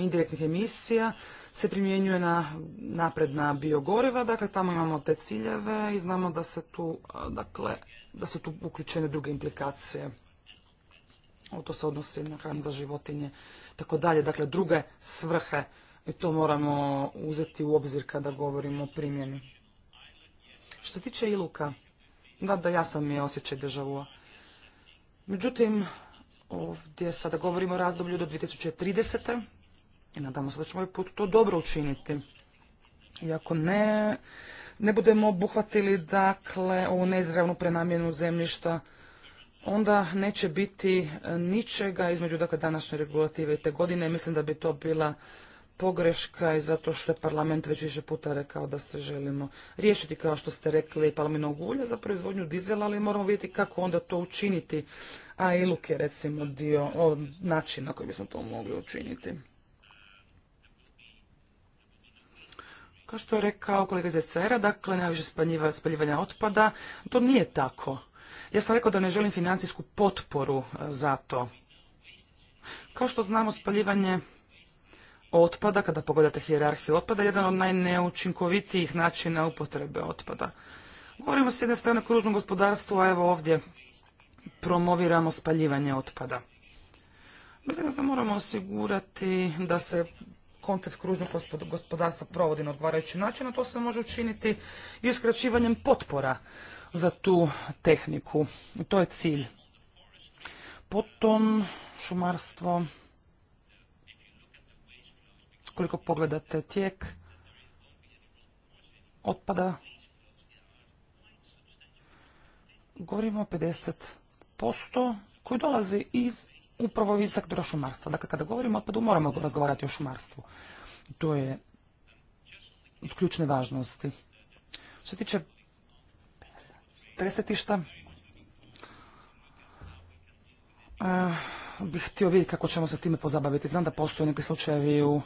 indirektnih emisija se primjenjuje na napredna biogoriva, dakle tamo imamo te ciljeve i znamo da se tu, dakle, da su tu uključene druge implikacije. Ovo to se odnosi na hranu za životinje, tako dalje, dakle druge svrhe i to moramo uzeti u obzir kada govorimo o primjeni. Što se tiče Iluka, da, da, ja sam je osjećaj državua. Međutim, ovdje sada govorimo o razdoblju do 2030. I nadamo se da ćemo ovaj put to dobro učiniti. I ako ne, ne budemo obuhvatili dakle ovu neizravnu prenamjenu zemljišta, onda neće biti ničega između dakle današnje regulative i te godine. Mislim da bi to bila pogreška i zato što je parlament već više puta rekao da se želimo riješiti, kao što ste rekli, palminog ulja za proizvodnju dizela, ali moramo vidjeti kako onda to učiniti. A i luke je recimo dio načina način na koji bismo to mogli učiniti. Kao što je rekao kolega iz ecr dakle, najviše spaljivanja otpada, to nije tako. Ja sam rekao da ne želim financijsku potporu e, za to. Kao što znamo, spaljivanje otpada, kada pogledate hijerarhiju otpada, jedan od najneučinkovitijih načina upotrebe otpada. Govorimo s jedne strane o kružnom gospodarstvu, a evo ovdje promoviramo spaljivanje otpada. Mislim da moramo osigurati da se koncept kružnog gospodarstva provodi na odgovarajući način, a to se može učiniti i uskraćivanjem potpora za tu tehniku. to je cilj. Potom šumarstvo, koliko pogledate tijek otpada, govorimo o 50% koji dolazi iz upravo iz sektora šumarstva. Dakle, kada govorimo o otpadu, moramo razgovarati o šumarstvu. To je od ključne važnosti. Što se tiče presetišta, eh, bih htio vidjeti kako ćemo se time pozabaviti. Znam da postoje neki slučajevi u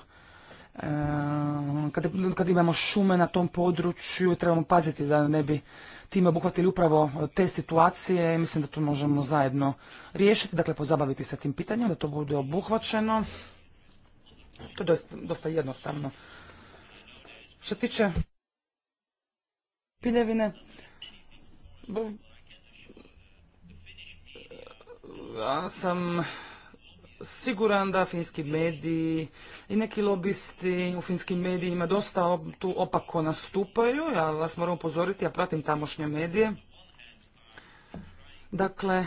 Ehm, kada, kad imamo šume na tom području, trebamo paziti da ne bi time obuhvatili upravo te situacije. Mislim da to možemo zajedno riješiti, dakle pozabaviti se tim pitanjem, da to bude obuhvaćeno. To je dosta, dosta jednostavno. Što tiče piljevine, ja sam siguran da finski mediji i neki lobisti u finskim medijima dosta tu opako nastupaju. Ja vas moram upozoriti, ja pratim tamošnje medije. Dakle,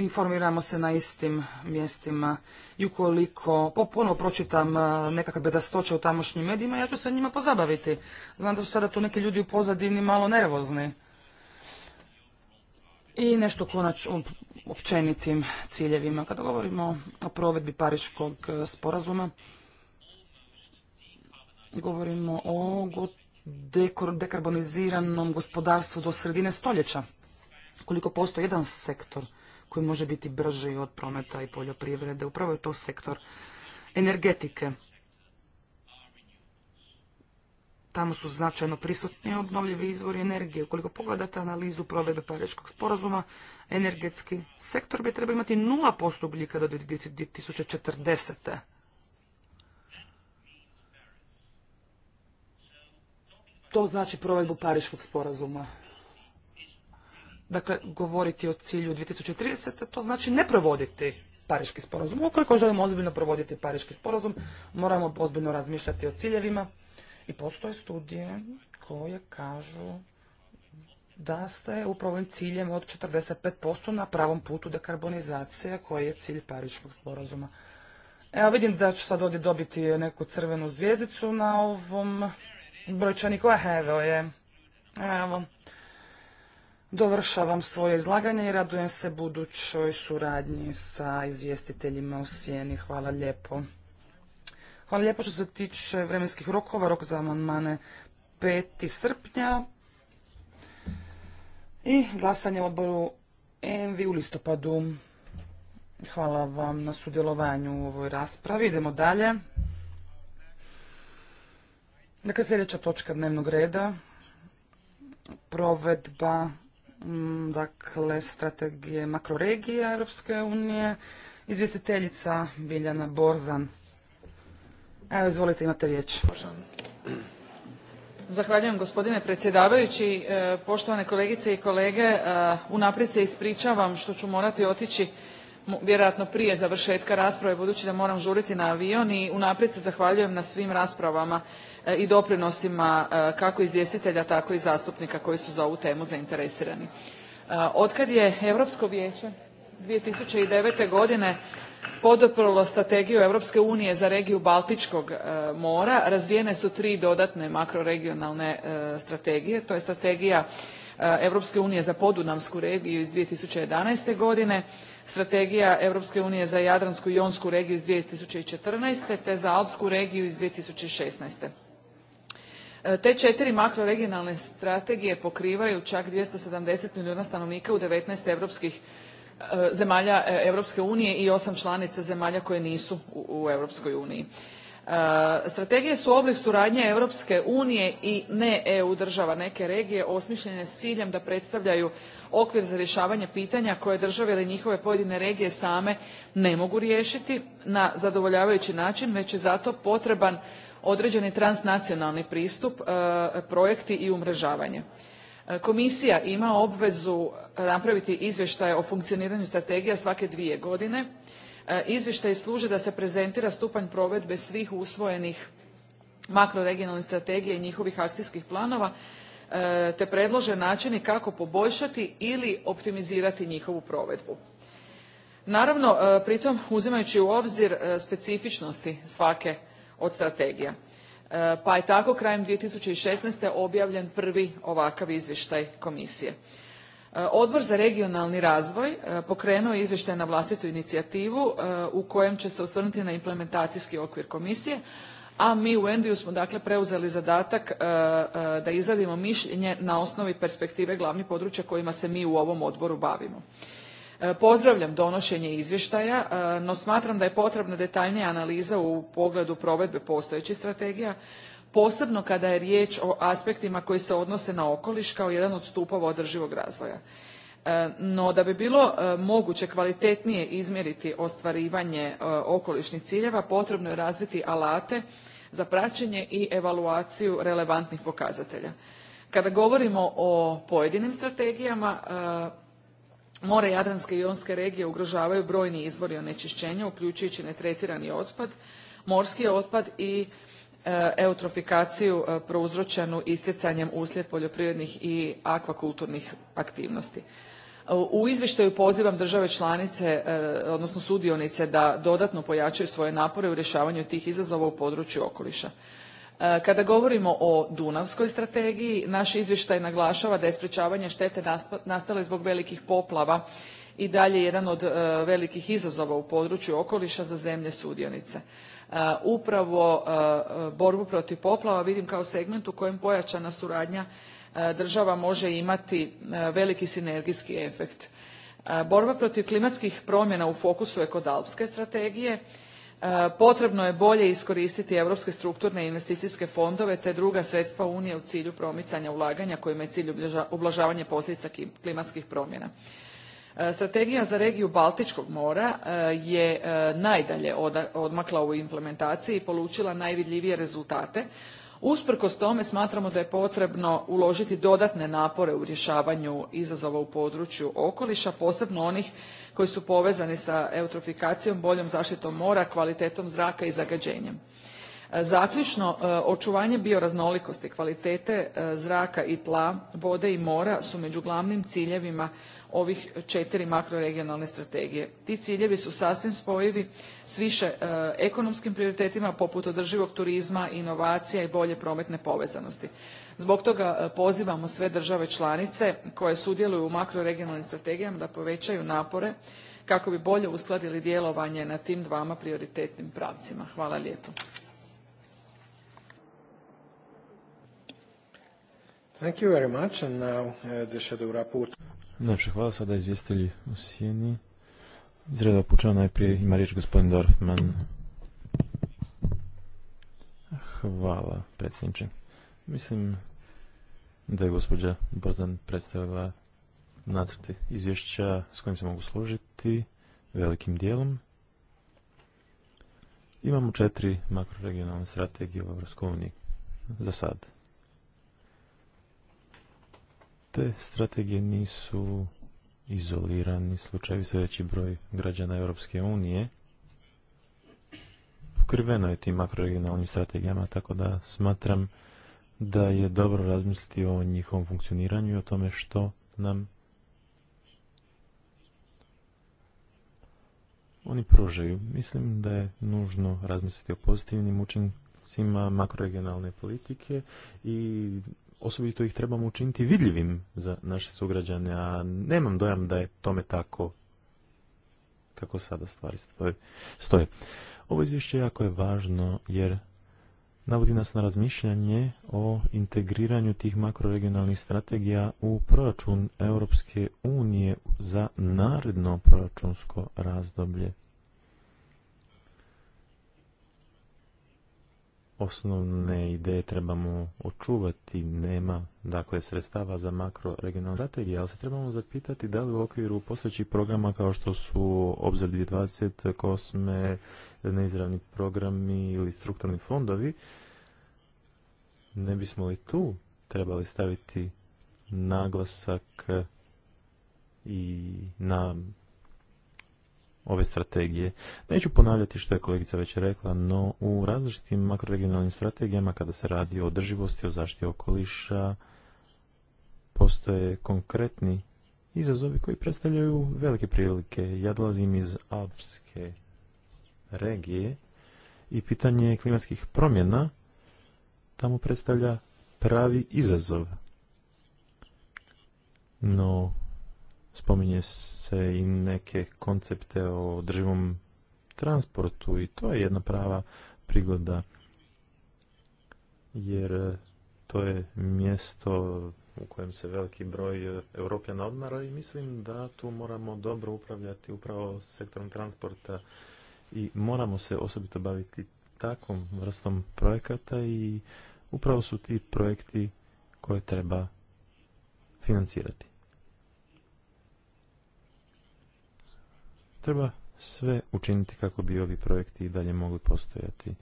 informiramo se na istim mjestima i ukoliko ponovno pročitam e, nekakve bedastoće u tamošnjim medijima, ja ću se njima pozabaviti. Znam da su sada tu neki ljudi u pozadini malo nervozni. I nešto konačno u općenitim ciljevima. Kada govorimo o provedbi Pariškog e, sporazuma, govorimo o dekarboniziranom gospodarstvu do sredine stoljeća. Koliko postoji jedan sektor koji može biti brži od prometa i poljoprivrede. Upravo je to sektor energetike. Tamo su značajno prisutni obnovljivi izvori energije. Ukoliko pogledate analizu provedbe Pariškog sporazuma, energetski sektor bi trebao imati 0% ugljika do 2040. To znači provedbu Pariškog sporazuma. Dakle, govoriti o cilju 2030. to znači ne provoditi Pariški sporazum. Ukoliko želimo ozbiljno provoditi Pariški sporazum, moramo ozbiljno razmišljati o ciljevima i postoje studije koje kažu da ste upravo ovim ciljem od 45% na pravom putu dekarbonizacije koji je cilj Pariškog sporazuma. Evo vidim da ću sad ovdje dobiti neku crvenu zvijezdicu na ovom brojčaniku. Evo je. Evo dovršavam svoje izlaganje i radujem se budućoj suradnji sa izvjestiteljima u Sijeni. Hvala lijepo. Hvala lijepo što se tiče vremenskih rokova, rok za amandmane 5. srpnja i glasanje u odboru ENVI u listopadu. Hvala vam na sudjelovanju u ovoj raspravi. Idemo dalje. Dakle, sljedeća točka dnevnog reda, provedba Mm, dakle strategije makroregija Europske unije, izvjestiteljica Biljana Borzan. Evo, izvolite, imate riječ. Zahvaljujem gospodine predsjedavajući, e, poštovane kolegice i kolege, e, unaprijed se ispričavam što ću morati otići vjerojatno prije završetka rasprave budući da moram žuriti na avion i unaprijed se zahvaljujem na svim raspravama. E, i doprinosima e, kako izvjestitelja tako i zastupnika koji su za ovu temu zainteresirani. E, otkad je Europsko vijeće 2009. godine poduprlo strategiju Europske unije za regiju Baltičkog mora, razvijene su tri dodatne makroregionalne strategije. To je strategija Europske unije za podunavsku regiju iz 2011. godine, strategija Europske unije za jadransku i jonsku regiju iz 2014. te za alpsku regiju iz 2016. E, te četiri makroregionalne strategije pokrivaju čak 270 milijuna stanovnika u 19 e, zemalja Europske unije i osam članica zemalja koje nisu u Europskoj uniji. E, strategije su oblik suradnje Europske unije i ne EU država neke regije osmišljene s ciljem da predstavljaju okvir za rješavanje pitanja koje države ili njihove pojedine regije same ne mogu riješiti na zadovoljavajući način već je zato potreban određeni transnacionalni pristup, e, projekti i umrežavanje. E, komisija ima obvezu napraviti izvještaje o funkcioniranju strategija svake dvije godine. E, izvještaj služe da se prezentira stupanj provedbe svih usvojenih makroregionalnih strategija i njihovih akcijskih planova te predlože načini kako poboljšati ili optimizirati njihovu provedbu. Naravno, pritom uzimajući u obzir specifičnosti svake od strategija. E, pa je tako krajem 2016. objavljen prvi ovakav izvještaj komisije. E, Odbor za regionalni razvoj e, pokrenuo je izvještaj na vlastitu inicijativu u kojem će se osvrnuti na implementacijski okvir komisije, a mi u Endiju smo dakle preuzeli zadatak da izradimo mišljenje na osnovi perspektive glavnih područja kojima se mi u ovom odboru bavimo. E, pozdravljam donošenje izvještaja, e, no smatram da je potrebna detaljnija analiza u pogledu provedbe postojećih strategija, posebno kada je riječ o aspektima koji se odnose na okoliš kao jedan od stupova održivog razvoja. E, no, da bi bilo moguće kvalitetnije izmjeriti ostvarivanje okolišnih ciljeva, potrebno je razviti alate za praćenje i evaluaciju relevantnih pokazatelja. Kada govorimo o pojedinim strategijama, more jadranske i jonske regije ugrožavaju brojni izvori onečišćenja uključujući netretirani otpad morski otpad i e, eutrofikaciju e, prouzročenu istjecanjem uslijed poljoprivrednih i akvakulturnih aktivnosti. U izvještaju pozivam države članice, e, odnosno sudionice da dodatno pojačaju svoje napore u rješavanju tih izazova u području okoliša. E, kada govorimo o Dunavskoj strategiji, naš izvještaj naglašava da je sprječavanje štete nastale zbog velikih poplava i dalje jedan od e, velikih izazova u području okoliša za zemlje sudionice. E, upravo borbu protiv poplava vidim kao segment u kojem pojačana suradnja država može imati veliki sinergijski efekt. Borba protiv klimatskih promjena u fokusu je kod Alpske strategije, E, potrebno je bolje iskoristiti europske strukturne i investicijske fondove te druga sredstva unije u cilju promicanja ulaganja kojima je cilj ublažavanje posljedica klimatskih promjena. E, strategija za regiju Baltičkog mora e, je najdalje odmakla u implementaciji i polučila najvidljivije rezultate. Usprkos tome smatramo da je potrebno uložiti dodatne napore u rješavanju izazova u području okoliša, posebno onih koji su povezani sa eutrofikacijom, boljom zaštitom mora, kvalitetom zraka i zagađenjem. E, zaključno, e, očuvanje bioraznolikosti, kvalitete e, zraka i tla, vode i mora su među glavnim ciljevima ovih četiri makroregionalne strategije. Ti ciljevi su sasvim spojivi s više e, ekonomskim prioritetima poput održivog turizma, inovacija i bolje prometne povezanosti. Zbog toga e, pozivamo sve države članice koje sudjeluju u makroregionalnim strategijama da povećaju napore kako bi bolje uskladili djelovanje na tim dvama prioritetnim pravcima. Hvala lijepo. Uh, Najpše hvala sada izvjestitelji u Sijeni. izreda počeo najprije ima riječ gospodin Dorfman. Hvala, predsjedniče. Mislim da je gospođa Borzan predstavila nacrte izvješća s kojim se mogu složiti velikim dijelom. Imamo četiri makroregionalne strategije u EU za sad te strategije nisu izolirani slučajevi sa veći broj građana Europske unije. Pokriveno je tim makroregionalnim strategijama, tako da smatram da je dobro razmisliti o njihovom funkcioniranju i o tome što nam oni pružaju. Mislim da je nužno razmisliti o pozitivnim učincima makroregionalne politike i osobito ih trebamo učiniti vidljivim za naše sugrađane, a nemam dojam da je tome tako kako sada stvari stoje. Ovo izvješće jako je važno jer navodi nas na razmišljanje o integriranju tih makroregionalnih strategija u proračun Europske unije za naredno proračunsko razdoblje. osnovne ideje trebamo očuvati, nema dakle sredstava za makroregionalne strategije, ali se trebamo zapitati da li u okviru postojećih programa kao što su Obzor 2020, Kosme, neizravni programi ili strukturni fondovi, ne bismo li tu trebali staviti naglasak i na ove strategije. Neću ponavljati što je kolegica već rekla, no u različitim makroregionalnim strategijama kada se radi o održivosti, o zaštiti okoliša, postoje konkretni izazovi koji predstavljaju velike prilike. Ja dolazim iz Alpske regije i pitanje klimatskih promjena tamo predstavlja pravi izazov. No, spominje se i neke koncepte o drživom transportu i to je jedna prava prigoda jer e, to je mjesto u kojem se veliki broj e, europljana odmara i mislim da tu moramo dobro upravljati upravo sektorom transporta i moramo se osobito baviti takvom vrstom projekata i upravo su ti projekti koje treba financirati. Treba sve učiniti kako bi ovi projekti i dalje mogli postojati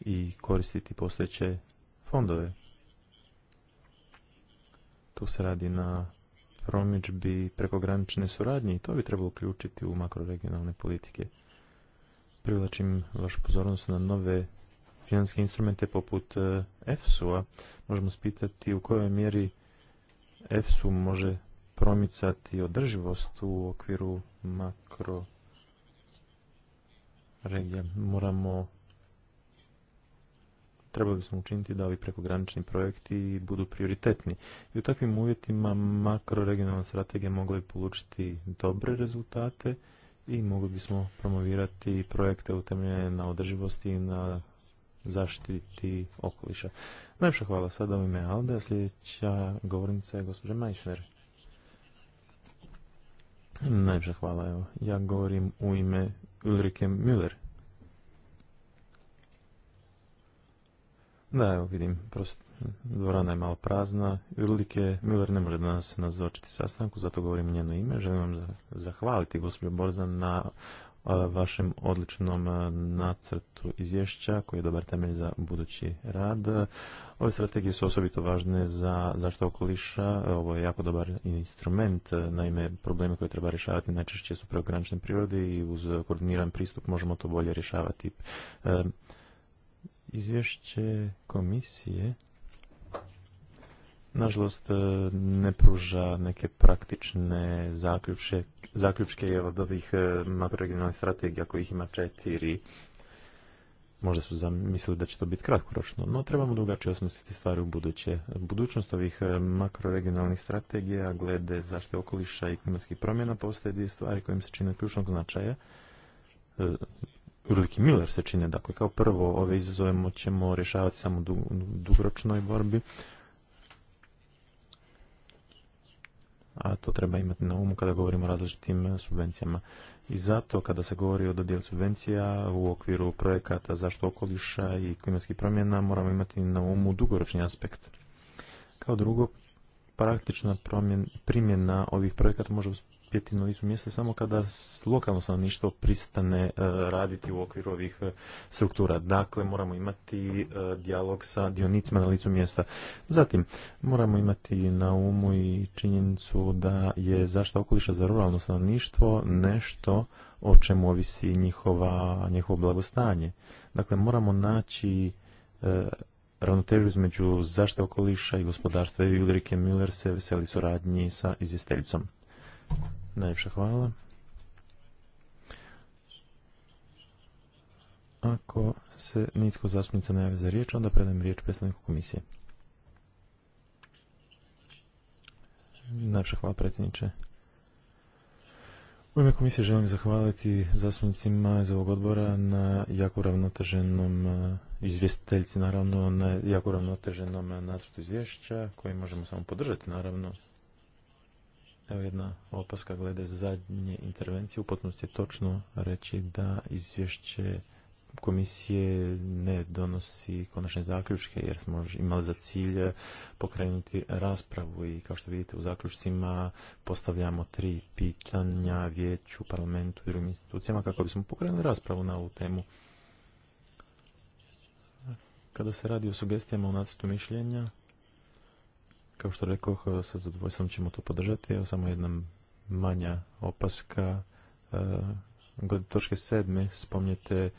i koristiti postojeće fondove. Tu se radi na promičbi prekogranične suradnje i to bi trebalo uključiti u makroregionalne politike. Privlačim vašu pozornost na nove financijske instrumente poput eh, EFSU-a. Možemo spitati u kojoj mjeri EFSU može promicati održivost u okviru makro regija. Moramo trebali bismo učiniti da ovi prekogranični projekti budu prioritetni. I u takvim uvjetima makroregionalna strategija mogla bi polučiti dobre rezultate i mogli bismo promovirati projekte utemljene na održivosti i na zaštiti okoliša. Najpša hvala sada u ime Alda, sljedeća govornica je gospođa Majsner. Najpša hvala. Evo. Ja govorim u ime Ulrike Müller. Da, evo vidim, prosto dvorana je malo prazna. Ulrike Müller ne može danas nazočiti sastanku, zato govorim njeno ime. Želim vam zahvaliti gospođo Borzan na vašem odličnom e, nacrtu izvješća koji je dobar temelj za budući rad. Ove strategije su osobito važne za zaštitu okoliša. E, ovo je jako dobar instrument. E, naime, probleme koje treba rješavati najčešće su preogranične prirode i uz koordiniran pristup možemo to bolje rješavati. Izvješće komisije nažalost e, ne pruža neke praktične zaključe, zaključke od ovih e, makroregionalnih strategija kojih ima četiri. Možda su zamislili da će to biti kratkoročno, no trebamo drugačije osmisliti stvari u buduće. Budućnost ovih e, makroregionalnih strategija glede zaštite okoliša i klimatskih promjena postoje dvije stvari kojim se čine ključnog značaja. Ulrike Miller se čine, dakle kao prvo ove izazove ćemo rješavati samo u dugoročnoj borbi, a to treba imati na umu kada govorimo o različitim eh, subvencijama. I zato kada se govori o dodjeli subvencija u okviru projekata zašto okoliša i klimatskih promjena moramo imati na umu dugoročni aspekt. Kao drugo, praktična primjena ovih projekata može uspjeti na licu mjesta samo kada lokalno stanovništvo pristane e, raditi u okviru ovih e, struktura. Dakle, moramo imati e, dijalog sa dionicima na licu mjesta. Zatim, moramo imati na umu i činjenicu da je zaštita okoliša za ruralno stanovništvo nešto o čemu ovisi njihova, njihovo blagostanje. Dakle, moramo naći ravnotežu između zaštite okoliša i gospodarstva i Ulrike Müller se veseli suradnji sa izvjesteljicom. Najljepša hvala. Ako se nitko zastupnica ne javi za riječ, onda predajem riječ predstavniku komisije. Najljepša hvala predsjedniče. U ime komisije želim zahvaliti zastupnicima iz ovog odbora na jako ravnoteženom e, izvjestiteljci, naravno na jako ravnoteženom nacrtu izvješća koji možemo samo podržati, naravno Evo jedna opaska glede zadnje intervencije. U potpunosti je točno reći da izvješće komisije ne donosi konačne zaključke jer smo imali za cilj pokrenuti raspravu i kao što vidite u zaključcima postavljamo tri pitanja vijeću, parlamentu i drugim institucijama kako bismo pokrenuli raspravu na ovu temu. Kada se radi o sugestijama u nacrtu mišljenja, kao što rekoh, sa zadovoljstvom ćemo to podržati. Evo samo jedna manja opaska. E, točke sedme spomnjete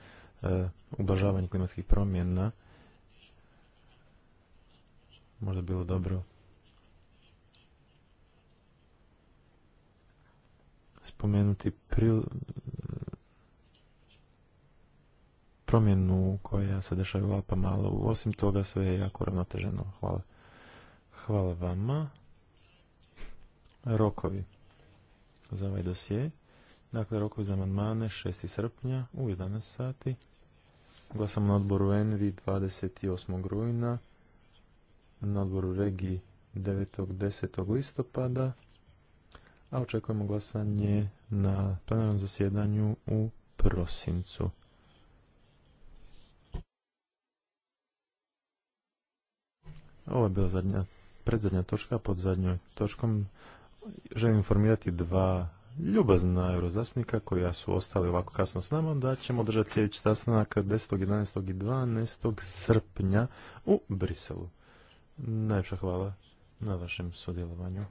e, ublažavanje klimatskih promjena. Možda bilo dobro spomenuti promjenu koja se dešava pa malo. osim toga sve je jako ravnoteženo. Hvala. Hvala vama. Rokovi za ovaj dosje. Dakle, rokovi za amandmane 6. srpnja u 11 sati. Glasamo na odboru Envi 28. rujna, na odboru Regi 9. 10. listopada, a očekujemo glasanje na plenarnom zasjedanju u prosincu. Ovo je bila zadnja predzadnja točka, pod zadnjoj točkom želim informirati dva ljubazna eurozastupnika koja su ostali ovako kasno s nama, da ćemo držati sljedeći sastanak 10. 11. i 12. srpnja u Briselu. Najljepša hvala na vašem sudjelovanju.